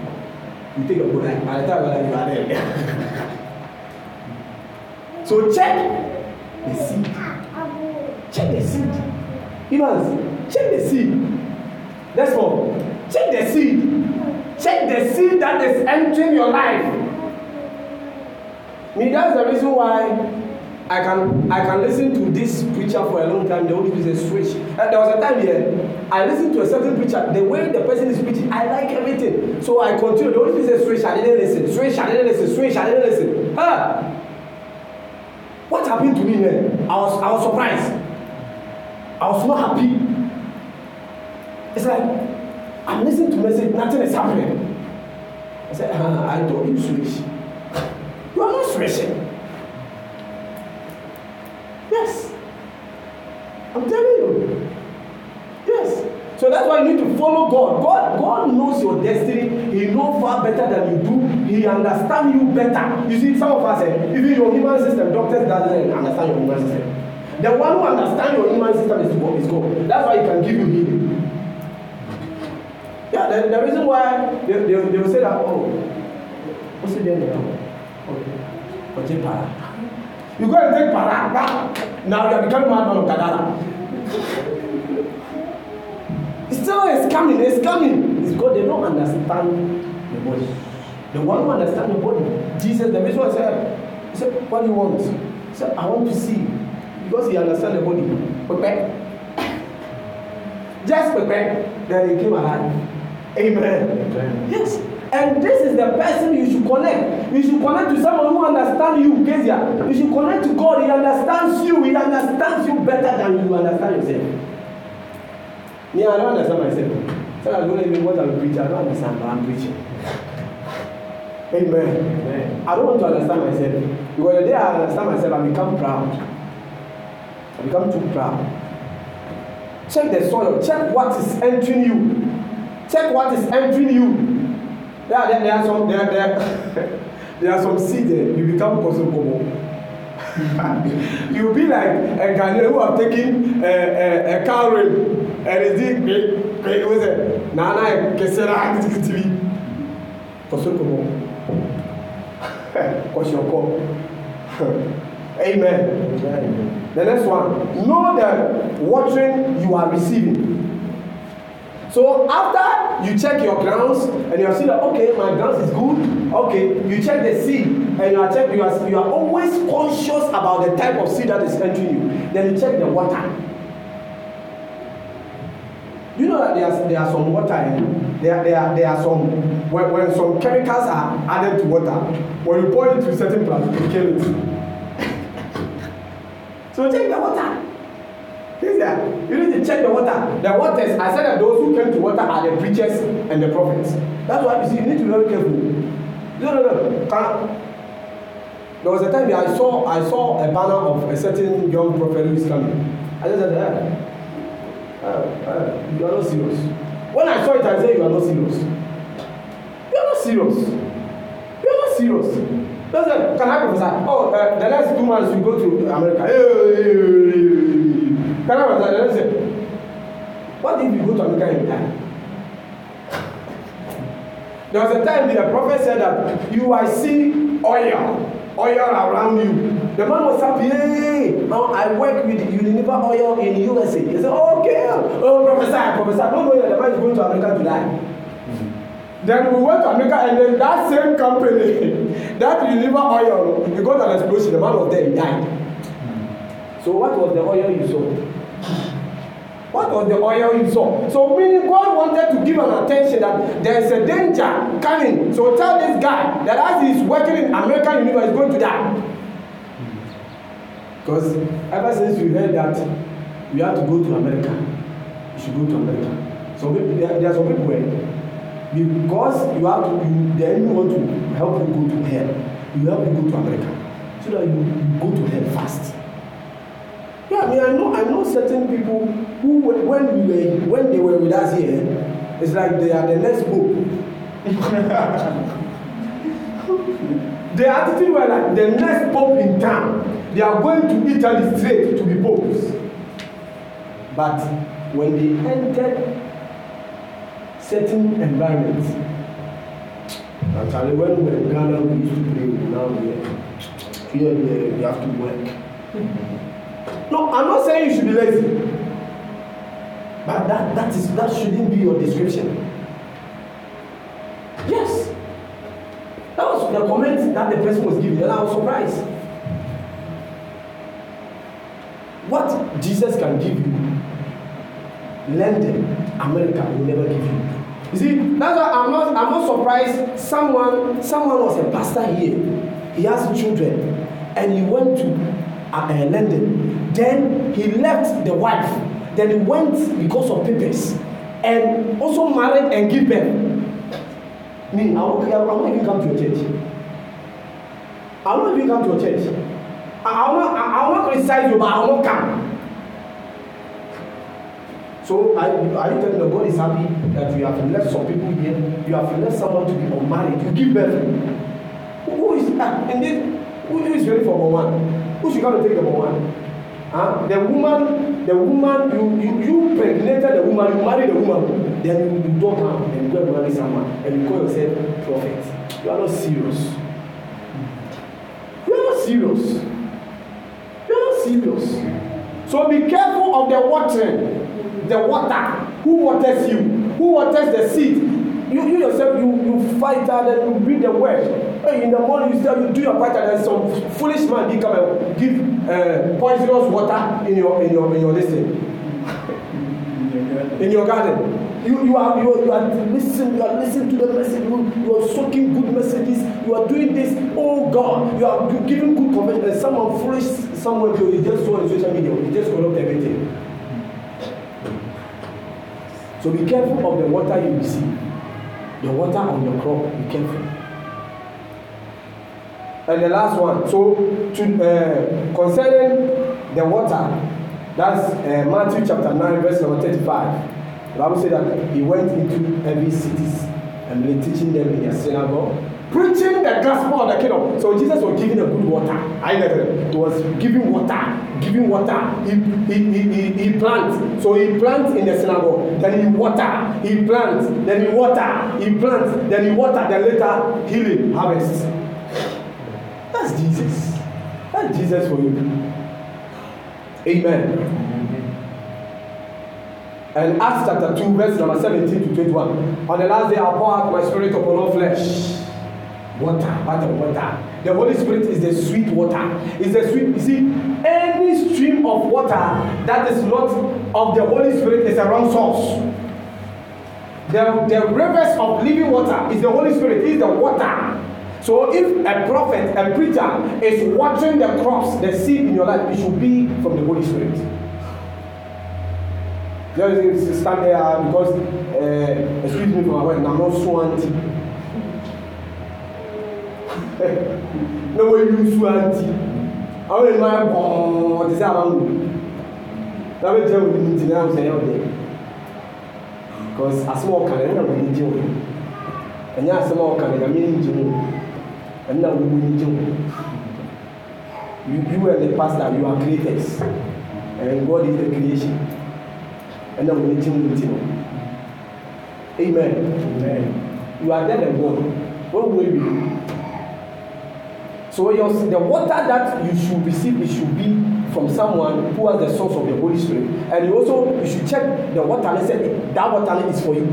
You take your body, by the time like, you are there. <laughs> so check the seed. Check the seed. Evans, check the seed. That's all. Check the seed. Check the seed that is entering your life. Me, that's the reason why I can I can listen to this preacher for a long time. The only Spirit is switch. And uh, there was a time here I listened to a certain preacher. The way the person is preaching, I like everything. So I continue. The only Spirit says switch. I didn't listen. Switch. I didn't listen. Switch. I didn't listen. Huh? What happened to me then? I was I was surprised. I was not happy. It's like I'm listening to message, nothing is happening. I said, ah, I don't you Swedish. You are not Swedish. Yes. I'm telling you. Yes. So that's why you need to follow God. God, God knows your destiny. He know far better than you do. He understand you better. You see, some of us, eh, even your human system, doctors doesn't understand your human system. The one who understand your human system is God. Is God. That's why he can give you healing. Yeah, the, the reason why they, they, they will say that, oh, what's it there now? oh, Oje para. You go and take para. Bah. Now you are becoming madman of Gadara. Still, it's coming, it's coming. It's God, they don't understand the body. The one who understands the body, Jesus, the reason why said, he said, What do you want? He said, I want to see. Because he understands the body. Prepare. Just prepare. Then he came alive. Amen. Amen. Yes. And this is the person you should connect. You should connect to someone who understands you, Kezia. You should connect to God. He understands you. He understands you better than you understand yourself. Me, I don't understand myself. So I don't even want to preach. I don't understand, but I'm preaching. Amen. Amen. I don't want to understand myself. Because the day I understand myself, I become proud. I become too proud. Check the soil. Check what is entering you. Check what is entering you. There, there, there are some there, there, <laughs> there are some seeds there. You become Kosokomo. <laughs> you be like a Ghanaian who have taken eh, eh, a, a, a car rail and is it? great, great, what's it? Nana, eh, Kesera, TV. Kosokomo. Kosoko. Amen. Amen. The next one. Know that watering you are receiving. So after you check your grounds and you have seen that okay, my grounds is good, okay, you check the seed and you are check you are you are always conscious about the type of seed that is entering you. Then you check the water. You know that there are, there are some water in eh? there there are, there are some when, when some chemicals are added to water when you pour it to certain plants it kill it. <laughs> so check the water. This is, you need to check the water. The waters, I said that those who came to water are the preachers and the prophets. That's why you see, you need to be very careful. No, no, no. Ah. there was a time I saw I saw a banner of a certain young prophet who is coming. I just said, ah, ah, ah, you are not serious. When I saw it, I said, you are not serious. You are not serious. You are not serious. That's it. Can I prophesy? Oh, uh, the next two months we go to America. Hey, hey, hey, hey. Ghana was like, listen, what if you go to America and die? There was a time the prophet said that you will see oil, oil around you. The man was happy, hey, now I work with Unilever Oil in USA. He said, okay, oh, professor, professor, don't know that the man is going to America to die. Then we went to America and then that same company, <laughs> that Unilever Oil, you got an explosion, the man was there, he died. So what was the oil you saw? What was the oil you saw? So meaning God wanted to give an attention that there is a danger coming. So tell this guy that as he's working in American University, he's going to die. Because ever since we heard that we have to go to America, You should go to America. So there, there are some people where because you have to, you, the enemy want to help you go to hell, you help you go to America so that you, you go to hell fast. Yeah, I mean, I know, I know certain people who, were, when we were, when they were with us here, it's like they are the next book. <laughs> the attitude were like the next pope in town they are going to italy straight to be popes but when they entered certain environments actually when we were in ghana we used to play with now we here we, we have to work. Mm -hmm. No, I'm not saying you should be lazy. But that, that, is, that shouldn't be your description. Yes. That was the comment that the person was giving, and I was surprised. What Jesus can give you, London, America will never give you. You see, that's why I'm not I'm not surprised someone someone was a pastor here. He has children and he went to uh, uh, London Then he left the wife. Then he went because of papers and also married and give birth. Me, I won't, I won't even come to your church. I won't even come to your church. I, I, I, I will criticize you, but I will come. So are, are you telling me God is happy that you have left some people here? You have left someone to be unmarried. You give birth. Who, is that? Ah, and then who, is ready for number one? Who should come to take number one? Huh? The woman, the woman, you you you impregnated the woman, you marry the woman, then you, you don't have and you go marry someone and you call yourself prophet. You are not serious. You are not serious. You are not serious. So be careful of the watering, the water. Who waters you? Who waters the seed? You, you yourself, you, you fight hard and you bring the word. Hey, in the morning you still do your part and then some foolish man dey come and give uh, poisonous water in your in your in your lis ten in your garden you you are you are you are listening you are listening to the message you, you are soaking good messages you are doing this oh God you are giving good confession and someone foolish someone you just saw on social media you just corrupt everything so be careful of the water you receive the water on your crop be careful and the last one so to uh, concerning the water that's uh, matthew chapter nine verse number thirty-five the bible say that he went into every cities and been teaching them in their synagogue preaching the gospel of the kingdom so jesus was giving a good water i get it he was giving water giving water he he he he, he plant so he plant in the synagogue then he water he plant then he water he plant then he water then later healing harvest That's Jesus. That's Jesus for you. Amen. And Acts chapter 2, verse number 17 to 21. On the last day, I pour out my spirit upon all flesh. Water, water, water. The Holy Spirit is the sweet water. It's the sweet, you see, any stream of water that is not of the Holy Spirit is a wrong source. The, the rivers of living water is the Holy Spirit, is the water. So if a prophet, a preacher is watering the crops, the seed in your life, it should be from the Holy Spirit. Just stand there because, uh, excuse me for my word, I'm not so <laughs> no way you so anti. I want to know is around me. That way, Jerry will need to know what I'm saying. Because as small can, I don't know what I'm doing. small yeah, as more can, I'm doing ẹ̀mí náà gbogbo yín jẹun you you are the pastor you are creators and God is the creation ẹ̀mí náà gbogbo yín jẹun ló ti nù amen you are there and gone wọ́n we be? so your the water that you should receive it should be from someone who has the source of the Holy Spirit and you also you should check the water and say that water is for you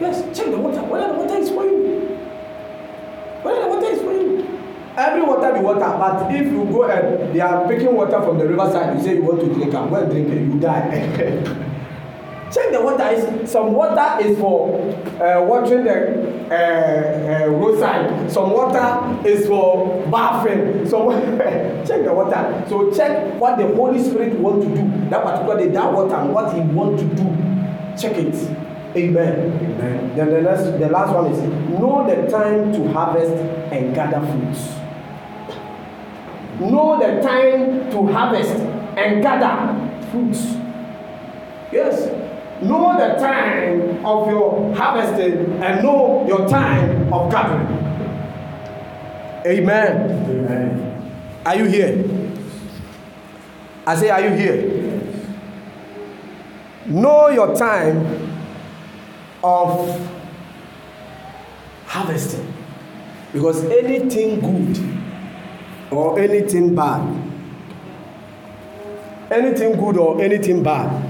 yes check the water whether the water is for you Well, water is free. Every water be water, but if you go and they are picking water from the riverside, you say you want to drink I'm going to drink it, you die. <laughs> Check the water is some water is for uh, watering the uh, uh, roadside. Some water is for bathing. So <laughs> check the water. So check what the Holy Spirit want to do that particular day, that water, and what He want to do. Check it. Amen. Amen. Then the next, the last one is know the time to harvest and gather fruits. Know the time to harvest and gather fruits. Yes. Know the time of your harvesting and know your time of gathering. Amen. Amen. Are you here? I say, Are you here? Know your time of harvesting. Because anything good or anything bad, anything good or anything bad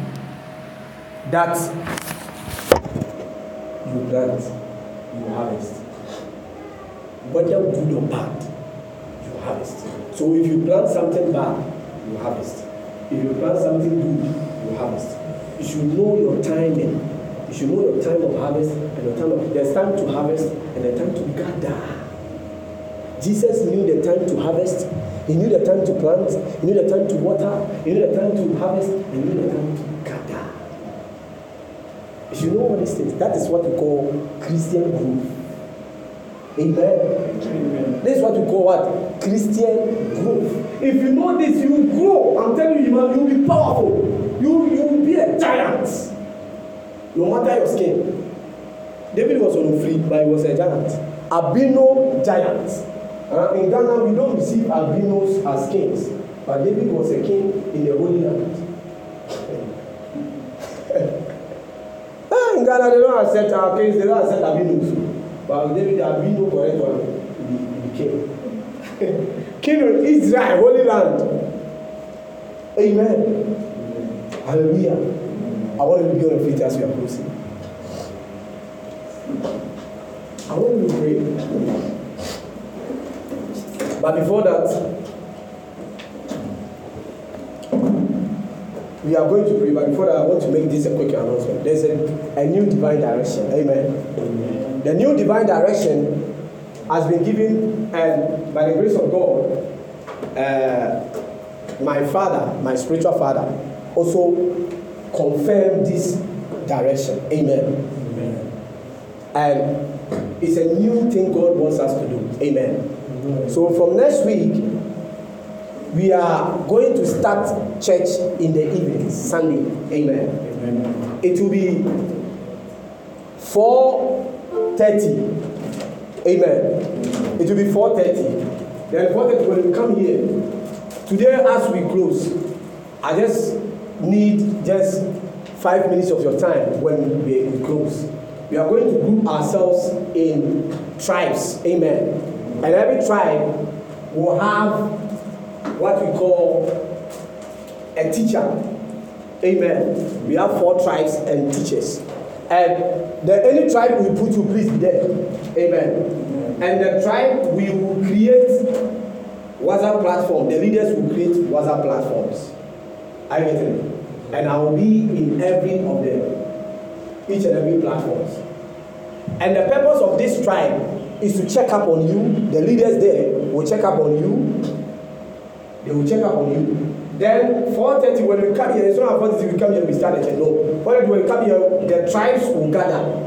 that you plant, you harvest. Whether good or bad, you harvest. So if you plant something bad, you harvest. If you plant something good, you harvest. You should know your timing you should know your time of harvest and your time of there's time to harvest and the time to gather. Jesus knew the time to harvest, he knew the time to plant, he knew the time to water, he knew the time to harvest, and he knew the time to gather. If you know all these things, that is what we call Christian growth. Amen. Amen. This is what we call what? Christian growth. If you know this, you will grow. I'm telling you, man, you'll be powerful. You, you will be a giant. no matter your skin David was on free but he was a giant albino giant uh, in Ghana we don't receive albinos as kings but David was a king in the Holy Land <laughs> ah, in Ghana they don't accept our kings they don't accept albinos but David albino correct one he became <laughs> king of Israel Holy Land amen hallelujah. I want to be on your feet as we are closing. I want you to pray. But before that, we are going to pray. But before that, I want to make this a quick announcement. There's a, a new divine direction. Amen. Amen. The new divine direction has been given, and um, by the grace of God, uh, my father, my spiritual father, also confirm this direction. Amen. Amen. And it's a new thing God wants us to do. Amen. Amen. So from next week, we are going to start church in the evening, Sunday. Amen. Amen. It will be 4.30. Amen. It will be 4.30. Then 4.30 when we come here. Today as we close, I just need just five minutes of your time when we close. We are going to group ourselves in tribes. Amen. And every tribe will have what we call a teacher. Amen. We have four tribes and teachers. And the any tribe we put you, please there. Amen. And the tribe we will create WhatsApp platform. The leaders will create WhatsApp platforms. I get it. And I'll be in every of them, each and every platforms. And the purpose of this tribe is to check up on you. The leaders there will check up on you. They will check up on you. Then 4.30 when we come here, it's not if we come here, we start the church. No. 4.30 when we come here, the tribes will gather.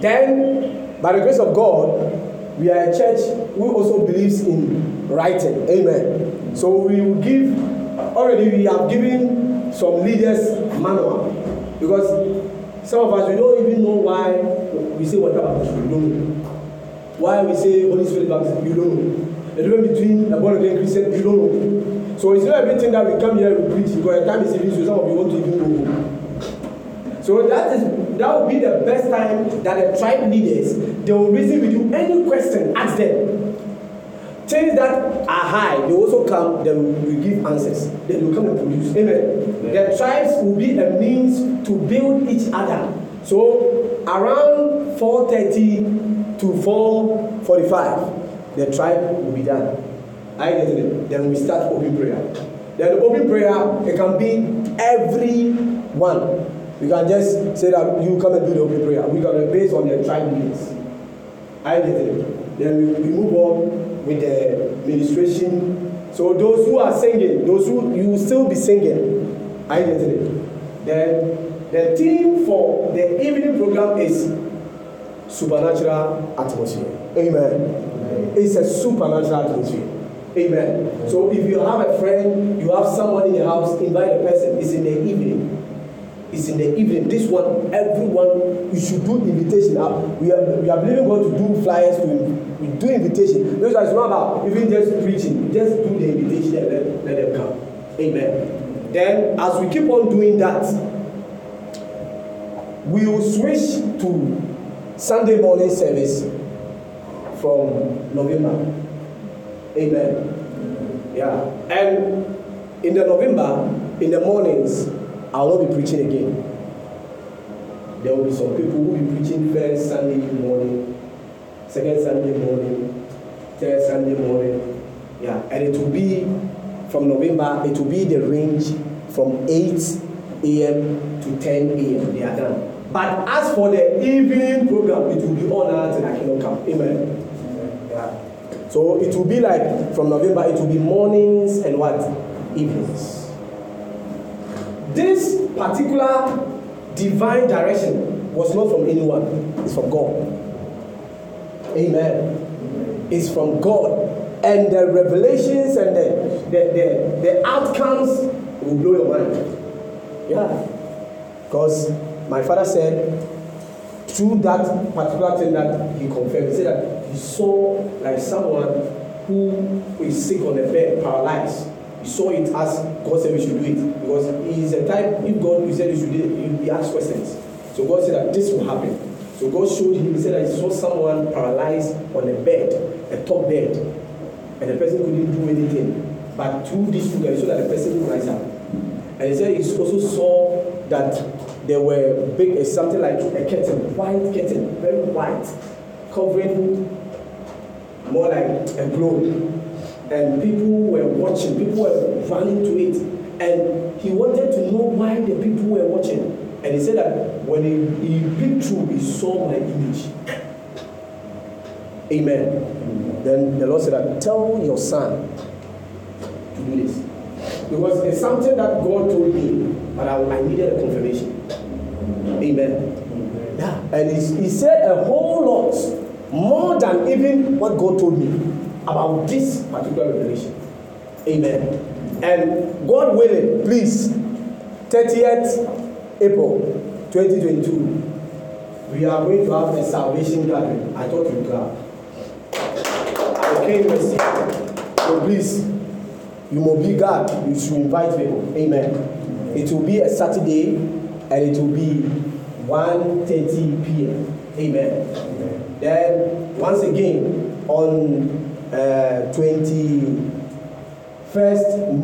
Then, by the grace of God, we are a church who also believes in writing. Amen. So we will give already we have given some leaders manual because some of us we don't even know why we say water baptism we don't know why we say holy spirit baptism we don't know the difference between a born again christian you don't know so it's not everything that we come here we preach because the time is even so some of you want to even go home so that is that will be the best time that the tribe leaders they will reason with you any question ask them things that are high, they also come, they will give answers. They will come and produce. Amen. Amen. The tribes will be a means to build each other. So around four thirty to four forty-five, the tribe will be done. I get it. Then we start open prayer. Then open prayer, it can be every one. You can just say that you come and do the open prayer. We can base on the tribe needs. I get it. Then we, we move on with the ministration. So those who are singing, those who you will still be singing. I get it. The the theme for the evening program is supernatural atmosphere. Amen. Amen. It's a supernatural atmosphere. Amen. Amen. So if you have a friend, you have someone in your house, invite a person. It's in the evening is in the evening. This one, everyone, you should do invitation. Uh, we are we are believing God to do flyers to you. do invitation. Because it's not about even just preaching. Just do the invitation and let, let them come. Amen. Then as we keep on doing that, we will switch to Sunday morning service from November. Amen. Yeah. And in the November, in the mornings, I will not be preaching again. There will be some people who will be preaching first Sunday morning, second Sunday morning, third Sunday morning. Yeah, and it will be from November, it will be the range from 8 a.m. to 10 a.m. They are done. But as for the evening program, it will be on until I cannot come. Amen. Yeah. So it will be like from November, it will be mornings and what? Evenings. This particular divine direction was not from anyone, it's from God. Amen. It's from God. And the revelations and the, the, the, the outcomes will blow your mind. Yeah. Because my father said, through that particular thing that he confirmed, he said that he saw like someone who is sick on the bed, paralyzed. saw it as God said we should do it because he is a type if God said he should do it he ask questions so God said that this will happen so God showed him he said that he saw someone paralyzed on a bed a top bed and the person couldn't do anything but through this sugar he saw that the person could rise up and he said he also saw that there were big eh, something like a curtain white curtain very white covering more like a globe and people were watching, people were running to it, and he wanted to know why the people were watching. And he said that when he, he peeped through, he saw my image. Amen. Amen. Then the Lord said that tell your son to do this. It it's something that God told me, but I, I needed a confirmation. Amen. Amen. Yeah. And he, he said a whole lot more than even what God told me. about this particular revelation. Amen. And God willing, please, 30th April 2022, we are going to have a salvation gathering. I thought you clap. Okay, mercy. So please, you must be God. You should invite people. Amen. It will be a Saturday and it will be 1.30 p.m. Amen. Amen. Then, once again, on uh, eh, 21st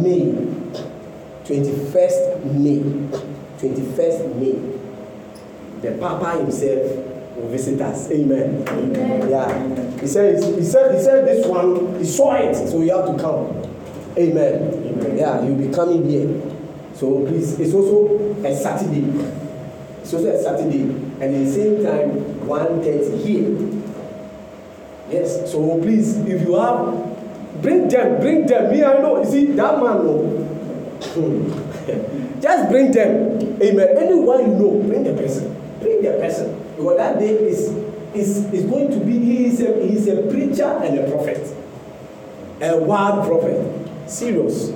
May 21st May 21st May the Papa himself will visit us. Amen. Amen. Yeah. He said, he said, he said this one, he saw it, so you have to come. Amen. Amen. Yeah, you'll be coming here. So please, it's also a Saturday. It's also a Saturday. And at the same time, 1.30 here. Yes. So please, if you have, bring them, bring them. Me, I know. You see, that man, no. Hmm. <laughs> Just bring them. Amen. Anyone you know, bring the person. Bring the person. Because that day is is is going to be he is a he is a preacher and a prophet. A wild prophet. Serious.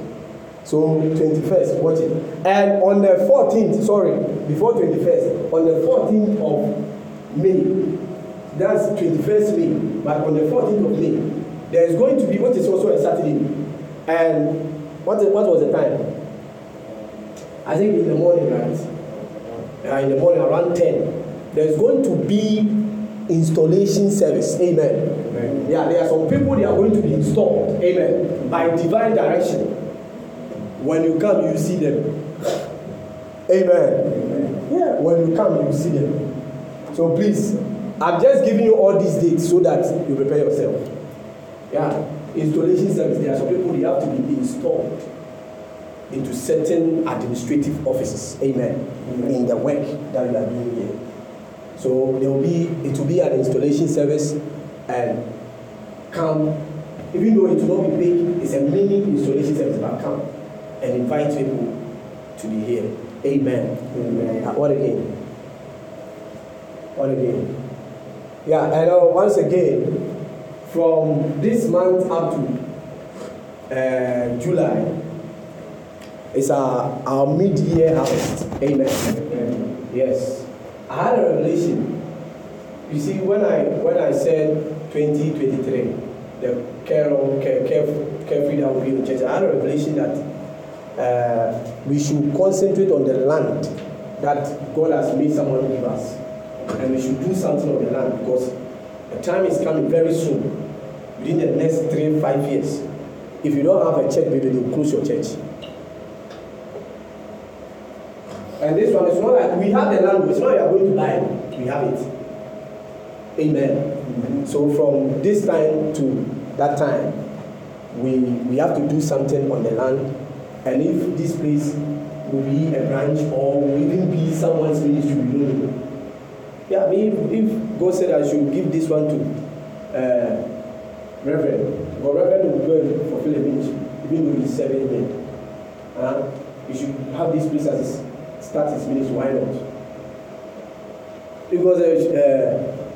So 21st, watch it. And on the 14th, sorry, before 21st, on the 14th of May, that's 21st May, but on the 14th of May, there is going to be what is also a Saturday. And what, what was the time? I think in the morning, right? Uh, in the morning, around 10. is going to be installation service. Amen. Amen. Yeah, there are some people they are going to be installed. Amen. By divine direction. When you come, you see them. Amen. Amen. Yeah, when you come, you see them. So please, I'm just giving you all these dates so that you prepare yourself. Yeah, installation service. There are some people they have to be installed into certain administrative offices. Amen. Amen. In the work that you are doing here. So there will be it will be an installation service and come even though it will not be big, it's a mini installation service but come and invite people to be here. Amen. Amen. Amen. Uh, what again? What again? Yeah, and uh, once again, from this month up to uh, July, it's our, our mid year harvest. Amen. Amen. Yes. I had a revelation. You see, when I when I said 2023, the careful care, care, carefree that we in church, I had a revelation that uh, we should concentrate on the land that God has made someone give us and we should do something on the land because the time is coming very soon, within the next three, five years. If you don't have a church building, will close your church. And this one is not like we have the land, it's not you are going to buy it, we have it. Amen. Mm-hmm. So from this time to that time, we, we have to do something on the land. And if this place will be a branch or will even be someone's ministry, we don't know. Yeah, I mean, if, if God said I should give this one to uh, Reverend, but Reverend will go and fulfill a ministry, even though he's serving men. Uh, you should have this place as his, start his ministry. Why not? Because uh,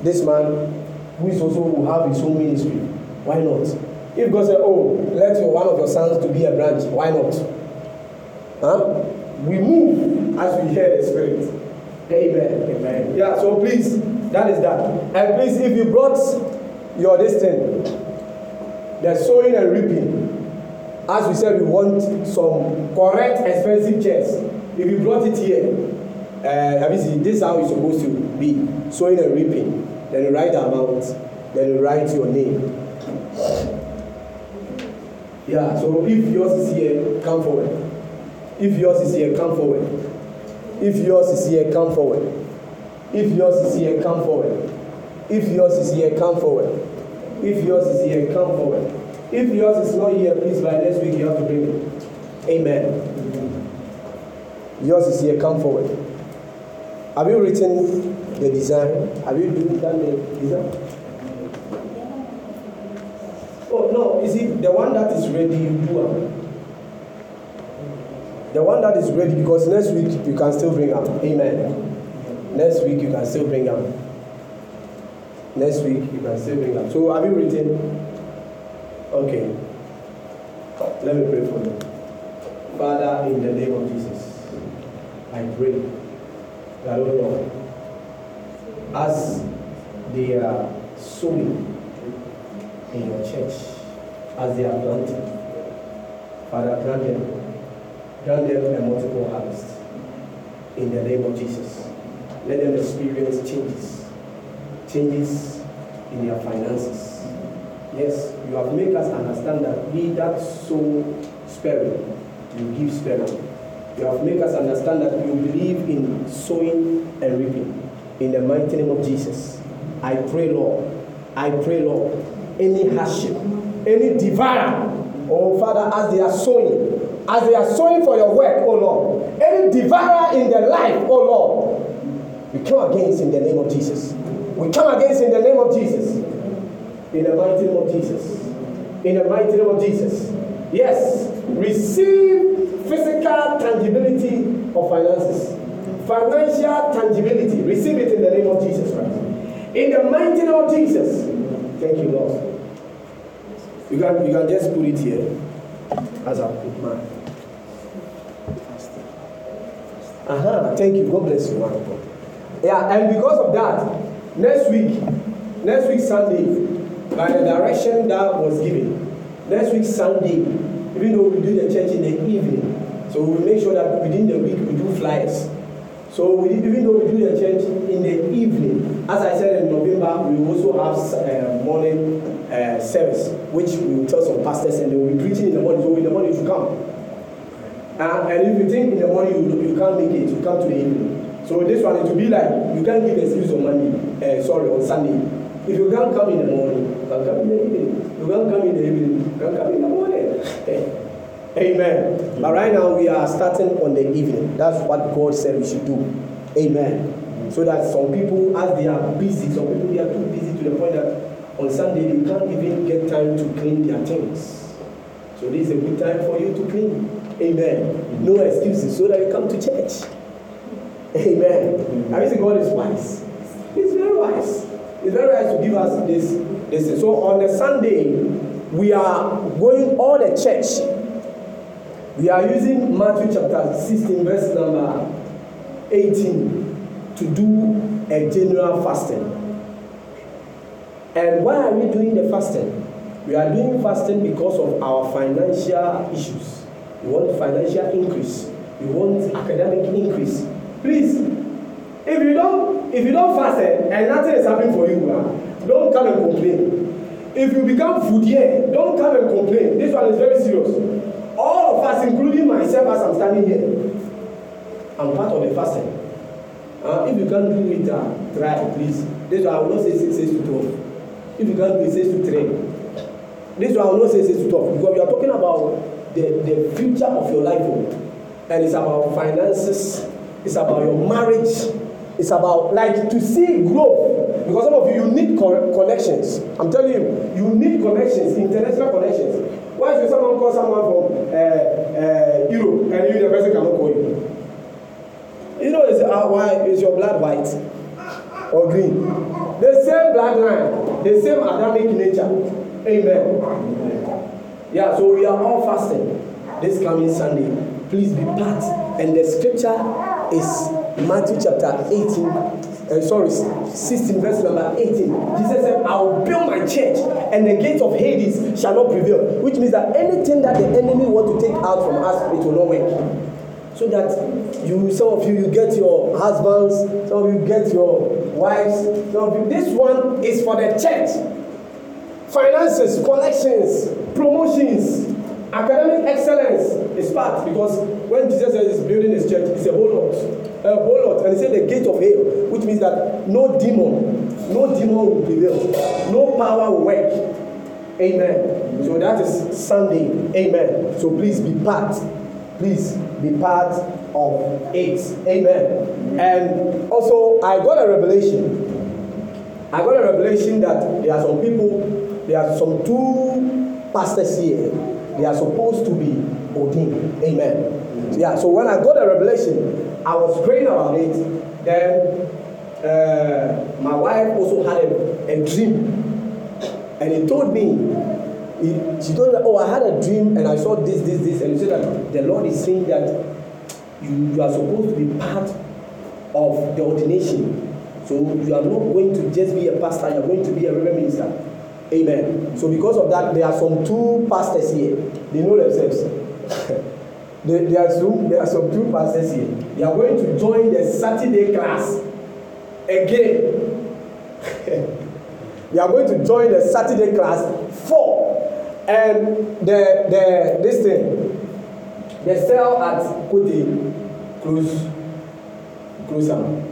this man, who is also will have his own ministry, why not? If God said, "Oh, let your, one of your sons to be a branch," why not? Huh? We move as we hear the Spirit. Amen. Amen. Yeah, so please, that is that. And please, if you brought your destiny, the sowing and reaping, as we said, we want some correct, expensive chairs. If you brought it here, uh, I this is how it's supposed to be sowing and reaping. Then you write the amount, then you write your name. Yeah, so if yours is here, come forward. If yours is here, come forward. If yours is here, come forward. If yours is here, come forward. If yours is here, come forward. If yours is here, come forward. If yours is not here, please by next week you have to bring it. Amen. Yours is here, come forward. Have you written the design? Have you done the design? Oh no, is it the one that is ready? You do The one that is ready, because next week you can still bring them. Amen. Next week you can still bring them. Next week you can still bring them. So have you written? Okay. Let me pray for you. Father, in the name of Jesus, I pray that, oh Lord, as they are sowing in your church, as they are planting, Father, grant them grant them a multiple harvest in the name of Jesus. Let them experience changes, changes in their finances. Yes, you have made us understand that we that sow sparrow, you give sparingly. You have made us understand that you believe in sowing and reaping. In the mighty name of Jesus, I pray, Lord. I pray, Lord, any hardship, any devourer, oh Father, as they are sowing, as they are sowing for your work, O oh Lord. Any devourer in their life, O oh Lord, we come against in the name of Jesus. We come against in the name of Jesus. In the mighty name of Jesus. In the mighty name of Jesus. Yes, receive physical tangibility of finances. Financial tangibility. Receive it in the name of Jesus Christ. In the mighty name of Jesus. Thank you, Lord. You can, you can just put it here. As a good man. Uh-huh. Thank you. God bless you, man. Yeah, and because of that, next week, next week Sunday, by the direction that was given, next week Sunday, even though we do the church in the evening, so we make sure that within the week we do flyers. So we, even though we do the church in the evening, as I said in November, we also have uh, morning uh, service, which we will tell some pastors, and they will be preaching in the morning. So in the morning, you come. Uh, and if you think in the morning you, you can't make it, you come to the evening. So this one, it will be like you can't give excuse on Monday, uh, sorry, on Sunday. If you can't come in the morning, you can come in the evening. You can't come in the evening, you can come in the morning. Eh, amen. Yeah. But right now we are starting on the evening. That's what God said we should do. Amen. Mm-hmm. So that some people, as they are busy, some people they are too busy to the point that On Sunday, you can't even get time to clean their things. So this is a good time for you to clean. Amen. No excuses so that you come to church. Amen. I think God is wise. He's very wise. He's very wise to give us this. this. So on the Sunday, we are going all the church. We are using Matthew chapter 16, verse number 18 to do a general fasting. And why are we doing the fasting? We are doing fasting because of our financial issues. We want financial increase. We want academic increase. Please, if you don't if you don't fast eh, and nothing is happening for you, don't come and complain. If you become foodier, don't come and complain. This one is very serious. All of us, including myself, as I'm standing here, I'm part of the fasting. Uh, if you can't do it, uh, try please. This one I will not say six, to twelve if you can't do it say six to three this one i know say six to twelve because we are talking about the the future of your life o oh. and it's about finances it's about your marriage it's about like to see growth because some of you you need con connections i'm telling you you need connections international connections why should someone call someone from uh, uh, europe and you the person cannot call you you know is uh, why is your blood white or green the same bloodline, the same Adamic nature. Amen. Yeah, so we are all fasting this coming Sunday. Please be part. And the scripture is Matthew chapter 18. Uh, sorry, 16 verse number 18. Jesus said, I will build my church, and the gates of Hades shall not prevail. Which means that anything that the enemy want to take out from us, it will not work so that you some of you you get your husbands some of you get your wives, love you. This one is for the church. Finances, collections, promotions, academic excellence is part because when Jesus is building his church, it's a whole lot. A whole lot. And he said the gate of hell, which means that no demon, no demon will prevail, no power will work. Amen. So that is Sunday. Amen. So please be part. Please be part of eight. Amen. And also, I got a revelation. I got a revelation that there are some people, there are some two pastors here. They are supposed to be ordained. Amen. Yeah, so when I got a revelation, I was praying about it. Then uh, my wife also had a, a dream. And he told me she told me, Oh, I had a dream and I saw this, this, this. And he said that the Lord is saying that you, you are supposed to be part of the ordination. So you are not going to just be a pastor, you are going to be a reverend minister. Amen. So because of that, there are some two pastors here. They know themselves. there, <laughs> there, are some, there are some two pastors here. They are going to join the Saturday class again. <laughs> they are going to join the Saturday class four. And the, the this thing, they sell at Kuti close close am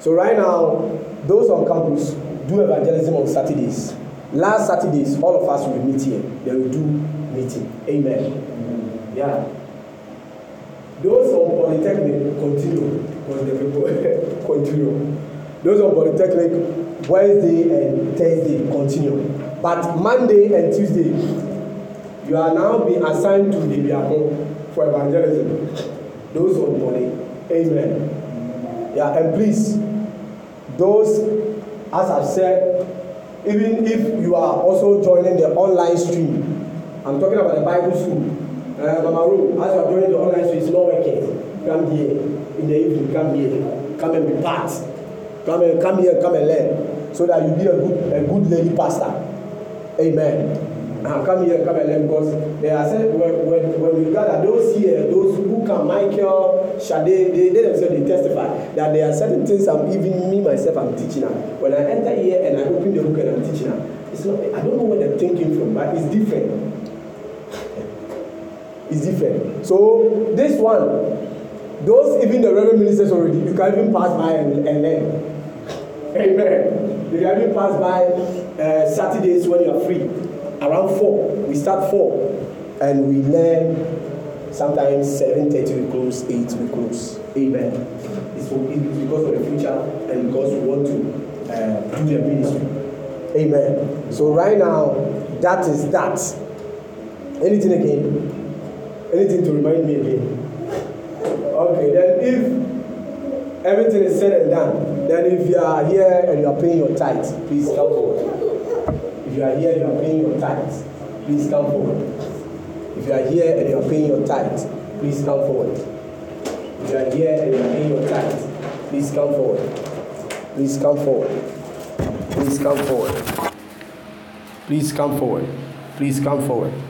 so right now those on campus do evangelism on saturdays last saturdays all of us will meet here they will do meeting amen yeah those on polytechnic continue <laughs> continue those on polytechnic wednesday and thursday continue but monday and tuesday you are now being assigned to the biakon for evangelism those on body amen yeah and please those as i said even if you are also joining the online stream i'm talking about the bible school uh, mama ro as you are joining the online stream it's not working come here in the evening come here come and be part come and come here come and learn so that you be a good a good lady pastor amen. I'm ah, coming here, come and learn because they are said when, when, when we gather those here, those who come, Michael, Shade, they, they themselves they testify that there are certain things I'm even me myself I'm teaching them. When I enter here and I open the book and I'm teaching them, it's not I don't know where they're thinking from, but it's different. <laughs> it's different. So this one, those even the reverend ministers already, you can even pass by and, and learn. <laughs> Amen. You can even pass by uh, Saturdays when you are free around four we start four and we learn sometimes seven thirty we close eight we close amen it's, for, it's because of the future and because we want to uh, do the ministry amen so right now that is that anything again anything to remind me again okay then if everything is said and done then if you are here and you are paying your tithe please help us. you are here and you are paying your tithes, please come forward. If you are here and you are paying your tithes, please come forward. If you are here and you are paying your tithes, please come forward. Please come forward. Please come forward. Please come forward. Please come forward.